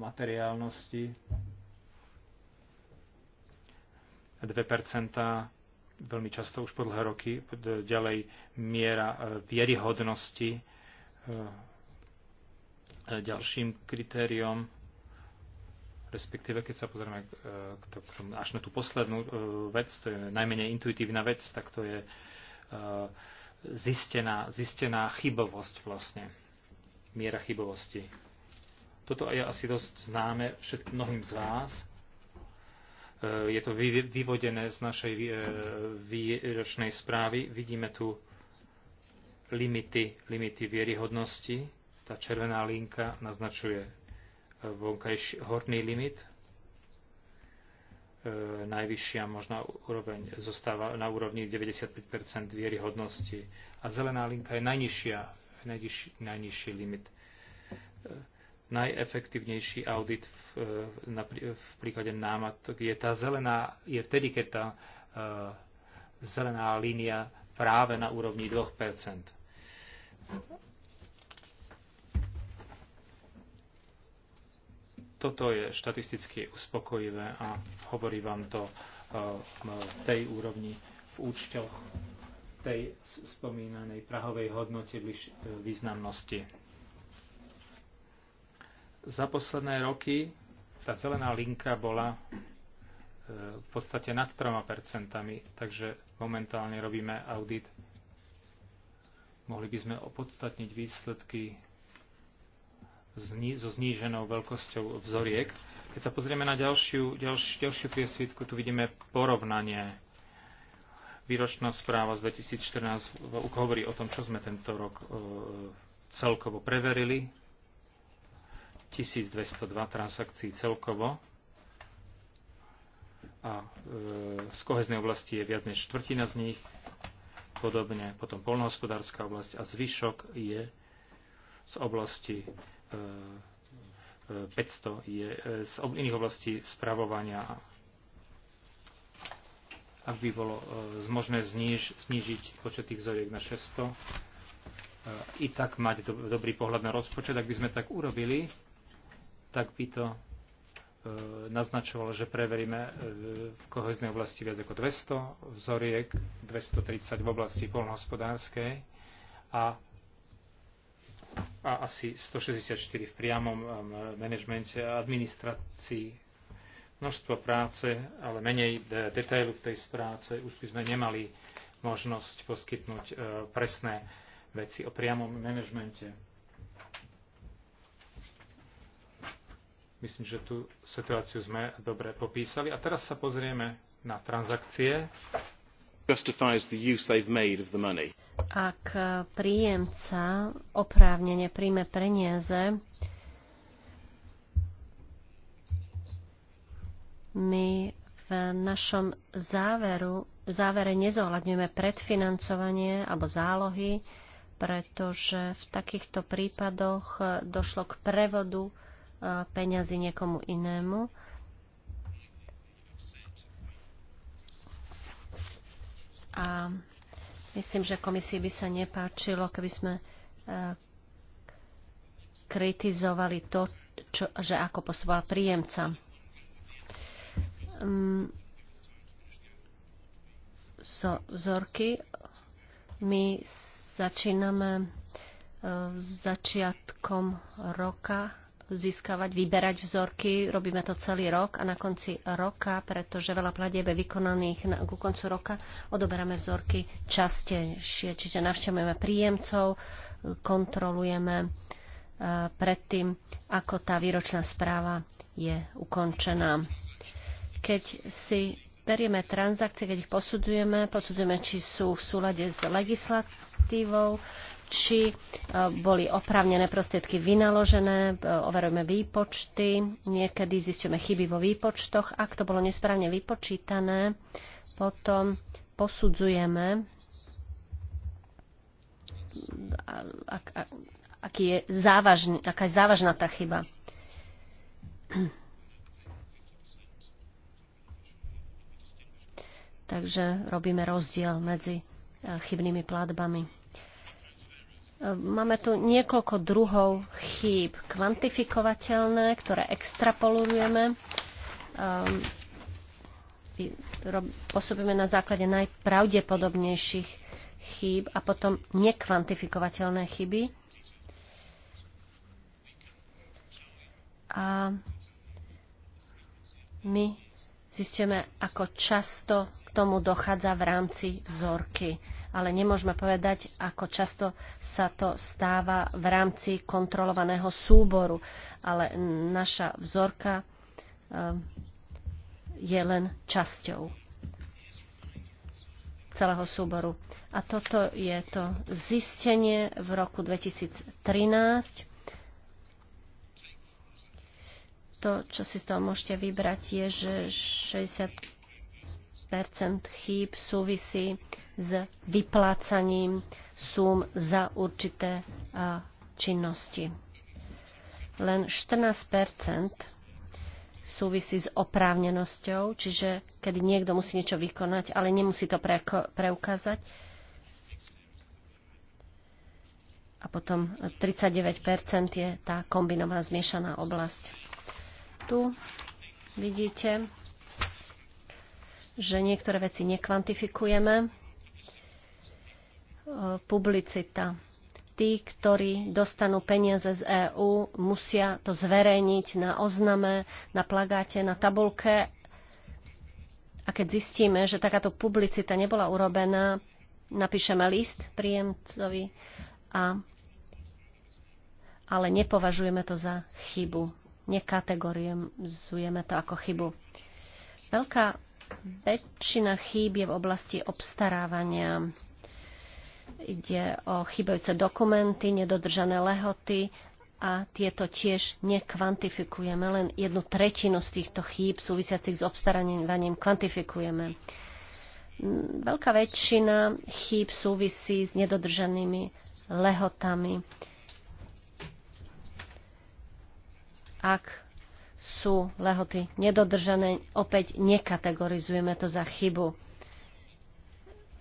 materiálnosti 2 veľmi často už po dlhé roky, e, ďalej miera vieryhodnosti, ďalším kritériom respektíve keď sa pozrieme e, k, to, až na tú poslednú e, vec, to je najmenej intuitívna vec, tak to je e, zistená, zistená chybovosť vlastne, miera chybovosti. Toto je asi dosť známe všetkým mnohým z vás. Je to vyvodené z našej výročnej správy. Vidíme tu limity, limity vieryhodnosti. Tá červená linka naznačuje vonkajší horný limit. E, najvyššia možná úroveň zostáva na úrovni 95 vieryhodnosti a zelená linka je najnižšia, najnižší, najnižší limit. E, najefektívnejší audit v, e, na, v príklade námatok je tá zelená, je vtedy, keď tá zelená línia práve na úrovni 2 Toto je štatisticky uspokojivé a hovorí vám to v eh, tej úrovni v účtoch tej spomínanej prahovej hodnote eh, významnosti. Za posledné roky tá zelená linka bola eh, v podstate nad 3%, takže momentálne robíme audit. Mohli by sme opodstatniť výsledky so zníženou veľkosťou vzoriek. Keď sa pozrieme na ďalšiu, ďalš, ďalšiu priesvitku, tu vidíme porovnanie. Výročná správa z 2014 hovorí o tom, čo sme tento rok e, celkovo preverili. 1202 transakcií celkovo. A e, z koheznej oblasti je viac než štvrtina z nich. Podobne potom polnohospodárska oblasť a zvyšok je z oblasti 500 je e, z iných oblastí spravovania. Ak by bolo e, možné znížiť počet tých vzoriek na 600, e, i tak mať do, dobrý pohľad na rozpočet, ak by sme tak urobili, tak by to naznačovalo, že preveríme v koheznej oblasti viac ako 200 vzoriek, 230 v oblasti polnohospodárskej a a asi 164 v priamom um, manažmente a administrácii. Množstvo práce, ale menej detailu v tej práce. Už by sme nemali možnosť poskytnúť uh, presné veci o priamom manažmente. Myslím, že tú situáciu sme dobre popísali. A teraz sa pozrieme na transakcie. Justifies the use they've made of the money ak príjemca oprávnene príjme peniaze, my v našom záveru, v závere nezohľadňujeme predfinancovanie alebo zálohy, pretože v takýchto prípadoch došlo k prevodu e, peňazí niekomu inému. A Myslím, že komisii by sa nepáčilo, keby sme e, kritizovali to, čo, že ako postupoval príjemca. So, mm, vzorky my začíname e, začiatkom roka získavať, vyberať vzorky. Robíme to celý rok a na konci roka, pretože veľa platieb je vykonaných na, ku koncu roka, odoberáme vzorky častejšie. Čiže navštevujeme príjemcov, kontrolujeme e, predtým, ako tá výročná správa je ukončená. Keď si berieme transakcie, keď ich posudzujeme, posudzujeme, či sú v súlade s legislatívou, legislatívou, či e, boli opravnené prostriedky vynaložené, e, overujeme výpočty, niekedy zistíme chyby vo výpočtoch. Ak to bolo nesprávne vypočítané, potom posudzujeme, aký je závažný, aká je závažná tá chyba. Takže robíme rozdiel medzi e, chybnými platbami. Máme tu niekoľko druhov chýb kvantifikovateľné, ktoré extrapolujeme. Ehm, pôsobíme na základe najpravdepodobnejších chýb a potom nekvantifikovateľné chyby. A my zistíme, ako často k tomu dochádza v rámci vzorky ale nemôžeme povedať, ako často sa to stáva v rámci kontrolovaného súboru. Ale naša vzorka eh, je len časťou celého súboru. A toto je to zistenie v roku 2013 to, čo si z toho môžete vybrať, je, že 60 chýb súvisí s vyplácaním súm za určité činnosti. Len 14 súvisí s oprávnenosťou, čiže keď niekto musí niečo vykonať, ale nemusí to preukázať. A potom 39 je tá kombinovaná zmiešaná oblasť. Tu vidíte že niektoré veci nekvantifikujeme. E, publicita. Tí, ktorí dostanú peniaze z EÚ, musia to zverejniť na ozname, na plagáte, na tabulke. A keď zistíme, že takáto publicita nebola urobená, napíšeme list príjemcovi, a, ale nepovažujeme to za chybu. Nekategorizujeme to ako chybu. Veľká Väčšina chýb je v oblasti obstarávania. Ide o chýbajúce dokumenty, nedodržané lehoty a tieto tiež nekvantifikujeme. Len jednu tretinu z týchto chýb súvisiacich s obstarávaním kvantifikujeme. Veľká väčšina chýb súvisí s nedodržanými lehotami. Ak sú lehoty nedodržané, opäť nekategorizujeme to za chybu.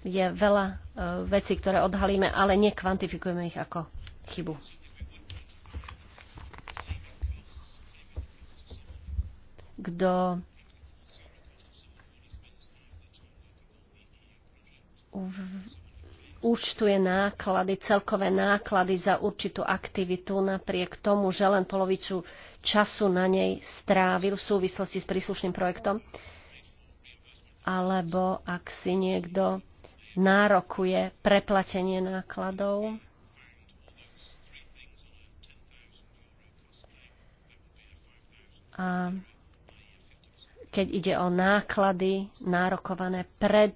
Je veľa e, vecí, ktoré odhalíme, ale nekvantifikujeme ich ako chybu. Kto účtuje náklady, celkové náklady za určitú aktivitu napriek tomu, že len polovicu času na nej strávil v súvislosti s príslušným projektom, alebo ak si niekto nárokuje preplatenie nákladov, a keď ide o náklady nárokované pred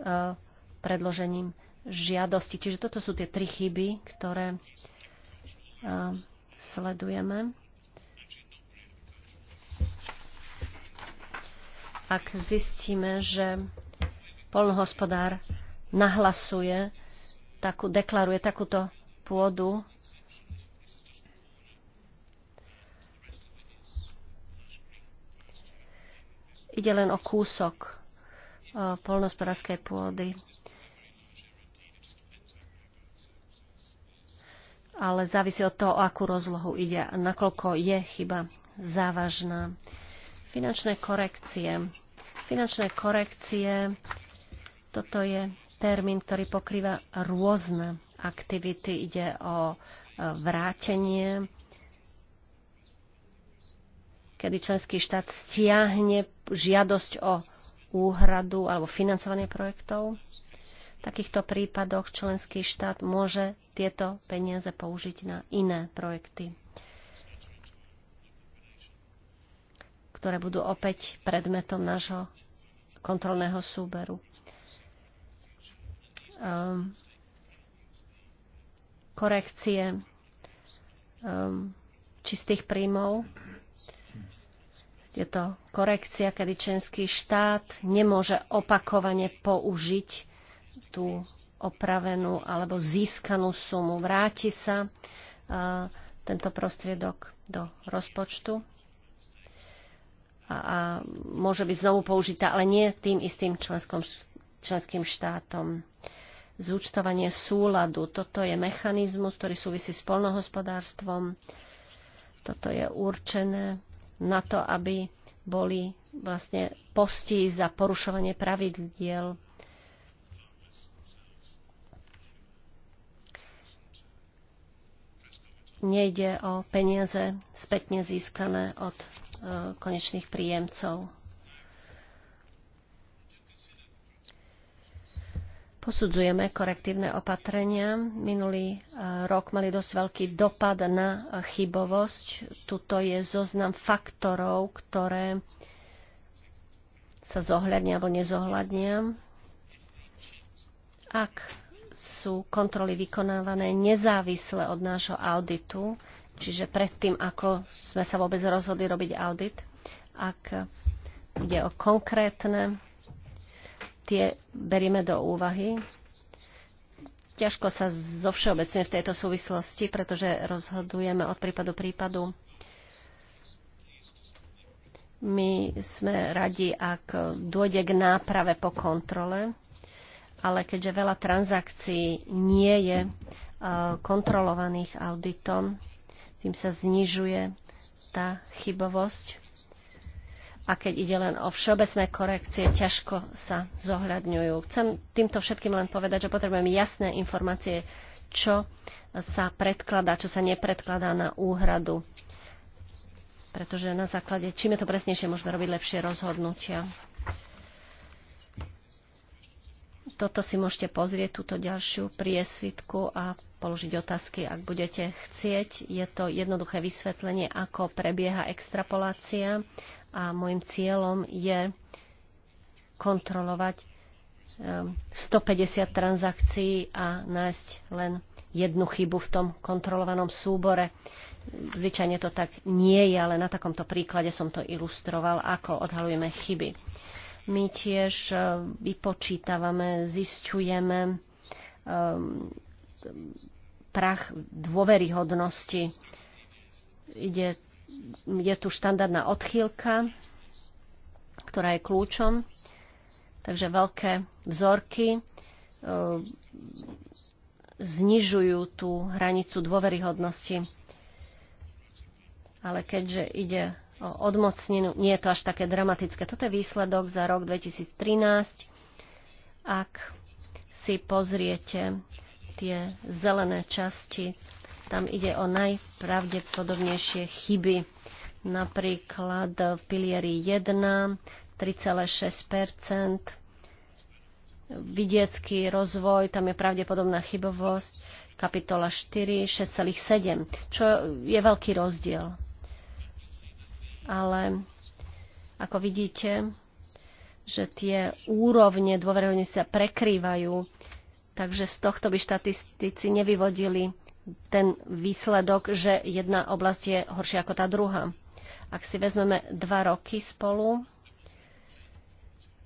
uh, predložením žiadosti. Čiže toto sú tie tri chyby, ktoré uh, sledujeme. ak zistíme, že polnohospodár nahlasuje, takú, deklaruje takúto pôdu, ide len o kúsok e, polnohospodárskej pôdy. ale závisí od toho, o akú rozlohu ide a nakoľko je chyba závažná. Finančné korekcie. Finančné korekcie, toto je termín, ktorý pokrýva rôzne aktivity. Ide o e, vrátenie, kedy členský štát stiahne žiadosť o úhradu alebo financovanie projektov. V takýchto prípadoch členský štát môže tieto peniaze použiť na iné projekty. ktoré budú opäť predmetom nášho kontrolného súberu. Um, korekcie um, čistých príjmov. Je to korekcia, kedy členský štát nemôže opakovane použiť tú opravenú alebo získanú sumu. Vráti sa uh, tento prostriedok do rozpočtu a, a môže byť znovu použitá, ale nie tým istým členským, členským štátom. Zúčtovanie súladu, toto je mechanizmus, ktorý súvisí s polnohospodárstvom. Toto je určené na to, aby boli vlastne posti za porušovanie pravidiel nejde o peniaze spätne získané od E, konečných príjemcov. Posudzujeme korektívne opatrenia. Minulý e, rok mali dosť veľký dopad na chybovosť. Tuto je zoznam faktorov, ktoré sa zohľadnia alebo nezohľadnia. Ak sú kontroly vykonávané nezávisle od nášho auditu, Čiže predtým, ako sme sa vôbec rozhodli robiť audit, ak ide o konkrétne, tie berieme do úvahy. Ťažko sa zo všeobecne v tejto súvislosti, pretože rozhodujeme od prípadu prípadu. My sme radi, ak dôjde k náprave po kontrole, ale keďže veľa transakcií nie je eh, kontrolovaných auditom, tým sa znižuje tá chybovosť. A keď ide len o všeobecné korekcie, ťažko sa zohľadňujú. Chcem týmto všetkým len povedať, že potrebujem jasné informácie, čo sa predkladá, čo sa nepredkladá na úhradu. Pretože na základe, čím je to presnejšie, môžeme robiť lepšie rozhodnutia toto si môžete pozrieť, túto ďalšiu priesvitku a položiť otázky, ak budete chcieť. Je to jednoduché vysvetlenie, ako prebieha extrapolácia a môjim cieľom je kontrolovať 150 ehm, transakcií a nájsť len jednu chybu v tom kontrolovanom súbore. Zvyčajne to tak nie je, ale na takomto príklade som to ilustroval, ako odhalujeme chyby. My tiež e, vypočítavame, zisťujeme e, prach dôveryhodnosti. Ide, je tu štandardná odchýlka, ktorá je kľúčom. Takže veľké vzorky e, znižujú tú hranicu dôveryhodnosti. Ale keďže ide odmocnenú. Nie je to až také dramatické. Toto je výsledok za rok 2013. Ak si pozriete tie zelené časti, tam ide o najpravdepodobnejšie chyby. Napríklad v pilieri 1 3,6 Vidiecký rozvoj, tam je pravdepodobná chybovosť, kapitola 4 6,7, čo je veľký rozdiel ale ako vidíte, že tie úrovne dôverovne sa prekrývajú, takže z tohto by štatistici nevyvodili ten výsledok, že jedna oblasť je horšia ako tá druhá. Ak si vezmeme dva roky spolu,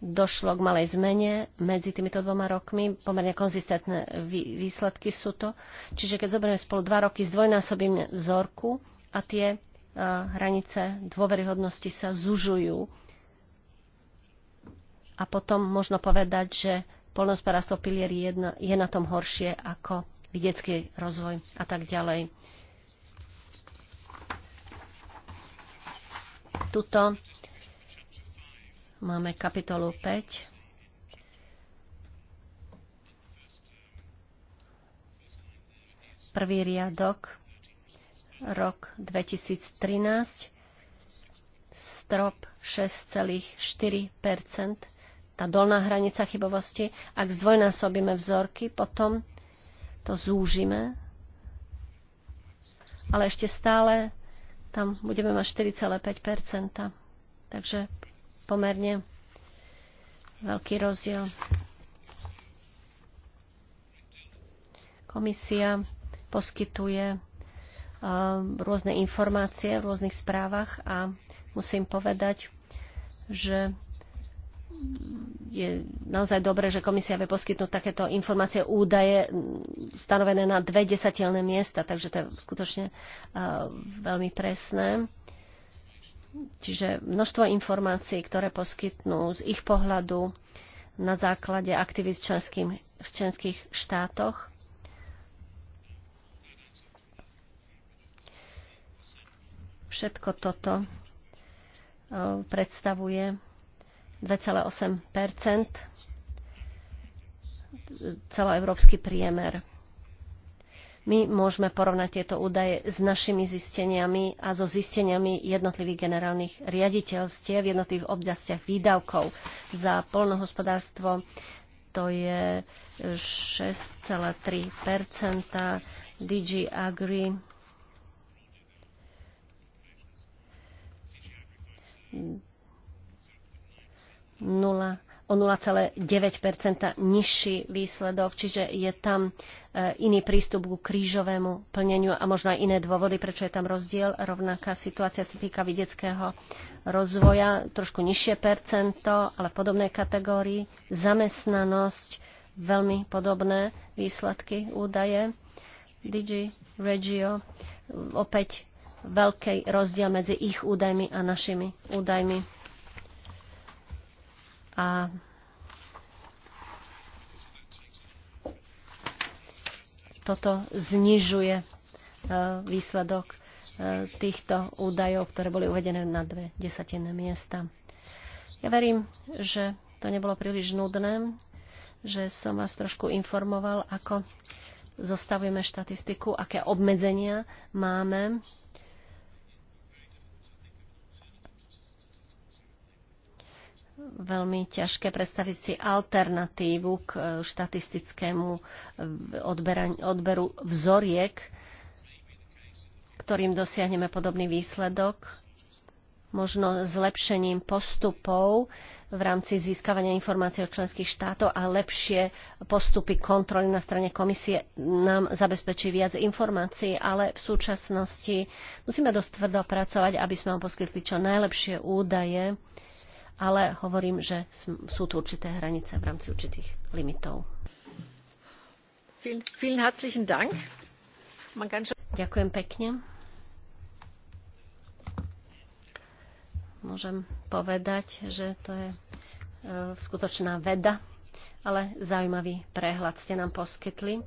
došlo k malej zmene medzi týmito dvoma rokmi, pomerne konzistentné výsledky sú to. Čiže keď zoberieme spolu dva roky, zdvojnásobíme vzorku a tie hranice dôveryhodnosti sa zužujú. A potom možno povedať, že polnospodárstvo pilieri je na tom horšie ako vidiecký rozvoj a tak ďalej. Tuto máme kapitolu 5. Prvý riadok rok 2013 strop 6,4 tá dolná hranica chybovosti. Ak zdvojnásobíme vzorky, potom to zúžime, ale ešte stále tam budeme mať 4,5 Takže pomerne veľký rozdiel. Komisia poskytuje Ehm, rôzne informácie v rôznych správach a musím povedať, že je naozaj dobré, že komisia vie poskytnúť takéto informácie, údaje stanovené na dve desateľné miesta, takže to je skutočne ehm, veľmi presné. Čiže množstvo informácií, ktoré poskytnú z ich pohľadu na základe aktivít v, členských, v členských štátoch Všetko toto e, predstavuje 2,8 celoeurópsky priemer. My môžeme porovnať tieto údaje s našimi zisteniami a so zisteniami jednotlivých generálnych riaditeľstiev v jednotlivých oblastiach výdavkov za polnohospodárstvo. To je 6,3 DG Agri 0, o 0,9 nižší výsledok, čiže je tam eh, iný prístup ku krížovému plneniu a možno aj iné dôvody, prečo je tam rozdiel. Rovnaká situácia sa týka vidieckého rozvoja, trošku nižšie percento, ale v podobnej kategórii. Zamestnanosť, veľmi podobné výsledky, údaje. Digi, Regio opäť veľký rozdiel medzi ich údajmi a našimi údajmi. A toto znižuje e, výsledok e, týchto údajov, ktoré boli uvedené na dve desatinné miesta. Ja verím, že to nebolo príliš nudné, že som vás trošku informoval, ako zostavujeme štatistiku, aké obmedzenia máme veľmi ťažké predstaviť si alternatívu k e, štatistickému e, odberu vzoriek, ktorým dosiahneme podobný výsledok, možno zlepšením postupov v rámci získavania informácií od členských štátov a lepšie postupy kontroly na strane komisie nám zabezpečí viac informácií, ale v súčasnosti musíme dosť tvrdo pracovať, aby sme vám poskytli čo najlepšie údaje, ale hovorím, že sú tu určité hranice v rámci určitých limitov. Vielen herzlichen Dank. Ďakujem pekne. Môžem povedať, že to je e, skutočná veda, ale zaujímavý prehľad ste nám poskytli.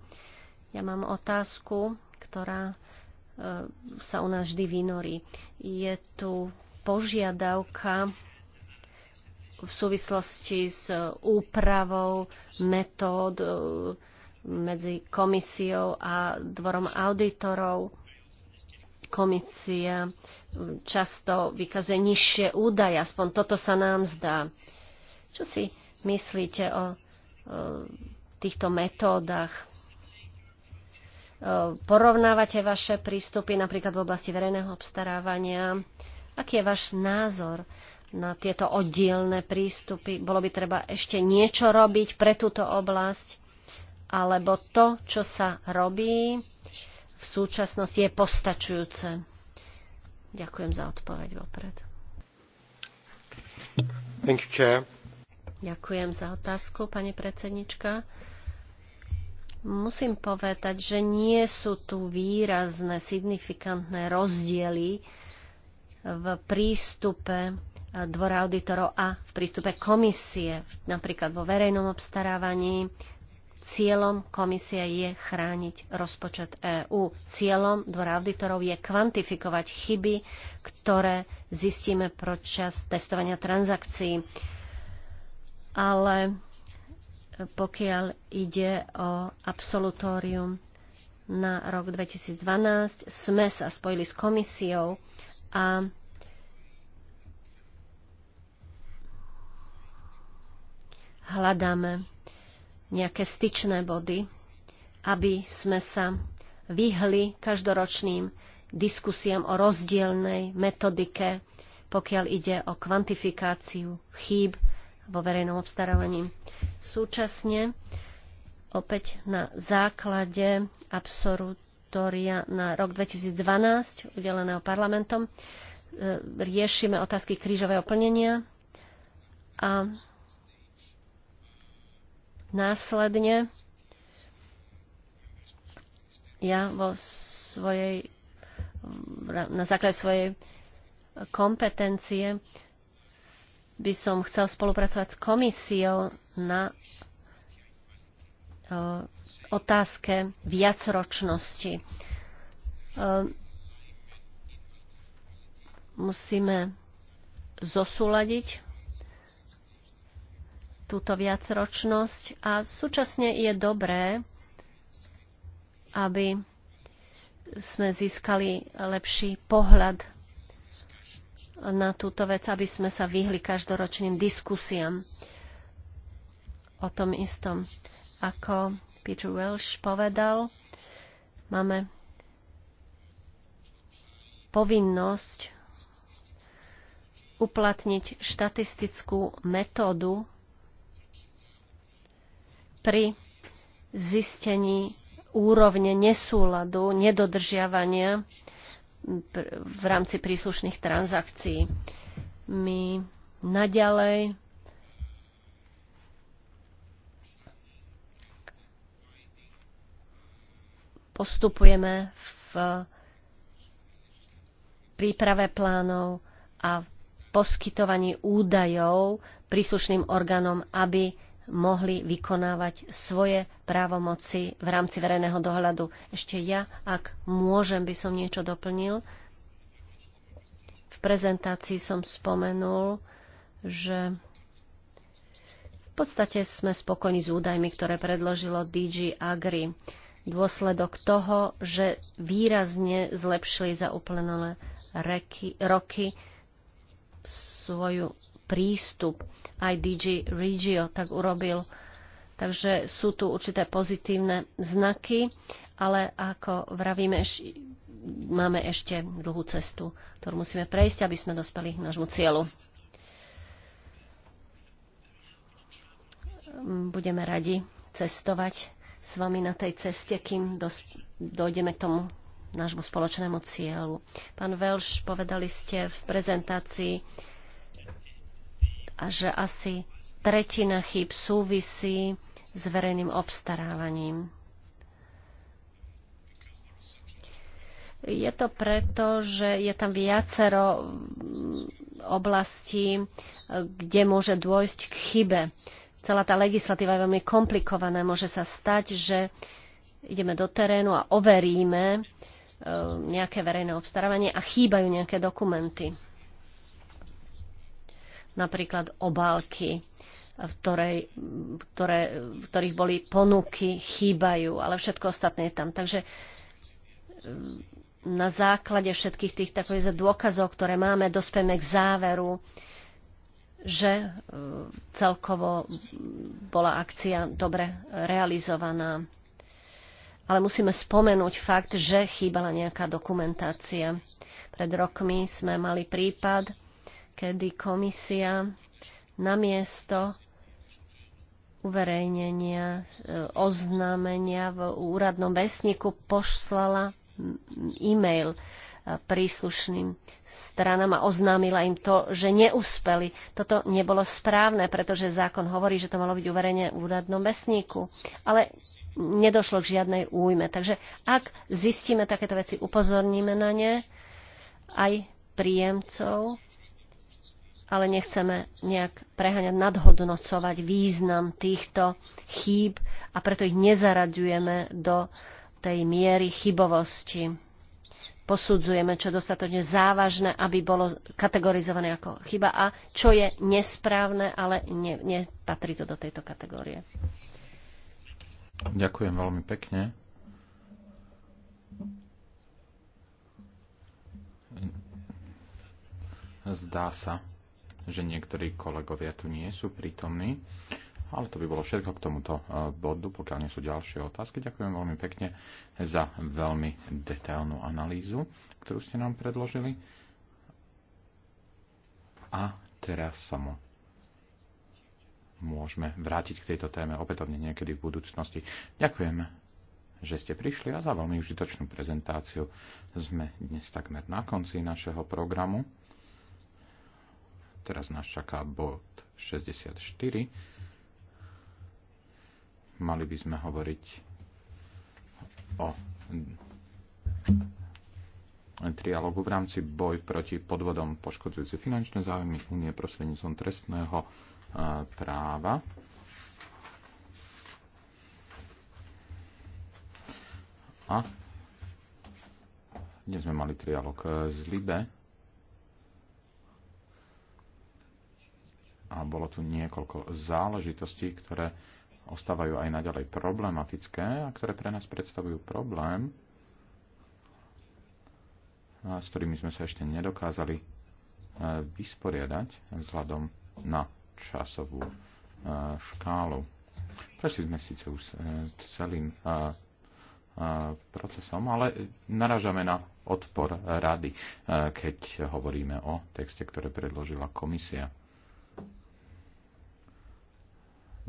Ja mám otázku, ktorá e, sa u nás vždy vynorí. Je tu požiadavka v súvislosti s e, úpravou metód e, medzi komisiou a dvorom auditorov. Komisia často vykazuje nižšie údaje, aspoň toto sa nám zdá. Čo si myslíte o e, týchto metódach? Porovnávate vaše prístupy napríklad v oblasti verejného obstarávania? Aký je váš názor na tieto oddielne prístupy. Bolo by treba ešte niečo robiť pre túto oblasť, alebo to, čo sa robí v súčasnosti, je postačujúce. Ďakujem za odpoveď vopred. Thank you, chair. Ďakujem za otázku, pani predsednička. Musím povedať, že nie sú tu výrazné, signifikantné rozdiely v prístupe dvora auditorov a v prístupe komisie, napríklad vo verejnom obstarávaní. Cieľom komisie je chrániť rozpočet EÚ. Cieľom dvora auditorov je kvantifikovať chyby, ktoré zistíme počas testovania transakcií. Ale pokiaľ ide o absolutórium na rok 2012, sme sa spojili s komisiou a hľadáme nejaké styčné body, aby sme sa vyhli každoročným diskusiám o rozdielnej metodike, pokiaľ ide o kvantifikáciu chýb vo verejnom obstarávaní. Súčasne opäť na základe absolutória na rok 2012 udeleného parlamentom e, riešime otázky krížového plnenia a Následne ja vo svojej, na základe svojej kompetencie by som chcel spolupracovať s komisiou na otázke viacročnosti. Musíme zosúľadiť túto viacročnosť a súčasne je dobré, aby sme získali lepší pohľad na túto vec, aby sme sa vyhli každoročným diskusiám o tom istom. Ako Peter Welsh povedal, máme povinnosť uplatniť štatistickú metódu pri zistení úrovne nesúladu, nedodržiavania v rámci príslušných transakcií. My naďalej postupujeme v príprave plánov a poskytovaní údajov príslušným orgánom, aby mohli vykonávať svoje právomoci v rámci verejného dohľadu. Ešte ja, ak môžem, by som niečo doplnil. V prezentácii som spomenul, že v podstate sme spokojní s údajmi, ktoré predložilo DG Agri. Dôsledok toho, že výrazne zlepšili za uplynulé roky svoju prístup. Aj DJ Regio tak urobil. Takže sú tu určité pozitívne znaky, ale ako vravíme, máme ešte dlhú cestu, ktorú musíme prejsť, aby sme dospeli k nášmu cieľu. Budeme radi cestovať s vami na tej ceste, kým dojdeme k tomu nášmu spoločnému cieľu. Pán Velš, povedali ste v prezentácii, a že asi tretina chýb súvisí s verejným obstarávaním. Je to preto, že je tam viacero mm, oblastí, e, kde môže dôjsť k chybe. Celá tá legislatíva je veľmi komplikovaná. Môže sa stať, že ideme do terénu a overíme e, nejaké verejné obstarávanie a chýbajú nejaké dokumenty napríklad obálky, v ktorej, ktoré, v ktorých boli ponuky, chýbajú, ale všetko ostatné je tam. Takže mm, na základe všetkých tých takových dôkazov, ktoré máme, dospieme k záveru, že e, celkovo bola akcia dobre realizovaná. Ale musíme spomenúť fakt, že chýbala nejaká dokumentácia. Pred rokmi sme mali prípad, kedy komisia namiesto uverejnenia, e, oznámenia v úradnom vesniku poslala e-mail e, príslušným stranám a oznámila im to, že neúspeli. Toto nebolo správne, pretože zákon hovorí, že to malo byť uverejne v úradnom vesníku. Ale nedošlo k žiadnej újme. Takže ak zistíme takéto veci, upozorníme na ne aj príjemcov ale nechceme nejak preháňať, nadhodnocovať význam týchto chýb a preto ich nezaraďujeme do tej miery chybovosti. Posudzujeme, čo dostatočne závažné, aby bolo kategorizované ako chyba a čo je nesprávne, ale ne, nepatrí to do tejto kategórie. Ďakujem veľmi pekne. Zdá sa, že niektorí kolegovia tu nie sú prítomní. Ale to by bolo všetko k tomuto e, bodu, pokiaľ nie sú ďalšie otázky. Ďakujem veľmi pekne za veľmi detailnú analýzu, ktorú ste nám predložili. A teraz samo môžeme vrátiť k tejto téme opätovne niekedy v budúcnosti. Ďakujem, že ste prišli a za veľmi užitočnú prezentáciu sme dnes takmer na konci našeho programu. Teraz nás čaká bod 64. Mali by sme hovoriť o trialogu v rámci boj proti podvodom poškodzujúci finančné záujmy únie prostredníctvom trestného e, práva. A dnes sme mali trialog z e, Libe a bolo tu niekoľko záležitostí, ktoré ostávajú aj naďalej problematické a ktoré pre nás predstavujú problém, s ktorými sme sa ešte nedokázali e, vysporiadať vzhľadom na časovú e, škálu. Prešli sme síce už e, celým procesom, ale naražame na odpor rady, keď hovoríme o texte, ktoré predložila komisia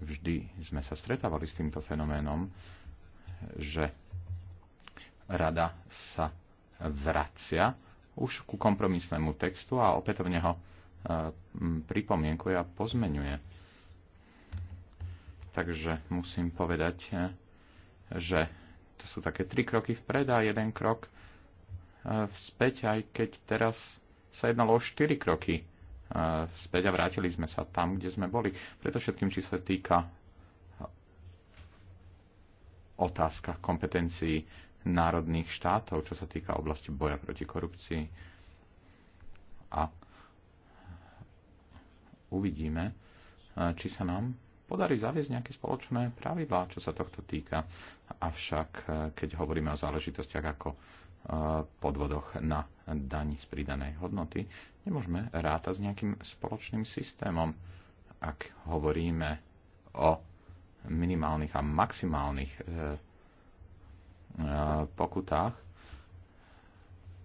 vždy sme sa stretávali s týmto fenoménom, že rada sa vracia už ku kompromisnému textu a opätovne ho e, pripomienkuje a pozmenuje. Takže musím povedať, e, že to sú také tri kroky vpred a jeden krok e, vzpäť, aj keď teraz sa jednalo o štyri kroky späť a vrátili sme sa tam, kde sme boli. Preto všetkým, či sa týka otázka kompetencií národných štátov, čo sa týka oblasti boja proti korupcii. A uvidíme, či sa nám podarí zaviesť nejaké spoločné pravidlá, čo sa tohto týka. Avšak, e, keď hovoríme o záležitostiach ako podvodoch na daň z pridanej hodnoty, nemôžeme rátať s nejakým spoločným systémom. Ak hovoríme o minimálnych a maximálnych e, e, pokutách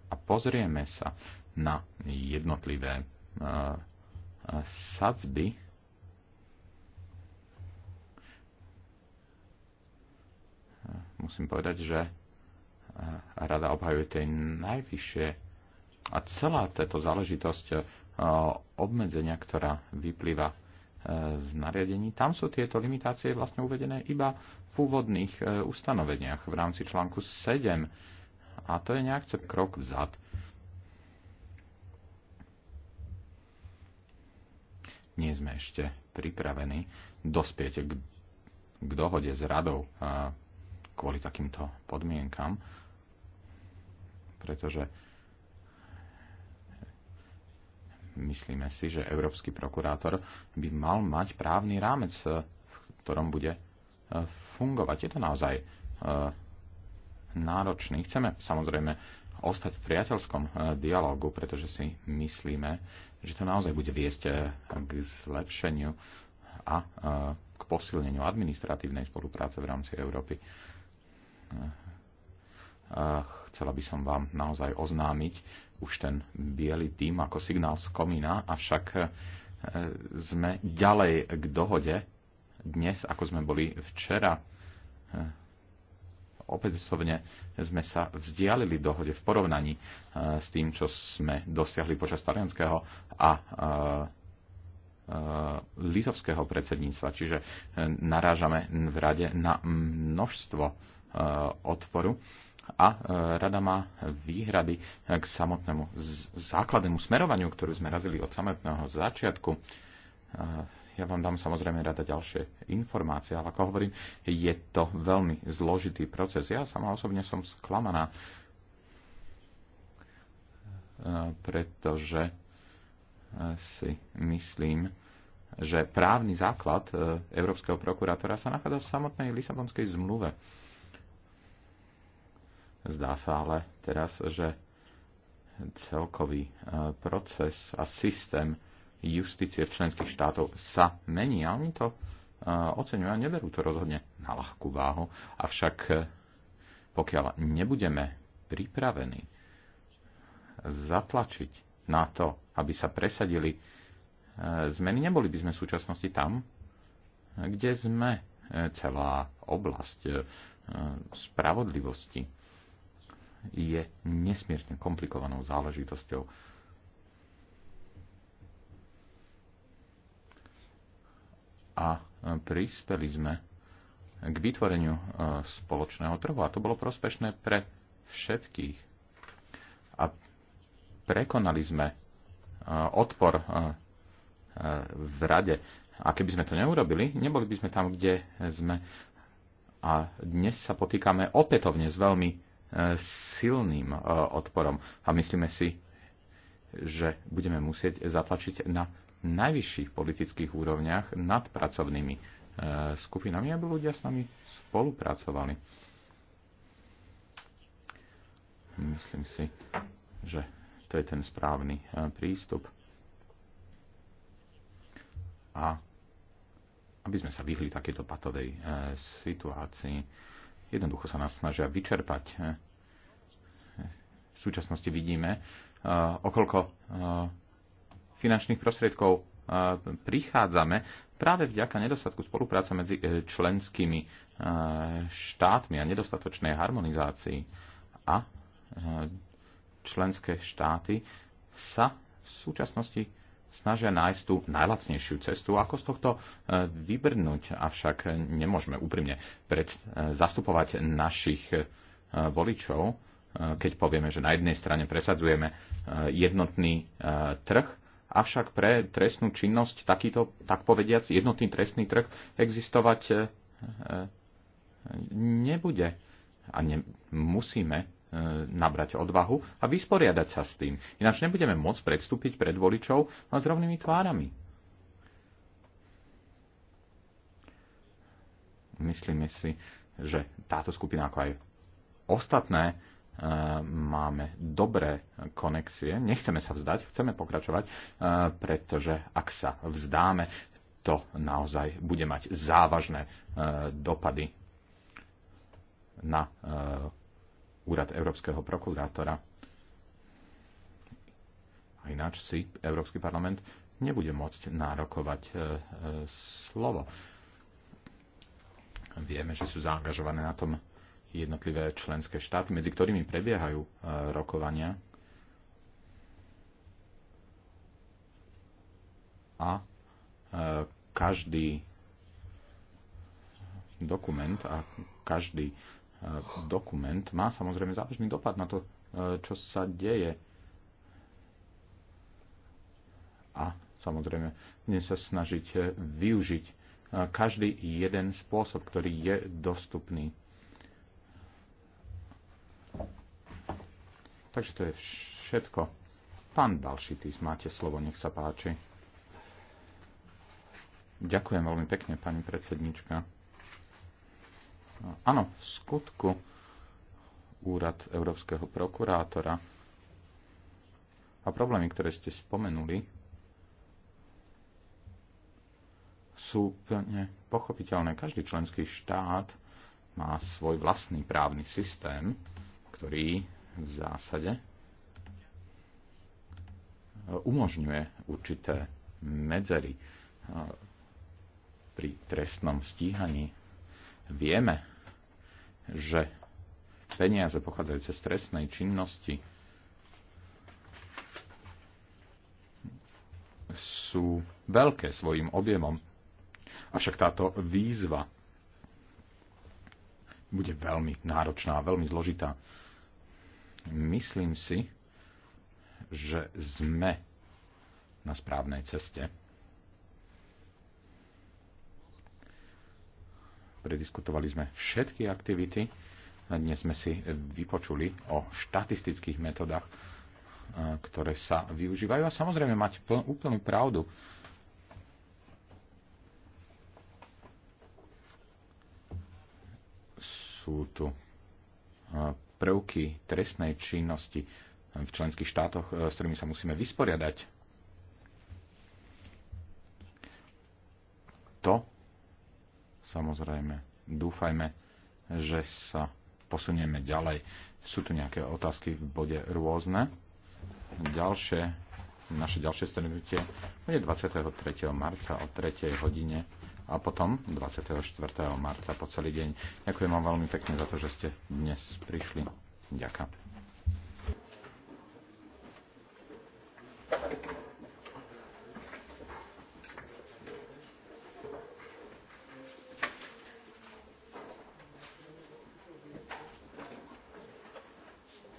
a pozrieme sa na jednotlivé e, sadzby, musím povedať, že rada obhajuje, tej najvyššie. A celá táto záležitosť e, obmedzenia, ktorá vyplýva e, z nariadení, tam sú tieto limitácie vlastne uvedené iba v úvodných e, ustanoveniach v rámci článku 7. A to je nejak krok vzad. Nie sme ešte pripravení dospieť k, k dohode s radou kvôli takýmto podmienkam pretože myslíme si, že európsky prokurátor by mal mať právny rámec, eh, v ktorom bude eh, fungovať. Je to naozaj eh, náročný. Chceme samozrejme ostať v priateľskom dialogu, pretože si myslíme, že to naozaj bude viesť k zlepšeniu a k posilneniu administratívnej spolupráce v rámci Európy. Chcela by som vám naozaj oznámiť už ten biely tým ako signál z komína, avšak e, sme ďalej k dohode dnes, ako sme boli včera. E, opätovne sme sa vzdialili dohode v porovnaní e, s tým, čo sme dosiahli počas talianského a litovského predsedníctva. Čiže narážame v rade na množstvo odporu a e, rada má výhrady k samotnému základnému smerovaniu, ktorú sme razili od samotného začiatku. E, ja vám dám samozrejme rada ďalšie informácie, ale ako hovorím, je to veľmi zložitý proces. Ja sama osobne som sklamaná, e, pretože si myslím, že právny základ Európskeho prokurátora sa nachádza v samotnej Lisabonskej zmluve Zdá sa ale teraz, že celkový e, proces a systém justície členských štátov sa mení a oni to e, oceňujú a neberú to rozhodne na ľahkú váhu. Avšak e, pokiaľ nebudeme pripravení zatlačiť na to, aby sa presadili zmeny, neboli by sme v súčasnosti tam, kde sme celá oblasť spravodlivosti je nesmierne komplikovanou záležitosťou. A e, prispeli sme k vytvoreniu e, spoločného trhu a to bolo prospešné pre všetkých. A prekonali sme e, odpor v rade. A keby sme to neurobili, neboli by sme tam, kde sme. A dnes sa potýkame opätovne s veľmi silným e, odporom. A myslíme si, že budeme musieť zatlačiť na najvyšších politických úrovniach nad pracovnými e, skupinami, aby ľudia s nami spolupracovali. Myslím si, že to je ten správny e, prístup. A aby sme sa vyhli takéto patovej situácii, jednoducho sa nás snažia vyčerpať. V súčasnosti vidíme, eh, okolko eh, finančných prostriedkov eh, prichádzame práve vďaka nedostatku spolupráce medzi členskými štátmi a nedostatočnej harmonizácii. A členské štáty sa v súčasnosti snažia nájsť tú najlacnejšiu cestu, ako z tohto e, vybrnúť. Avšak nemôžeme úprimne pred, e, zastupovať našich e, voličov, keď povieme, že na jednej strane presadzujeme jednotný trh, avšak pre trestnú činnosť takýto, tak povediac, jednotný trestný trh existovať nebude. A ne, musíme E, nabrať odvahu a vysporiadať sa s tým. Ináč nebudeme môcť predstúpiť pred voličov a s rovnými tvárami. Myslíme si, že táto skupina, ako aj ostatné, e, máme dobré konexie. Nechceme sa vzdať, chceme pokračovať, e, pretože ak sa vzdáme, to naozaj bude mať závažné dopady na úrad Európskeho prokurátora. A ináč si Európsky parlament nebude môcť nárokovať e, e, slovo. Vieme, že sú zaangažované na tom jednotlivé členské štáty, medzi ktorými prebiehajú e, rokovania. A e, každý dokument a každý E, dokument má samozrejme závažný dopad na to, e, čo sa deje. A samozrejme, dnes sa snažiť e, využiť každý jeden spôsob, ktorý je dostupný. Takže to je všetko. Pán Balšitis, máte slovo, nech sa páči. Ďakujem veľmi pekne, pani predsednička. Áno, v skutku úrad Európskeho prokurátora a problémy, ktoré ste spomenuli, sú plne pochopiteľné. Každý členský štát má svoj vlastný právny systém, ktorý v zásade umožňuje určité medzery pri trestnom stíhaní. Vieme, že peniaze pochádzajúce z trestnej činnosti sú veľké svojim objemom. Avšak táto výzva bude veľmi náročná, veľmi zložitá. Myslím si, že sme na správnej ceste. Prediskutovali sme všetky aktivity. Dnes sme si vypočuli o štatistických metodách, ktoré sa využívajú. A samozrejme mať úplnú pravdu. Sú tu prvky trestnej činnosti v členských štátoch, e, s ktorými sa musíme vysporiadať. To samozrejme dúfajme, že sa posunieme ďalej. Sú tu nejaké otázky v bode rôzne. Ďalšie, naše ďalšie stretnutie bude 23. marca o 3. hodine a potom 24. marca po celý deň. Ďakujem vám veľmi pekne za to, že ste dnes prišli. Ďakujem.